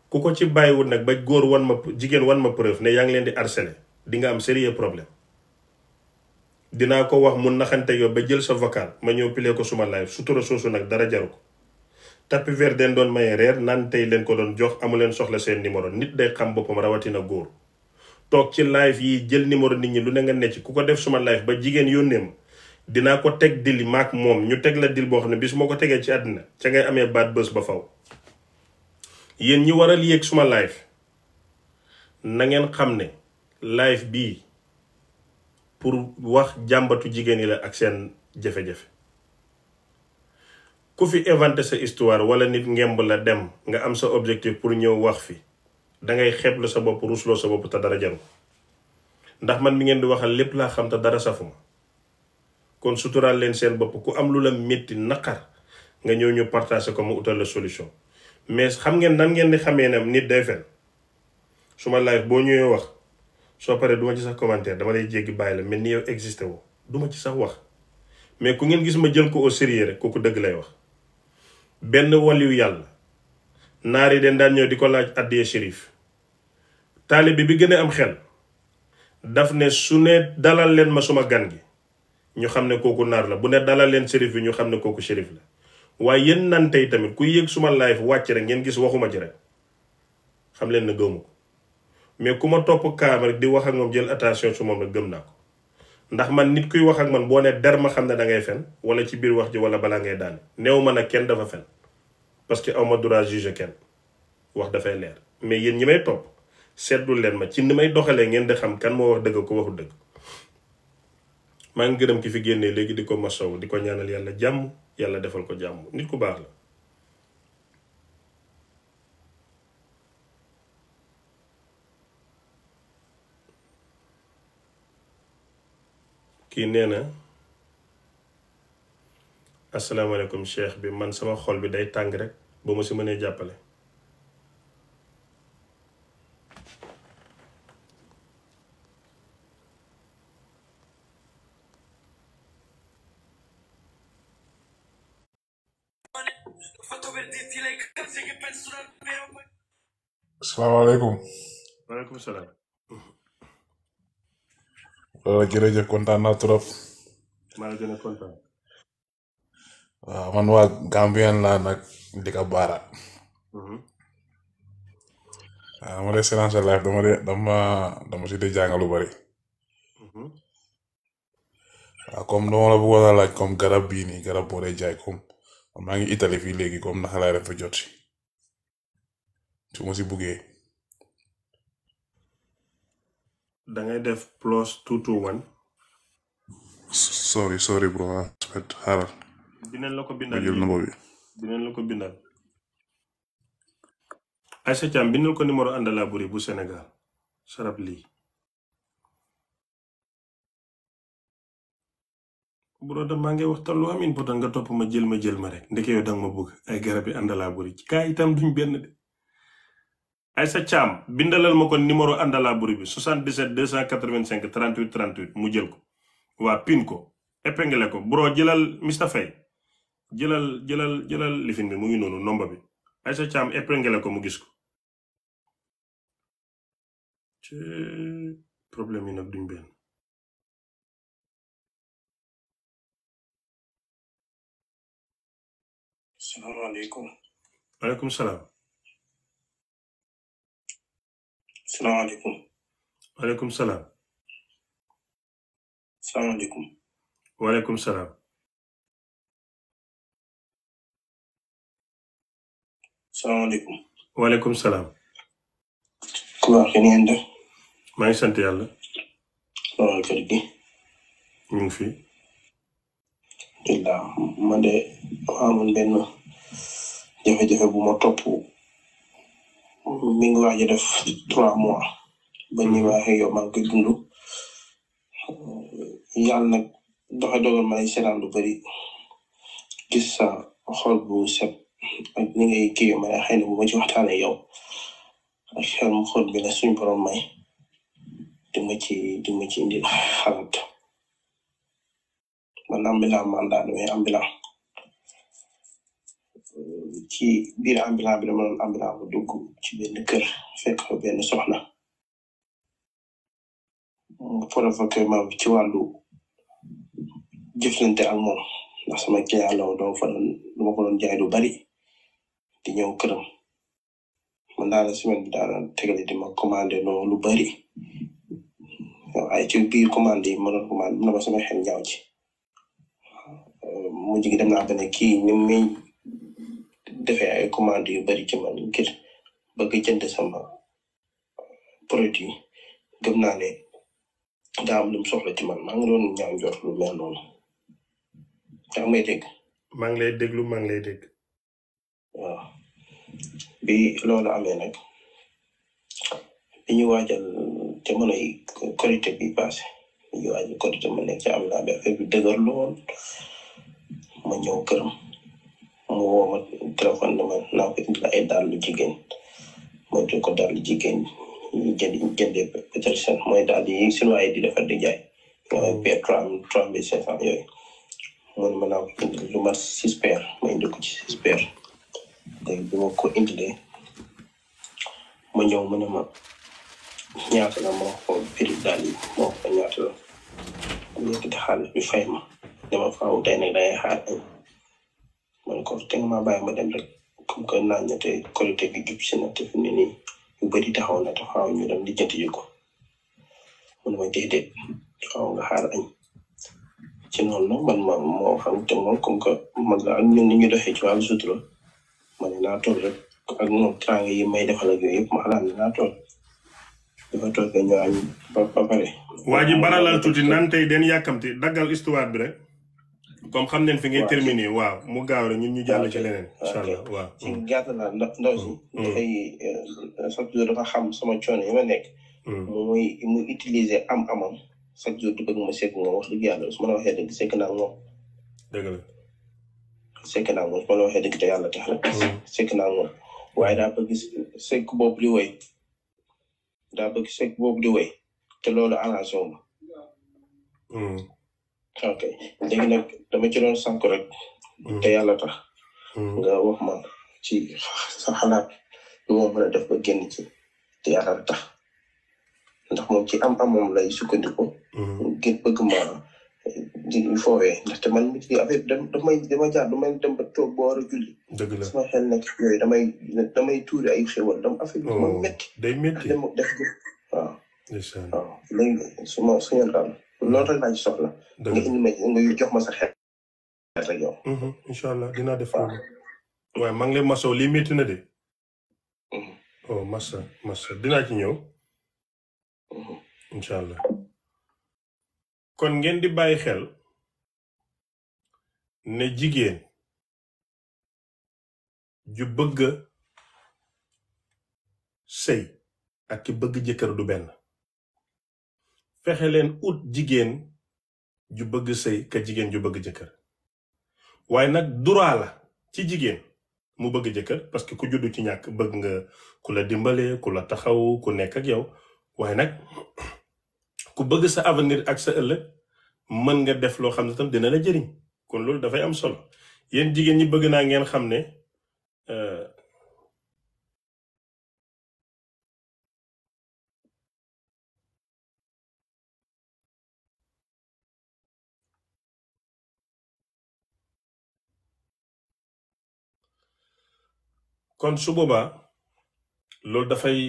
ku ko ci bàyyiwul nag ba góor wan ma jigéen wan ma preuve ne yaa ngi leen di harcelé di nga am sérieux problème dinaa ko wax mun naxante yow ba jël sa vocal ma ñëw pilee ko suma live sutura soosu nag dara jaru ko tapis vert den doon maye reer nante tey leen ko doon jox amu leen soxla seen numéro nit day xam boppam rawatina góor toog ci live yi jël numéro nit ñi lu ne nga ne ci ku def suma live ba jigéen yónnee ma dinaa ko teg dili maak moom ñu teg la dil boo xam ne bi su ma ko tegee ci àddina ca ngay amee baat bés ba faw yéen ñi waral yéeg suma live na ngeen xam ne live bi pour wax jàmbatu jigéen yi la ak seen jafe-jafe ku fi inventé sa histoire wala nit ngemb la dem nga am sa objectif pour ñëw wax fi dangay xeeblu sa bopp rusloo sa bopp te dara jaru ndax man mi ngeen di waxal lépp laa xam te dara safuma kon suturaal leen seen bopp ku am lu la métti naqar nga ñëw ñu partagé ko mu utal la solution mais xam ngeen nan ngeen di xamee ne nit day fen su ma live boo ñëwee wax soo paree duma ci sax commentaire dama lay jéggi bàyyi la mel ni yow existé woo duma ci sax wax mais ku ngeen gis ma jël ko au sérieux rek kooku dëgg lay wax benn waliyu yàlla naar yi den daan ñëw di ko laaj addiye shérif taalibe bi bi gën am xel daf ne su ne dalal leen ma suma gan gi ñu xam ne kooku naar la bu ne dalal leen shérif bi ñu xam ne kooku shérif la waaye yéen nan tey tamit ku yéeg suma live wàcc rek ngeen gis waxuma ci rek xam leen na gëwma ko mais ku ma topp kaam di wax ak moom jël attention su moom rek gëm naa ko ndax man nit kuy wax ak man boo ne der ma xam ne da ngay fen wala ci biir wax ji wala balaa ngay daan néew ma nag kenn dafa fen parce que awma droit juge kenn wax dafay leer mais yéen ñi may topp seetlu leen ma ci ni may doxalee ngeen di xam kan moo wax dëgg ko waxu dëgg maa ngi gërëm ki fi génnee léegi di ko masaw di ko ñaanal yàlla jàmm yàlla defal ko jàmm nit ku baax la kii nee na asalaamaaleykum cheikh bi man sama xol bi day tàng rek ba ma si mënee jàppale salaam aleykum. maaleykum salaam. waaw jërëjëf kontaan naa trop. maa ngi gën a kontaan. waaw man laa nag dëkk Baara. Mhm. waaw ma dee Sénégal live dama de dama dama si di jàng lu bari. Mhm. waaw comme dama la bëggoon a laaj comme garab bii nii garab boo dee jaay comme maa ngi Italie fii léegi comme naka laay def jot su ma si buggee. dangay def plus two two one. sorry sorry bro aspect ah, xaaral. dinañ la ko bindal bi dinañ la ko bindal. Aïssa Thiam bindal ko numéro Andala Boury bu Sénégal sarab lii. broda maa ngi waxtaan lu am important nga topp ma jël ma jël ma rek ndeke yow danga ma bëgg ay garab yi Andala Boury kaa itam duñ benn Aïssa Thiam bindalal ma ko numéro àndalaa buri bi 77 285 38 38 mu jël ko waa pin ko épingle ko bro jëlal Mr Faye jëlal jëlal lifin bi mu ngi noonu nomba bi Aïssa Thiam épingle ko mu gis ko ci problème yi nag duñ benn salaamaaleykum. waaleykum salaam. salaamaaleykum. waaleykum salaam. salaamaaleykum. waaleykum salaam. salaamaaleykum. waaleykum salaam. ku baax ni ngeen def. maa ngi sant yàlla. waaw gi. ñu fi. alhamdulilah man de maa amoon benn jafe-jafe bu ma mi ngi waaj a def trois mois ba ñu waxee yow maa ngi koy dund euh, yàlla nag doxe dogal ma lay seetaan lu bëri gis sa xol bu set ak ni ngay xëy na bu ci waxtaanee yow ak xel mu xol bi la may di ma ci di ma ci man am bi laa mandat mais am bi ci biir ambulant bi dama doon bu dugg ci benn kër fekk fa benn soxna mu provoqué ma ci wàllu jëflante ak moom ndax sama client la woon fa doon lu ma ko doon jaay lu bari di ñëw këram man daal semaine bi daal tegale di ma commandé lu bari waaye ci biir commande yi ma doon commandé na ma sama xel ñaaw dem naa ba ne kii ni defee ay commande yu bari ci man ngir bëgg jënd sama produit gëm naa ne daa am lu mu soxla ci man maa ngi doon ñaaw njort lu mel noonu daa may dégg. ngi lay déglu maa ngi lay dégg. waaw bi loolu amee nag bi ñu waajal jamono bi passé bi ñu waajal korité ma nekk ci am bi dëgër lool ma ñëw mu woo téléphone ne ma naa ko indil ay dàllu jigéen ma jox ko dàllu jigéen ñu jënd jëndee daal yi chinois yi di defar di jaay. Hmm. trois mille trois mille cinq cent yooyu. ma naa ko indil ci six paires bi ma ko indilee ma ñëw mu ne ñaata la ma ko daal yi ma ko ñaata la. ñu yëkkati xaalis bi fay ma dama faaw day ne day man ko te nga ma bàyyi ma dem rek comme que naan ña te collecté bi jub si te fi ne nii yu taxaw na te ñu dem di ji ko mu ne ma déedéet xaw nga xaar añ ci noonu nag man ma moo xam te moom comme que mag la ak ñun ñu doxee ci wàllu sutura ma ne naa toog yi may defal ak yooyu yëpp ma xalaat ne naa toog dafa toog ñu añ ba pare. waa ji baralal tuuti nan tey den yàkkamti daggal histoire bi comme xam nañ fi ngay terminer waaw mu gaaw rek ñun ñu jàll ci leneen. incha allah waaw ci gàttal naa ndaw ndaw e dafay chaque jour dafa xam sama coono yi nek nekk. utilise am mm. muy am-amam chaque jour di bëgg ma sekk moom wax dëgg yàlla su ma la waxee dëgg sekk naa moom. dëgg la. sekk naa moom su ma te yàlla tax na. Mm. sekk naa moom waaye daa bëgg sekk boobu di woy daa bëgg sekk boobu di woy te loolu arrangé wu ma. Mm. ok léegi nag dama ci doon sànq rek. Mm. te yàlla tax. Mm. nga wax ma ci sa xalaat lu ma a def ba génn ci te yàlla tax ndax moom ci am-amam lay sukkandiku. Mm. ngir bëgg ma di foowee man mi ci affaire bi damay dama jaar damay dem ba toog ba war a julli. dëgg yooyu damay damay tuuri ay xéwal dama affaire bi. Oh, day métti day métti loolu rek laa ci soxla. nga indi ma nga jox ma sa xel rek yow. Mhm, incha allah dinaa def. waaw waaye maa ngi lay masaw lii métti na de. Mhm. oh massa massa dinaa ci ñëw. Mhm. incha allah. kon ngeen di bàyyi xel ne jigéen ju bëgg sëy ak ki bëgg jëkkër du benn. fexe leen ut jigéen ju bëgg sëy ka jigéen ju bëgg jëkkër waaye nag droit la ci jigéen mu bëgg jëkkër parce que ku juddu ci ñàkk bëgg nga ku la dimbale ku la taxaw ku nekk ak yow waaye nag ku bëgg sa avenir ak sa ëllëg mën nga def loo xam ne tam dina la jëriñ kon loolu dafay am solo yéen jigéen ñi bëgg naa ngeen xam ne euh, kon su boobaa loolu dafay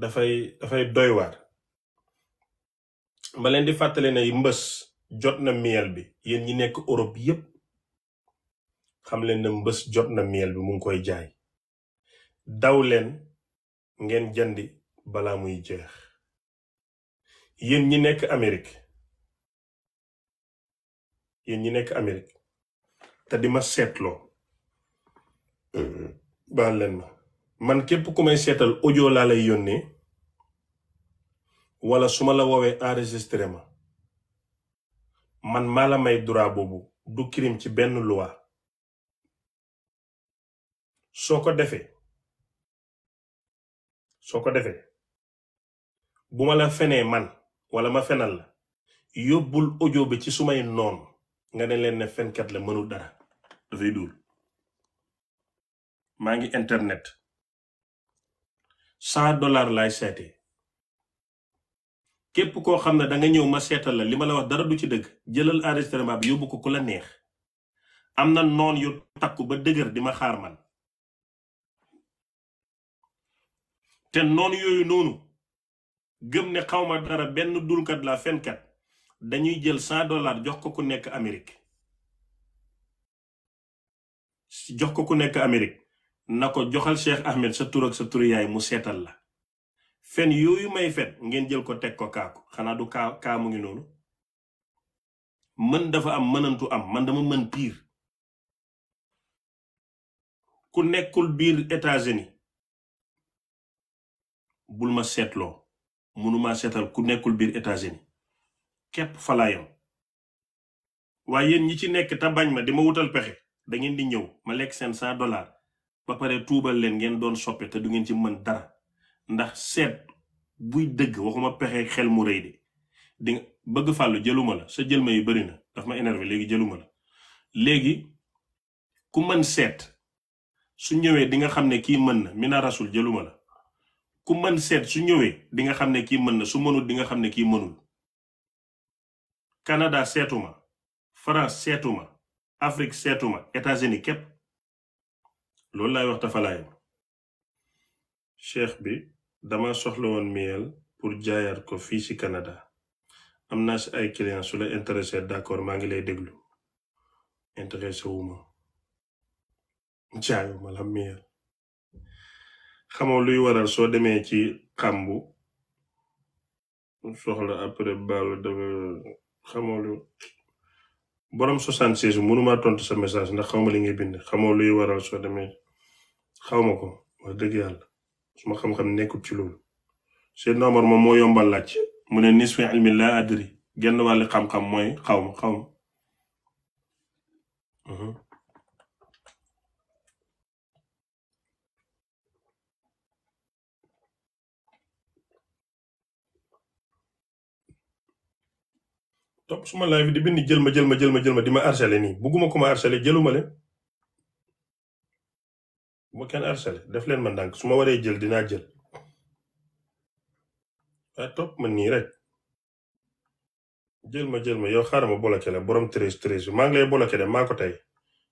dafay dafay doy waar di fàttali ne mbës jot na miel bi yéen ñi nekk Europe yépp xam leen ne mbës jot na miel bi mu ngi koy jaay daw leen ngeen jëndi balaa muy jeex yéen ñi nekk Amérique yéen ñi nekk Amérique te di ma seetloo. Euh, baal leen ma man képp ku may seetal audio laa lay yónnee wala su ma la woowee enregistré ma man maa la may droit boobu du crime ci benn loi soo ko defee soo ko defee bu ma la fenee man wala ma fenal la yóbbul audio bi ci sumay noon nga ne leen ne fenkat la mënul dara dafay duul maa ngi internet cent dollar laay seete képp koo xam ne danga ñëw ma seetal la li ma la wax dara du ci dëgg jëlal enregistrement bi yóbbu ko ku la neex am na noon yu takku ba dëgër di ma xaar man te noon yooyu noonu gëm ne xaw ma dara benn dulkat la fenkat dañuy jël cent dollar jox ko ku nekk Amérique jox ko ku nekk Amérique na ko joxal Cheikh Ahmed sa tur sa turu yaay mu seetal la fen yooyu may fen ngeen jël ko teg ko kaaku xanaa du kaa kaa mu ngi noonu mën dafa am mënantu am man dama mën piir ku nekkul biir États-Unis bul ma seetloo mënuma seetal ku nekkul biir États-Unis képp fa waaye yéen ñi ci nekk te bañ ma dima wutal pexe da ngeen di ñëw ma lekk seen cent dollars ba pare tuubal leen ngeen doon soppe te du ngeen ci mën dara ndax seet buy dëgg waxuma pexe xel mu rëy de di bëgg fàllu jëluma la sa jëlma ma yi bari na daf ma énervé léegi jëluma la léegi ku mën seet su ñëwee di nga xam ne kii mën na mina rasul jëluma la ku seet su ñëwee di nga xam ne kii mën na su mënul di nga xam ne kii mënul Canada seetuma France seetuma Afrique seetuma États-Unis képp loolu laay wax dafa laay cheikh bi dama soxla woon miel pour jaayaat ko fii ci Canada am naa si ay clients su la intéressé d'accord maa ngi lay déglu intéressé wu ma jaayu ma la miel xamoo luy waral soo demee ci xàmbu soxla après baalu dafa xamoo lu borom 76 mënuma tontu sa message ndax xaw ma li ngay bind xamoo luy waral soo demee. xawma ko wax dëgg yàlla suma xam-xam nekkut ci loolu Seydina Omar moom moo yombal laaj mu ne nisfi ilmi laa adri genn wàlli xam-xam mooy xaw ma xaw ma mhm. topp suma di bind jël ma jël ma jël ma jël ma di ma harcelé nii bugguma ko ma harcelé jëluma leen bu kenn harcelé def leen ma ndànk su ma waree jël dinaa jël waaye topp ma nii rek jël ma jël ma yow xaaral ma bloqué la borom treize treize maa ngi lay bloqué de maa ko tey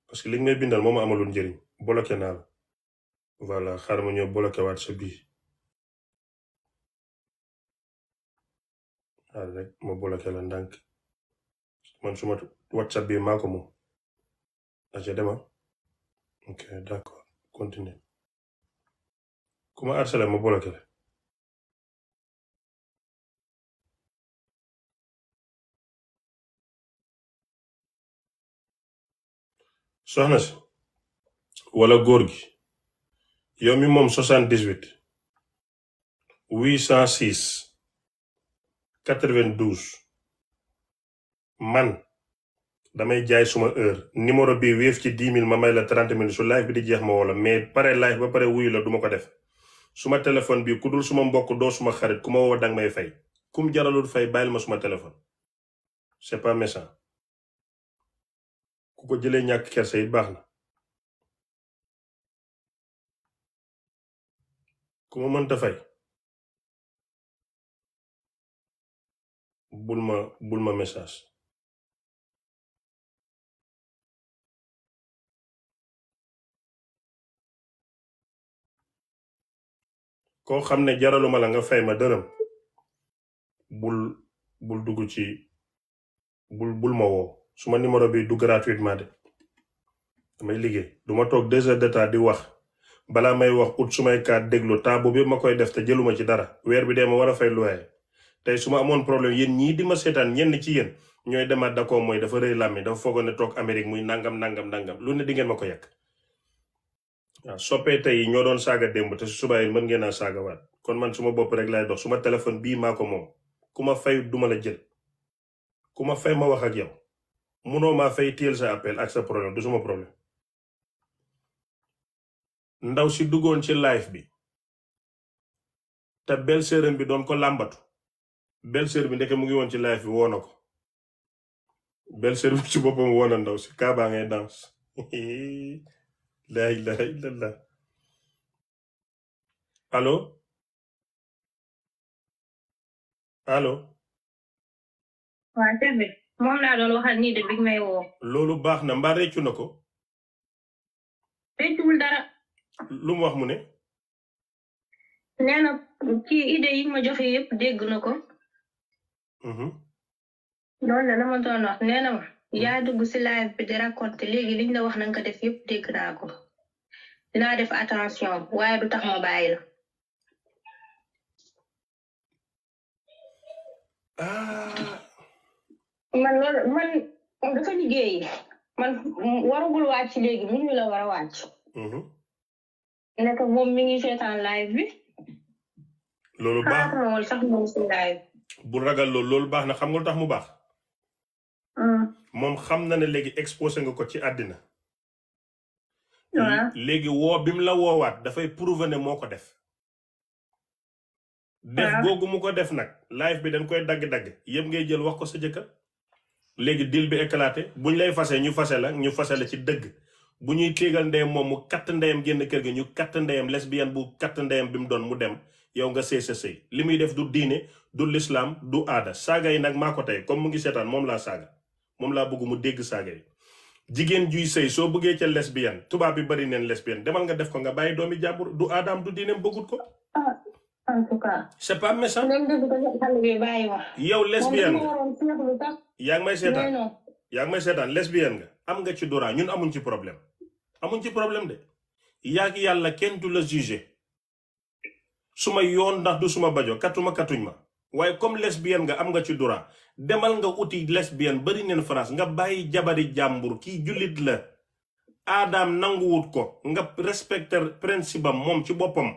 parce que li nga may bindal moo ma amaloon njëriñ bloqué naa la voilà xaaral ma ñëw bloqué waat sa bii xaar rek ma bloqué man suma whatsapp bi maa ko moom aja dema ok d'accord continue ku ma harcelé ma bloqué la si wala góor gi yow mi moom soixante-dix-huit huit cent six quatre-vingt-douze man damay jaay suma heure numéro bi wéef ci dix mil ma may la trente mille su live bi di jeex ma wala mais pare live ba pare wuyu la du ko def suma téléphone bi ku dul suma mbokk doo suma xarit ku ma woo danga may fay kum jaralul fay bàyyil ma suma téléphone c'est pas ku ko jëlee ñàkk kersa yi baax na ku ma mënta fay bul ma message koo xam ne jaraluma la nga fay ma dërëm bul bul dugg ci bul bul ma woo suma numéro bi du gratuitement de damay liggéey du ma toog deux heures de di wax balaa may wax ut sumay kaat déglu temps boobu ma koy def te jëluma ci dara weer bi dee ma war a fey luwaaye tey su ma amoon problème yéen ñii di ma seetaan ñenn ci yéen ñooy demaat d'accord mooy dafa rëy làmmi dafa foogoon ne toog Amérique muy nangam nangam nangam lu ne di ngeen ma ko yàq waaw soppee tey ñoo doon saaga démb te su subaa yi mën ngeen saaga saagawaat kon man suma bopp rek laay dox suma téléphone bii maa moom ku ma fay duma la jël ku ma fay ma wax ak yow munoo maa fay téel sa appel ak sa problème du suma problème ndaw si duggoon ci live bi te belle bi doon ko làmbatu belle bi ndeke mu ngi woon ci live bi woo na ko belle-sœur bi ci boppam woo ndaw si kaabaa ngay danse laa ilaha illallah allo allo waaw Sèye moom laa doon waxal nii de bi may woo. loolu baax na mbaa réccu ko. dara. lu mu wax mu ne. nee na ma joxe yëpp dégg na ko. Mhm. loolu la la ma ma. yaa dugg si live bi di raconté léegi liñ la wax na ko def yëpp dégg naa def attention waaye du tax ma bàyyi la. Ah. man loolu man dafa liggéeyi man waragul wàcc léegi min ñu la war a wàcc. Mhm. nekk moom mi ngi seetaan live bi. loolu baax xaaral ma woon sax si live. bu ragal loolu loolu baax na xam nga lu tax mu baax. moom xam na ne léegi exposé nga ko ci àddina léegi woo bi mu la woowaat dafay prouver ne moo ko def def googu mu ko def nag live bi dañ koy dagg-dagg yëpp ngay jël wax ko sa jëkkër léegi deal bi bu ñu lay fase ñu fase la ñu fase la ci dëgg bu ñuy téegal ndeyam moom mu katt ndeyam génn kër gi ñu katt ndeyam lesbienne bu katt ndeyam bi mu doon mu dem yow nga sëy sa sëy li muy def du diine du lislaam du aada saaga yi nag maa ko tey comme mu ngi seetaan moom laa saaga moom laa bëgg mu dégg saaga yi jigéen juy sëy soo bëggee ca lesbienne tubaab bi bari neen lesbienne demal nga def ko nga bàyyi doomi jàmbur du aadaam du diineem bëggut ko. Ah, en tout cas. c'est pas méchant. yow lesbienne nga yaa ngi may seetaan yaa ngi may seetaan lesbienne nga am nga ci droit ñun amuñ ci problème amuñ ci problème de yaa yàlla kenn du la juger suma yoon ndax du suma bajo katuma katuñ ma waaye comme lesbienne nga am nga ci droit demal nga uti lesbienne bari neen France nga bàyyi jabari jàmbur kii jullit la aadaam nanguwut ko nga respecter principe am moom ci boppam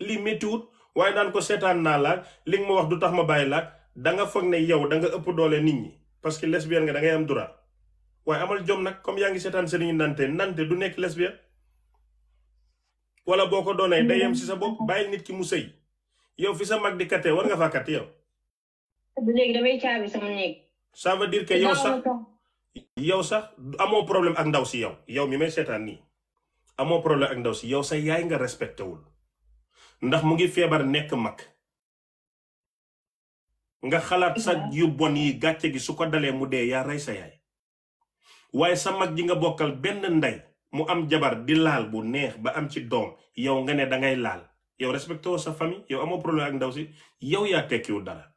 lii méttiwut waaye daan ko seetaan naa laag li ma wax du tax ma bàyyi laag danga foog ne yow da nga ëpp doole nit ñi parce que lesbienne nga da ngay am droit waaye amal jom nag comme yaa ngi seetaan sëriñu nante nante du nekk lesbienne wala boo ko doonee day yem si sa bopp bàyyi nit ki mu sëy yow fi sa mag di kattee war nga faa yow ba léegi damay caabi sama néeg. ça que yow sax yow sax amoo problème ak ndaw si yow yow mi may seetaan nii amoo problème ak ndaw si yow sax yaay nga respecté wul ndax mu ngi feebar nekk mag. nga xalaat sa yu bon yi gàcce gi su ko dalee mu dee yaa rey sa yaay waaye sa mag ji nga bokkal benn ndey mu am jabar di laal bu neex ba am ci doom yow nga ne dangay laal yow respecté woo sa famille yow amoo problème ak ndaw si yow yaa tekkiwul dara.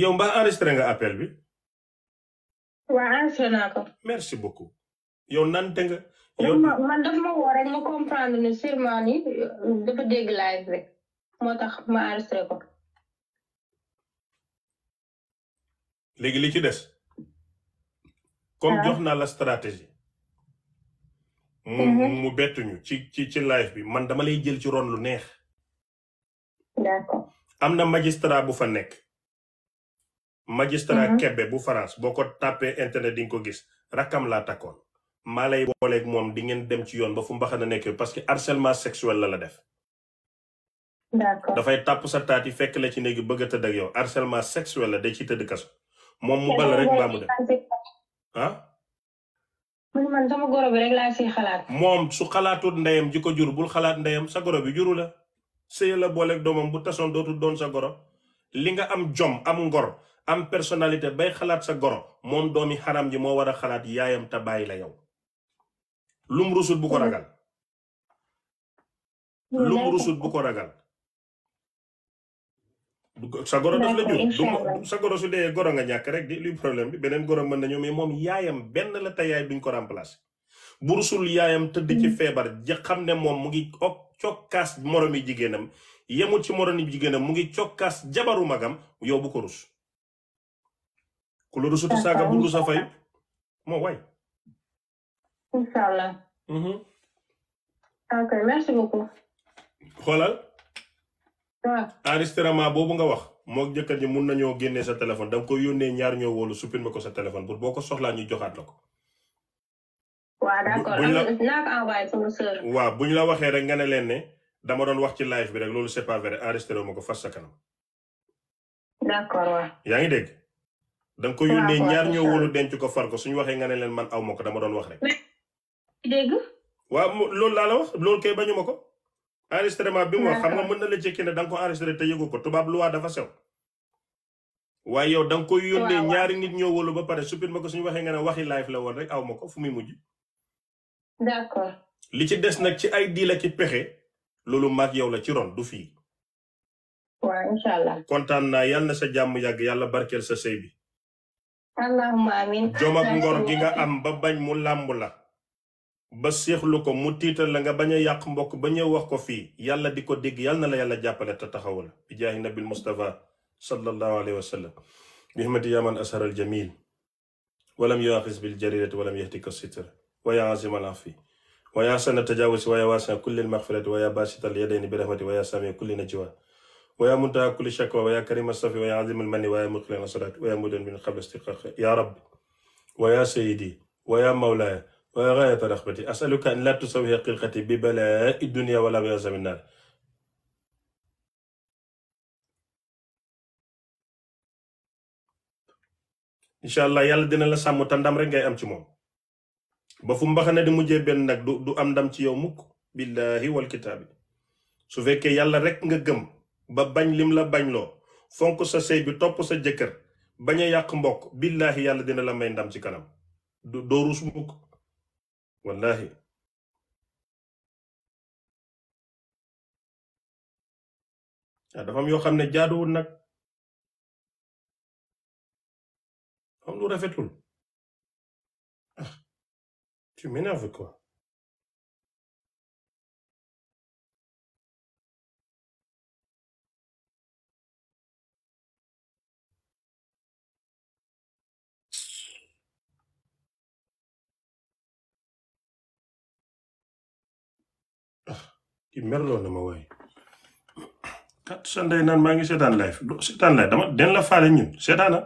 yow mbaa enregistré nga appel bi. waaw enregistré naa ko. merci beaucoup. yow nante nga. yow man daf ma woo ma comprendre ne sûrement ni euh, dafa dégg live rek moo tax ma enregistré ko. léegi li ci des. comme ah. jox naa la stratégie. mu mhm. mu bettuñu ci ci ci live bi man dama lay jël ci ron lu neex. d'accord. am na magistrat bu fa nekk. magistrat mhm. Kebbe bu France boo ko tàppee internet di nga ko gis rakkam laa takkoon. maa lay booleeg moom di ngeen dem ci yoon ba fu mbaxana nekk parce que harcèlement sexuel la la def. tàpp sa taat yi fekk la ci néegi bëgg a tëdd ak yow harcèlement sexuel la day ci kaso. moom mu bal rek baa mu dem moom su xalaatul ndeyam ji ko jur bul xalaat ndeyam sa goro bi juru la. sëy la booleek doomam bu tasoon dootul doon sa goro li nga am jom am ngor am personnalité bay xalaat sa goro moom doomi xaram ji moo war a xalaat yaayam te bàyyi la yow lum rusut mm-hmm. bu ko ragal lum rusut bu sa goro daf la jur sa goro su dee goro nga ñàkk rek di luy problème bi beneen goro mën nañu mais moom yaayam benn la te yaay duñ ko remplacer bu rusul yaayam tëdd ci mm-hmm. feebar ja xam ne moom mu ngi ok cokkaas moromi jigéenam yemul ci moromi jigéenam mu ngi cokkaas jabaru magam yobu ko rus ku la rusutu saaga bu rusa fay moo waay mhm. xoolal enregistrement boobu nga wax moo jëkkër ñi mun na nañoo génnee sa téléphone danga ko yónnee ñaar ñoo wóolu supprimer ko sa téléphone pour boo ko soxlaa ñuy joxaat la ko waaw d'accord bu ñu la waxee rek nga ne leen ne dama doon wax ci live bi rek loolu sepa pas vrai wu ma ko fas sa yaa ngi dégg. da koy ko ñaar ñoo denc ko far suñu waxee nga ne leen man aw ma ko dama doon wax rek. loolu laa wax loolu kay bañu ma bi mu wax xam mën na la jekki ne da nga ko te ko tubaab lu dafa sew. yow da nga ñaari nit ñoo wóolu ba pare suppi ma ko suñu waxee nga ne waxi live la woon rek aw ma ko fu muy mujj. d'accord li ci des nag ci ay diila la ci pexe loolu maag yow la ci ron du fii. waaw naa yal na sa jàmm yàgg yàlla barkeel sa sëy bi. allahumma ngor gi nga am ba bañ mu làmb la. ba seexlu ko mu tiital la nga bañ yàq mbokk ba ñëw wax ko fii yàlla di ko dégg yal na la yàlla jàppale te taxawu la bi jaahi nabil Mustafa sallallahu alayhi wa sallam. bi himati yaa man ashara al jamil walam yuaxis bil jarirati walam yahtika sitra ويا عظيم العفو ويا حسن التجاوز ويا واسع كل المغفرة ويا باسط اليدين برحمته ويا سامع كل نجوى ويا منتهى كل شكوى ويا كريم الصفي ويا عظيم المن ويا مقل النصرات ويا مدن من قبل استقاق يا رب ويا سيدي ويا مولاي ويا غاية رغبتي أسألك أن لا تسوي حقيقتي ببلاء الدنيا ولا بعذاب النار incha allah yàlla dina la sàmm te ndam rek ngay am ci moom ba fu mbaxana di mujjee benn nag du am ndam ci yow mukk billaahi wal su fekkee yàlla rekk nga gëm ba bañ lim la bañ loo fonk sa sëy topp sa jëkkër bañ a yàq mbokk billaahi yàlla dina la may ndam ci kanam doo ruus mukk wallaahi waaw dafa yoo xam ne jaaduwul nag am lu rafetul Tu m'énerves quoi ki merloo na ma waaye kat sa naan maa ngi seetaan live seetaan live dama den la faale ñun seetaana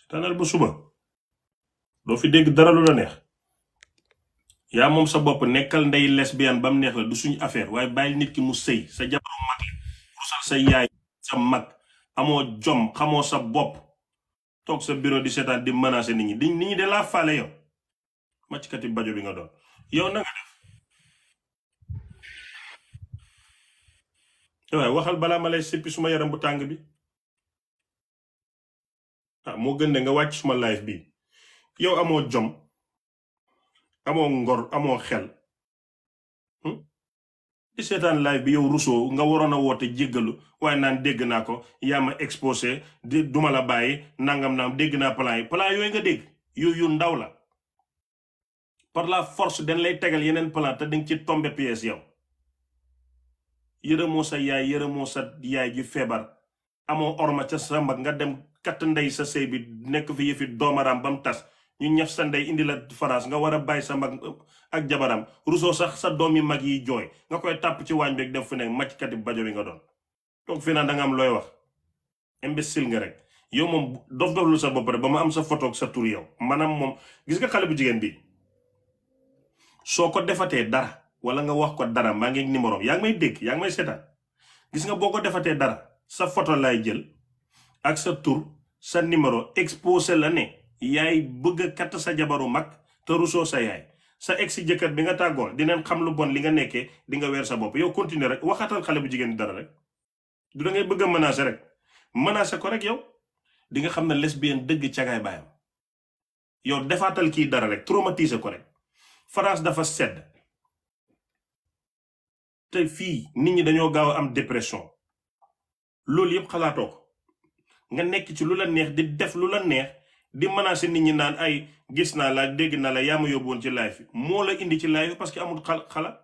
seetaanal ba suba doo fi dégg dara lu la neex yaa moom sa bopp nekkal ndey lesbienne ba mu neex la du suñu affaire waaye bàyyi nit ki mu sëy sa jabaru mag la rusal sa yaay sa mag amoo jom xamoo sa bopp toog sa bureau di setaan di menacer nit ñi di nit ñi de laa faale yow mackati bajo bi nga doon yow na nga def waxal balaa ma lay sippi suma yaram bu tàng bi ah, moo gën de nga wàcc suma live bi yow amoo jom amoo ngor amoo xel hmm? di seetaan live bi yow Rousseau nga waroon a woote jéggalu waaye naan dégg naa ko yaa ma exposé di duma la bàyyi nangam naam dégg naa plan yi plan yooyu nga dégg yooyu ndaw la par la force dañ lay tegal yeneen plan te dinga ci tombe pièce yow yërëmoo sa yaay yërëmoo sa yaay ji feebar amoo orma ca sa mbag nga dem katt ndey sa sëy bi nekk fi yëfi doomaram ba tas ñu ñaf sa ndey indi la France nga war a bàyyi sa mag ak jabaram Rousseau sax sa doom yi mag yi jooy nga koy tàpp ci waañ beeg def fu nekk màcc kati bajo bi nga doon toog fii naan nga am looy wax imbécile nga rek yow moom dof dof lu sa bopp rek ba ma am sa photo sa tur yow maanaam moom gis nga xale bu jigéen bi soo ko defatee dara wala nga wax ko dara maa ngi numéro yaa ngi may dégg yaa ngi may seetaan gis nga boo ko defatee dara sa photo lay jël ak sa tur sa numéro exposé la ne yaay bëgg katt sa jabaru mag te rusoo sa yaay sa ex jëkkër bi nga tàggoon dinañ xam lu bon li nga nekkee di nga weer sa bopp yow continuer rek waxaatal xale bu jigéen dara rek du da ngay bëgg a menacer rek menacer ko rek yow di nga xam ne lesbienne dëgg cagaay baayam yow defaatal kii dara rek traumatiser ko rek France dafa sedd te fii nit ñi dañoo gaaw am dépression loolu yëpp xalaatoo ko nga nekk ci lu la neex di def lu la neex di menacer ni ñi naan ay gis naa la dégg naa la yaa ma yóbbuwoon ci live bi moo la indi ci live bi parce que amul xal xalaat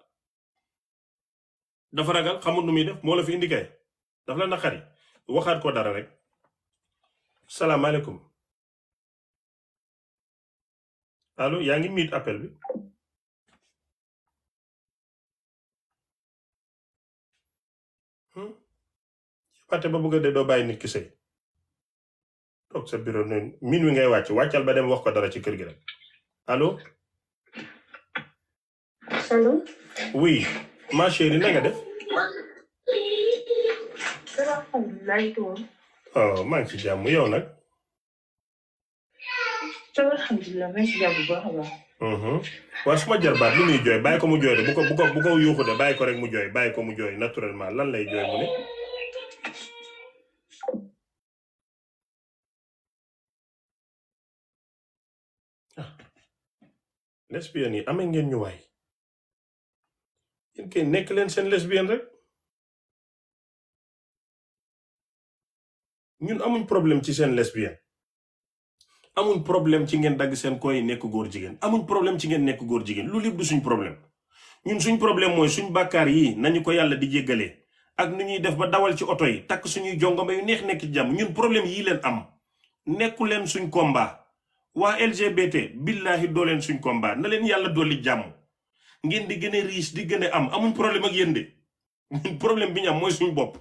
dafa ragal xamul nu muy def moo la fi indi kay dafa la naqari waxaat ko dara rek salaamaaleykum allo yaa ngi mute appel bi. Hmm? fàtte ba bëgg a dee doo bàyyi nit ki sëy toog sa bureau noonu wi ngay wàcc wàccal ba dem wax ko dara ci kër gi rek allo. allo. oui ma chérie def. Oh, maa ngi jàmm yow nag. alhamdulilah maa ngi ci a baax. Mm-hmm. waaw su jarbaat lu muy jooy bàyyi ko mu jooy de bu ko bu ko bu ko yuuxu de bàyyi ko rek mu jooy bàyyi ko mu jooy naturellement lan lay jooy mu ne. lesbienne yi amee ngeen ñu waay yéen nekk leen seen lesbienne rek ñun amuñ problème ci seen lesbienne amuñ problème ci ngeen dagg seen koy nekk góor jigéen amuñ problème ci ngeen nekk góor jigéen lu lépp du suñ problème ñun suñ problème mooy suñ bakkaar yi nañu ko yàlla di jéggalee ak ni ñuy def ba dawal ci oto yi takk suñuy jongoma yu neex nekk ci jàmm ñun problème yii leen am nekku leen suñ combat waa LGBT billahi doo leen suñ combat na leen yàlla dolli jàmm ngeen di gën a riche di gën a am amuñ problème ak yéen de ñun problème bi ñu am mooy suñu bopp.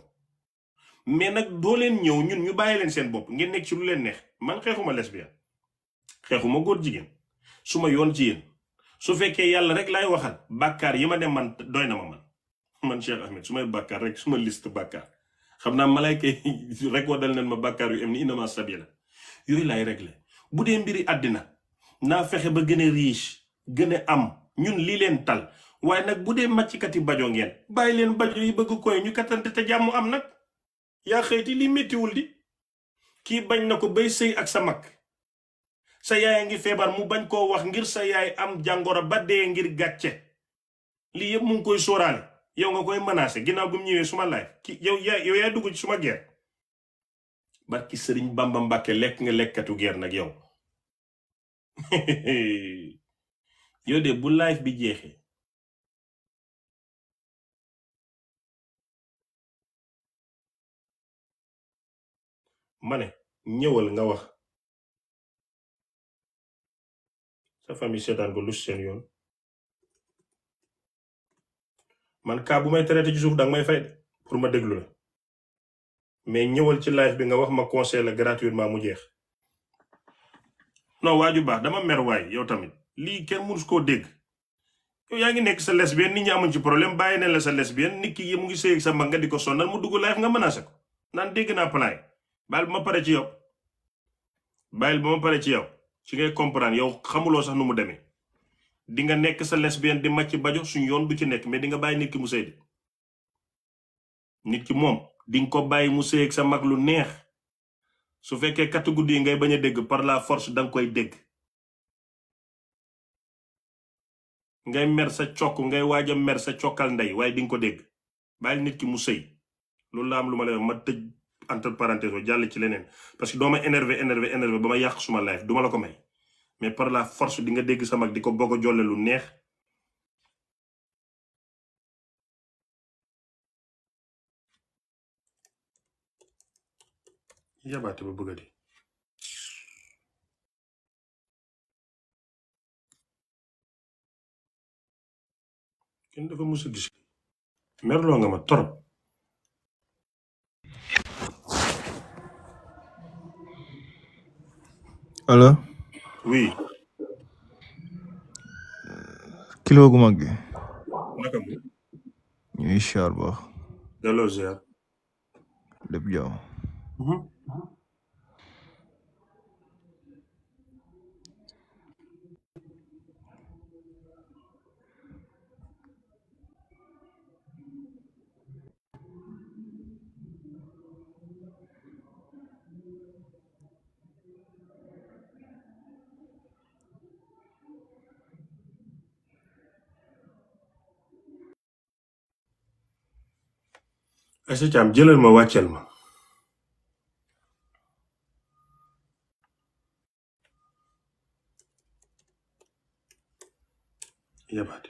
mais nag doo leen ñëw ñun ñu bàyyi leen seen bopp ngeen nekk ci lu leen neex man xeexuma lesbien xeexuma góor jigéen su ma yoon ci yéen su fekkee yàlla rek laay waxal bàkkaar yi ma dem man doy na ma man man Cheikh Ahmed su may bàkkaar rek su ma liste bàkkaar xam naa malayka rek wadal nañ ma bàkkaar yu am ni inama sabila yooyu laay réglé bu dee mbiri àddina naa fexe ba gën a riche gën a am ñun lii leen tal waaye nag bu dee màccikati bajo ngeen bàyyi leen bajo yi bëgg koy ñu kattante te jàmm am nag yaa xëyti li méttiwul di kii bañ na ko bay sëy ak sa mag sa yaay a ngi feebar mu bañ koo wax ngir sa yaay am jàngoro ba dee ngir gàcce lii yëpp mu ngi koy sóoraale yow nga koy menacé ginnaaw bi ñëwee suma laay ki yow yaa yow yaa dugg ci suma geer barki sëriñ Bamba Mbàkke lekk nga lekkatu geer nag yow yow de bu live bi jeexee ma ne ñëwal nga wax sa famille seetaan ko lu seen yoon man kaa bu may traité ci suuf danga may fay pour ma déglu mais ñëwal ci live bi nga wax ma conseil la gratuitement mu jeex non waaju baax dama mer waay yow tamit lii kenn mënus koo dégg yow yaa ngi nekk sa lesbienne nit ñi amuñ ci problème bàyyi ne la sa lesbienne nit ki mu ngi sëy ak sa mag nga di ko sonal mu dugg live nga ko naan dégg naa palaay bàyyil ba ma pare ci yow bàyyil ba ma pare ci yow ci ngay comprendre yow xamuloo sax nu mu demee di nga nekk sa lesbienne di ci bajo suñ yoon du ci nekk mais di nga bàyyi nit ki mu sëy di nit ki moom dinga ko bàyyi mu sëy sa mag lu neex su fekkee katu guddi ngay bañ a dégg par la force danga koy dégg ngay mer sa cokk ngay waaj a mer sa cokkal ndey waaye dinga ko dégg bàyyil nit ki mu sëy loolu laam lu ma lay wax ma tëj entre parenthèse o jàll ci leneen parce que dooma ma énervé énervé ba ma yàq suma life duma la ko may mais par la force di nga dégg sa mag di ko bokk jolle lu neex jabaate ba bëgg a di kenn dafa mës a gis merloo ma torop allo oui kilo gu mag gi naka mu ñuy char baax Aïcha Thiam jëlal ma wàcceel ma yabaate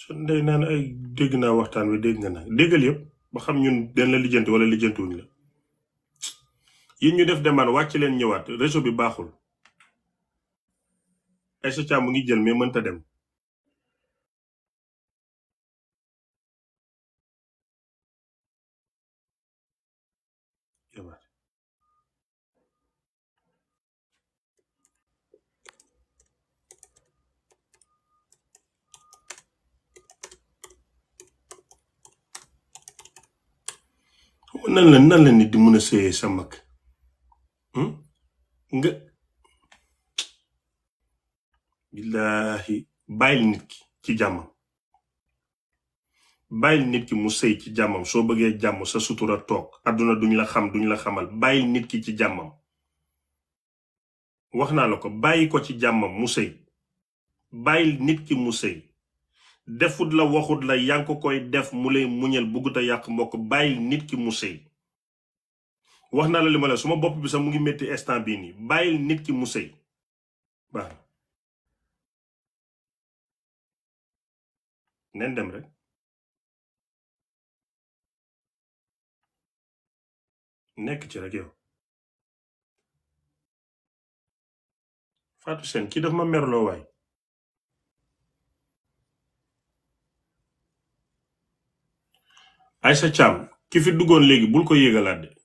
su ndey naan ay dégg naa waxtaan wi dégg na nag déggal yëpp ba xam ñun den la lijjanti wala lijjantiwuñ la yéen ñu def demande wàcc leen ñëwaat réseau bi baaxul ay sa mu ngi jël mais mënta dem nan la nan nit di mën a sëyee sa mag hmm? nga billaahi bàyyil nit ki ci jàmmam bàyyil nit ki mu sëy ci jàmmam soo bëggee jàmm sa sutura toog àdduna duñ la xam duñ la xamal bàyyil nit ki ci jàmmam wax naa la ko bàyyi ko ci jàmmam mu sëy bàyyil nit ki mu sëy defut la waxut la yaa koy def mu lay muñal buggut a yàq mbokk bàyyil nit ki mu sëy wax naa la li ma la suma bopp bi sax mu ngi métti instant bii nii bàyyil nit ki mu sëy baax neen dem rek nekk ci rek yow Fatou Sène kii daf ma merloo waay Aïssa Thiam ki fi duggoon léegi bul ko yéegalaat de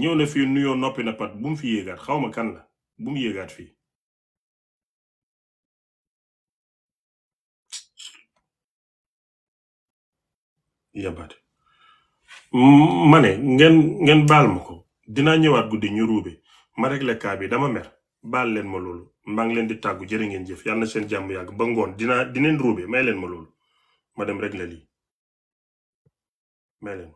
ñëw na fii nuyoo noppi na pat bu mu fi yéegaat xaw ma kan la bu mu yéegaat fii yabaate ma ne ngeen ngeen baal ma ko dinaa ñëwaat guddi ñu ruube ma réglé cas bi dama mer baal leen ma loolu maa ngi leen di tàggu jërë ngeen jëf yàlla na seen jàmm yàgg ba ngoon dinaa dineen ruube ma leen ma loolu ma dem réglé lii may leen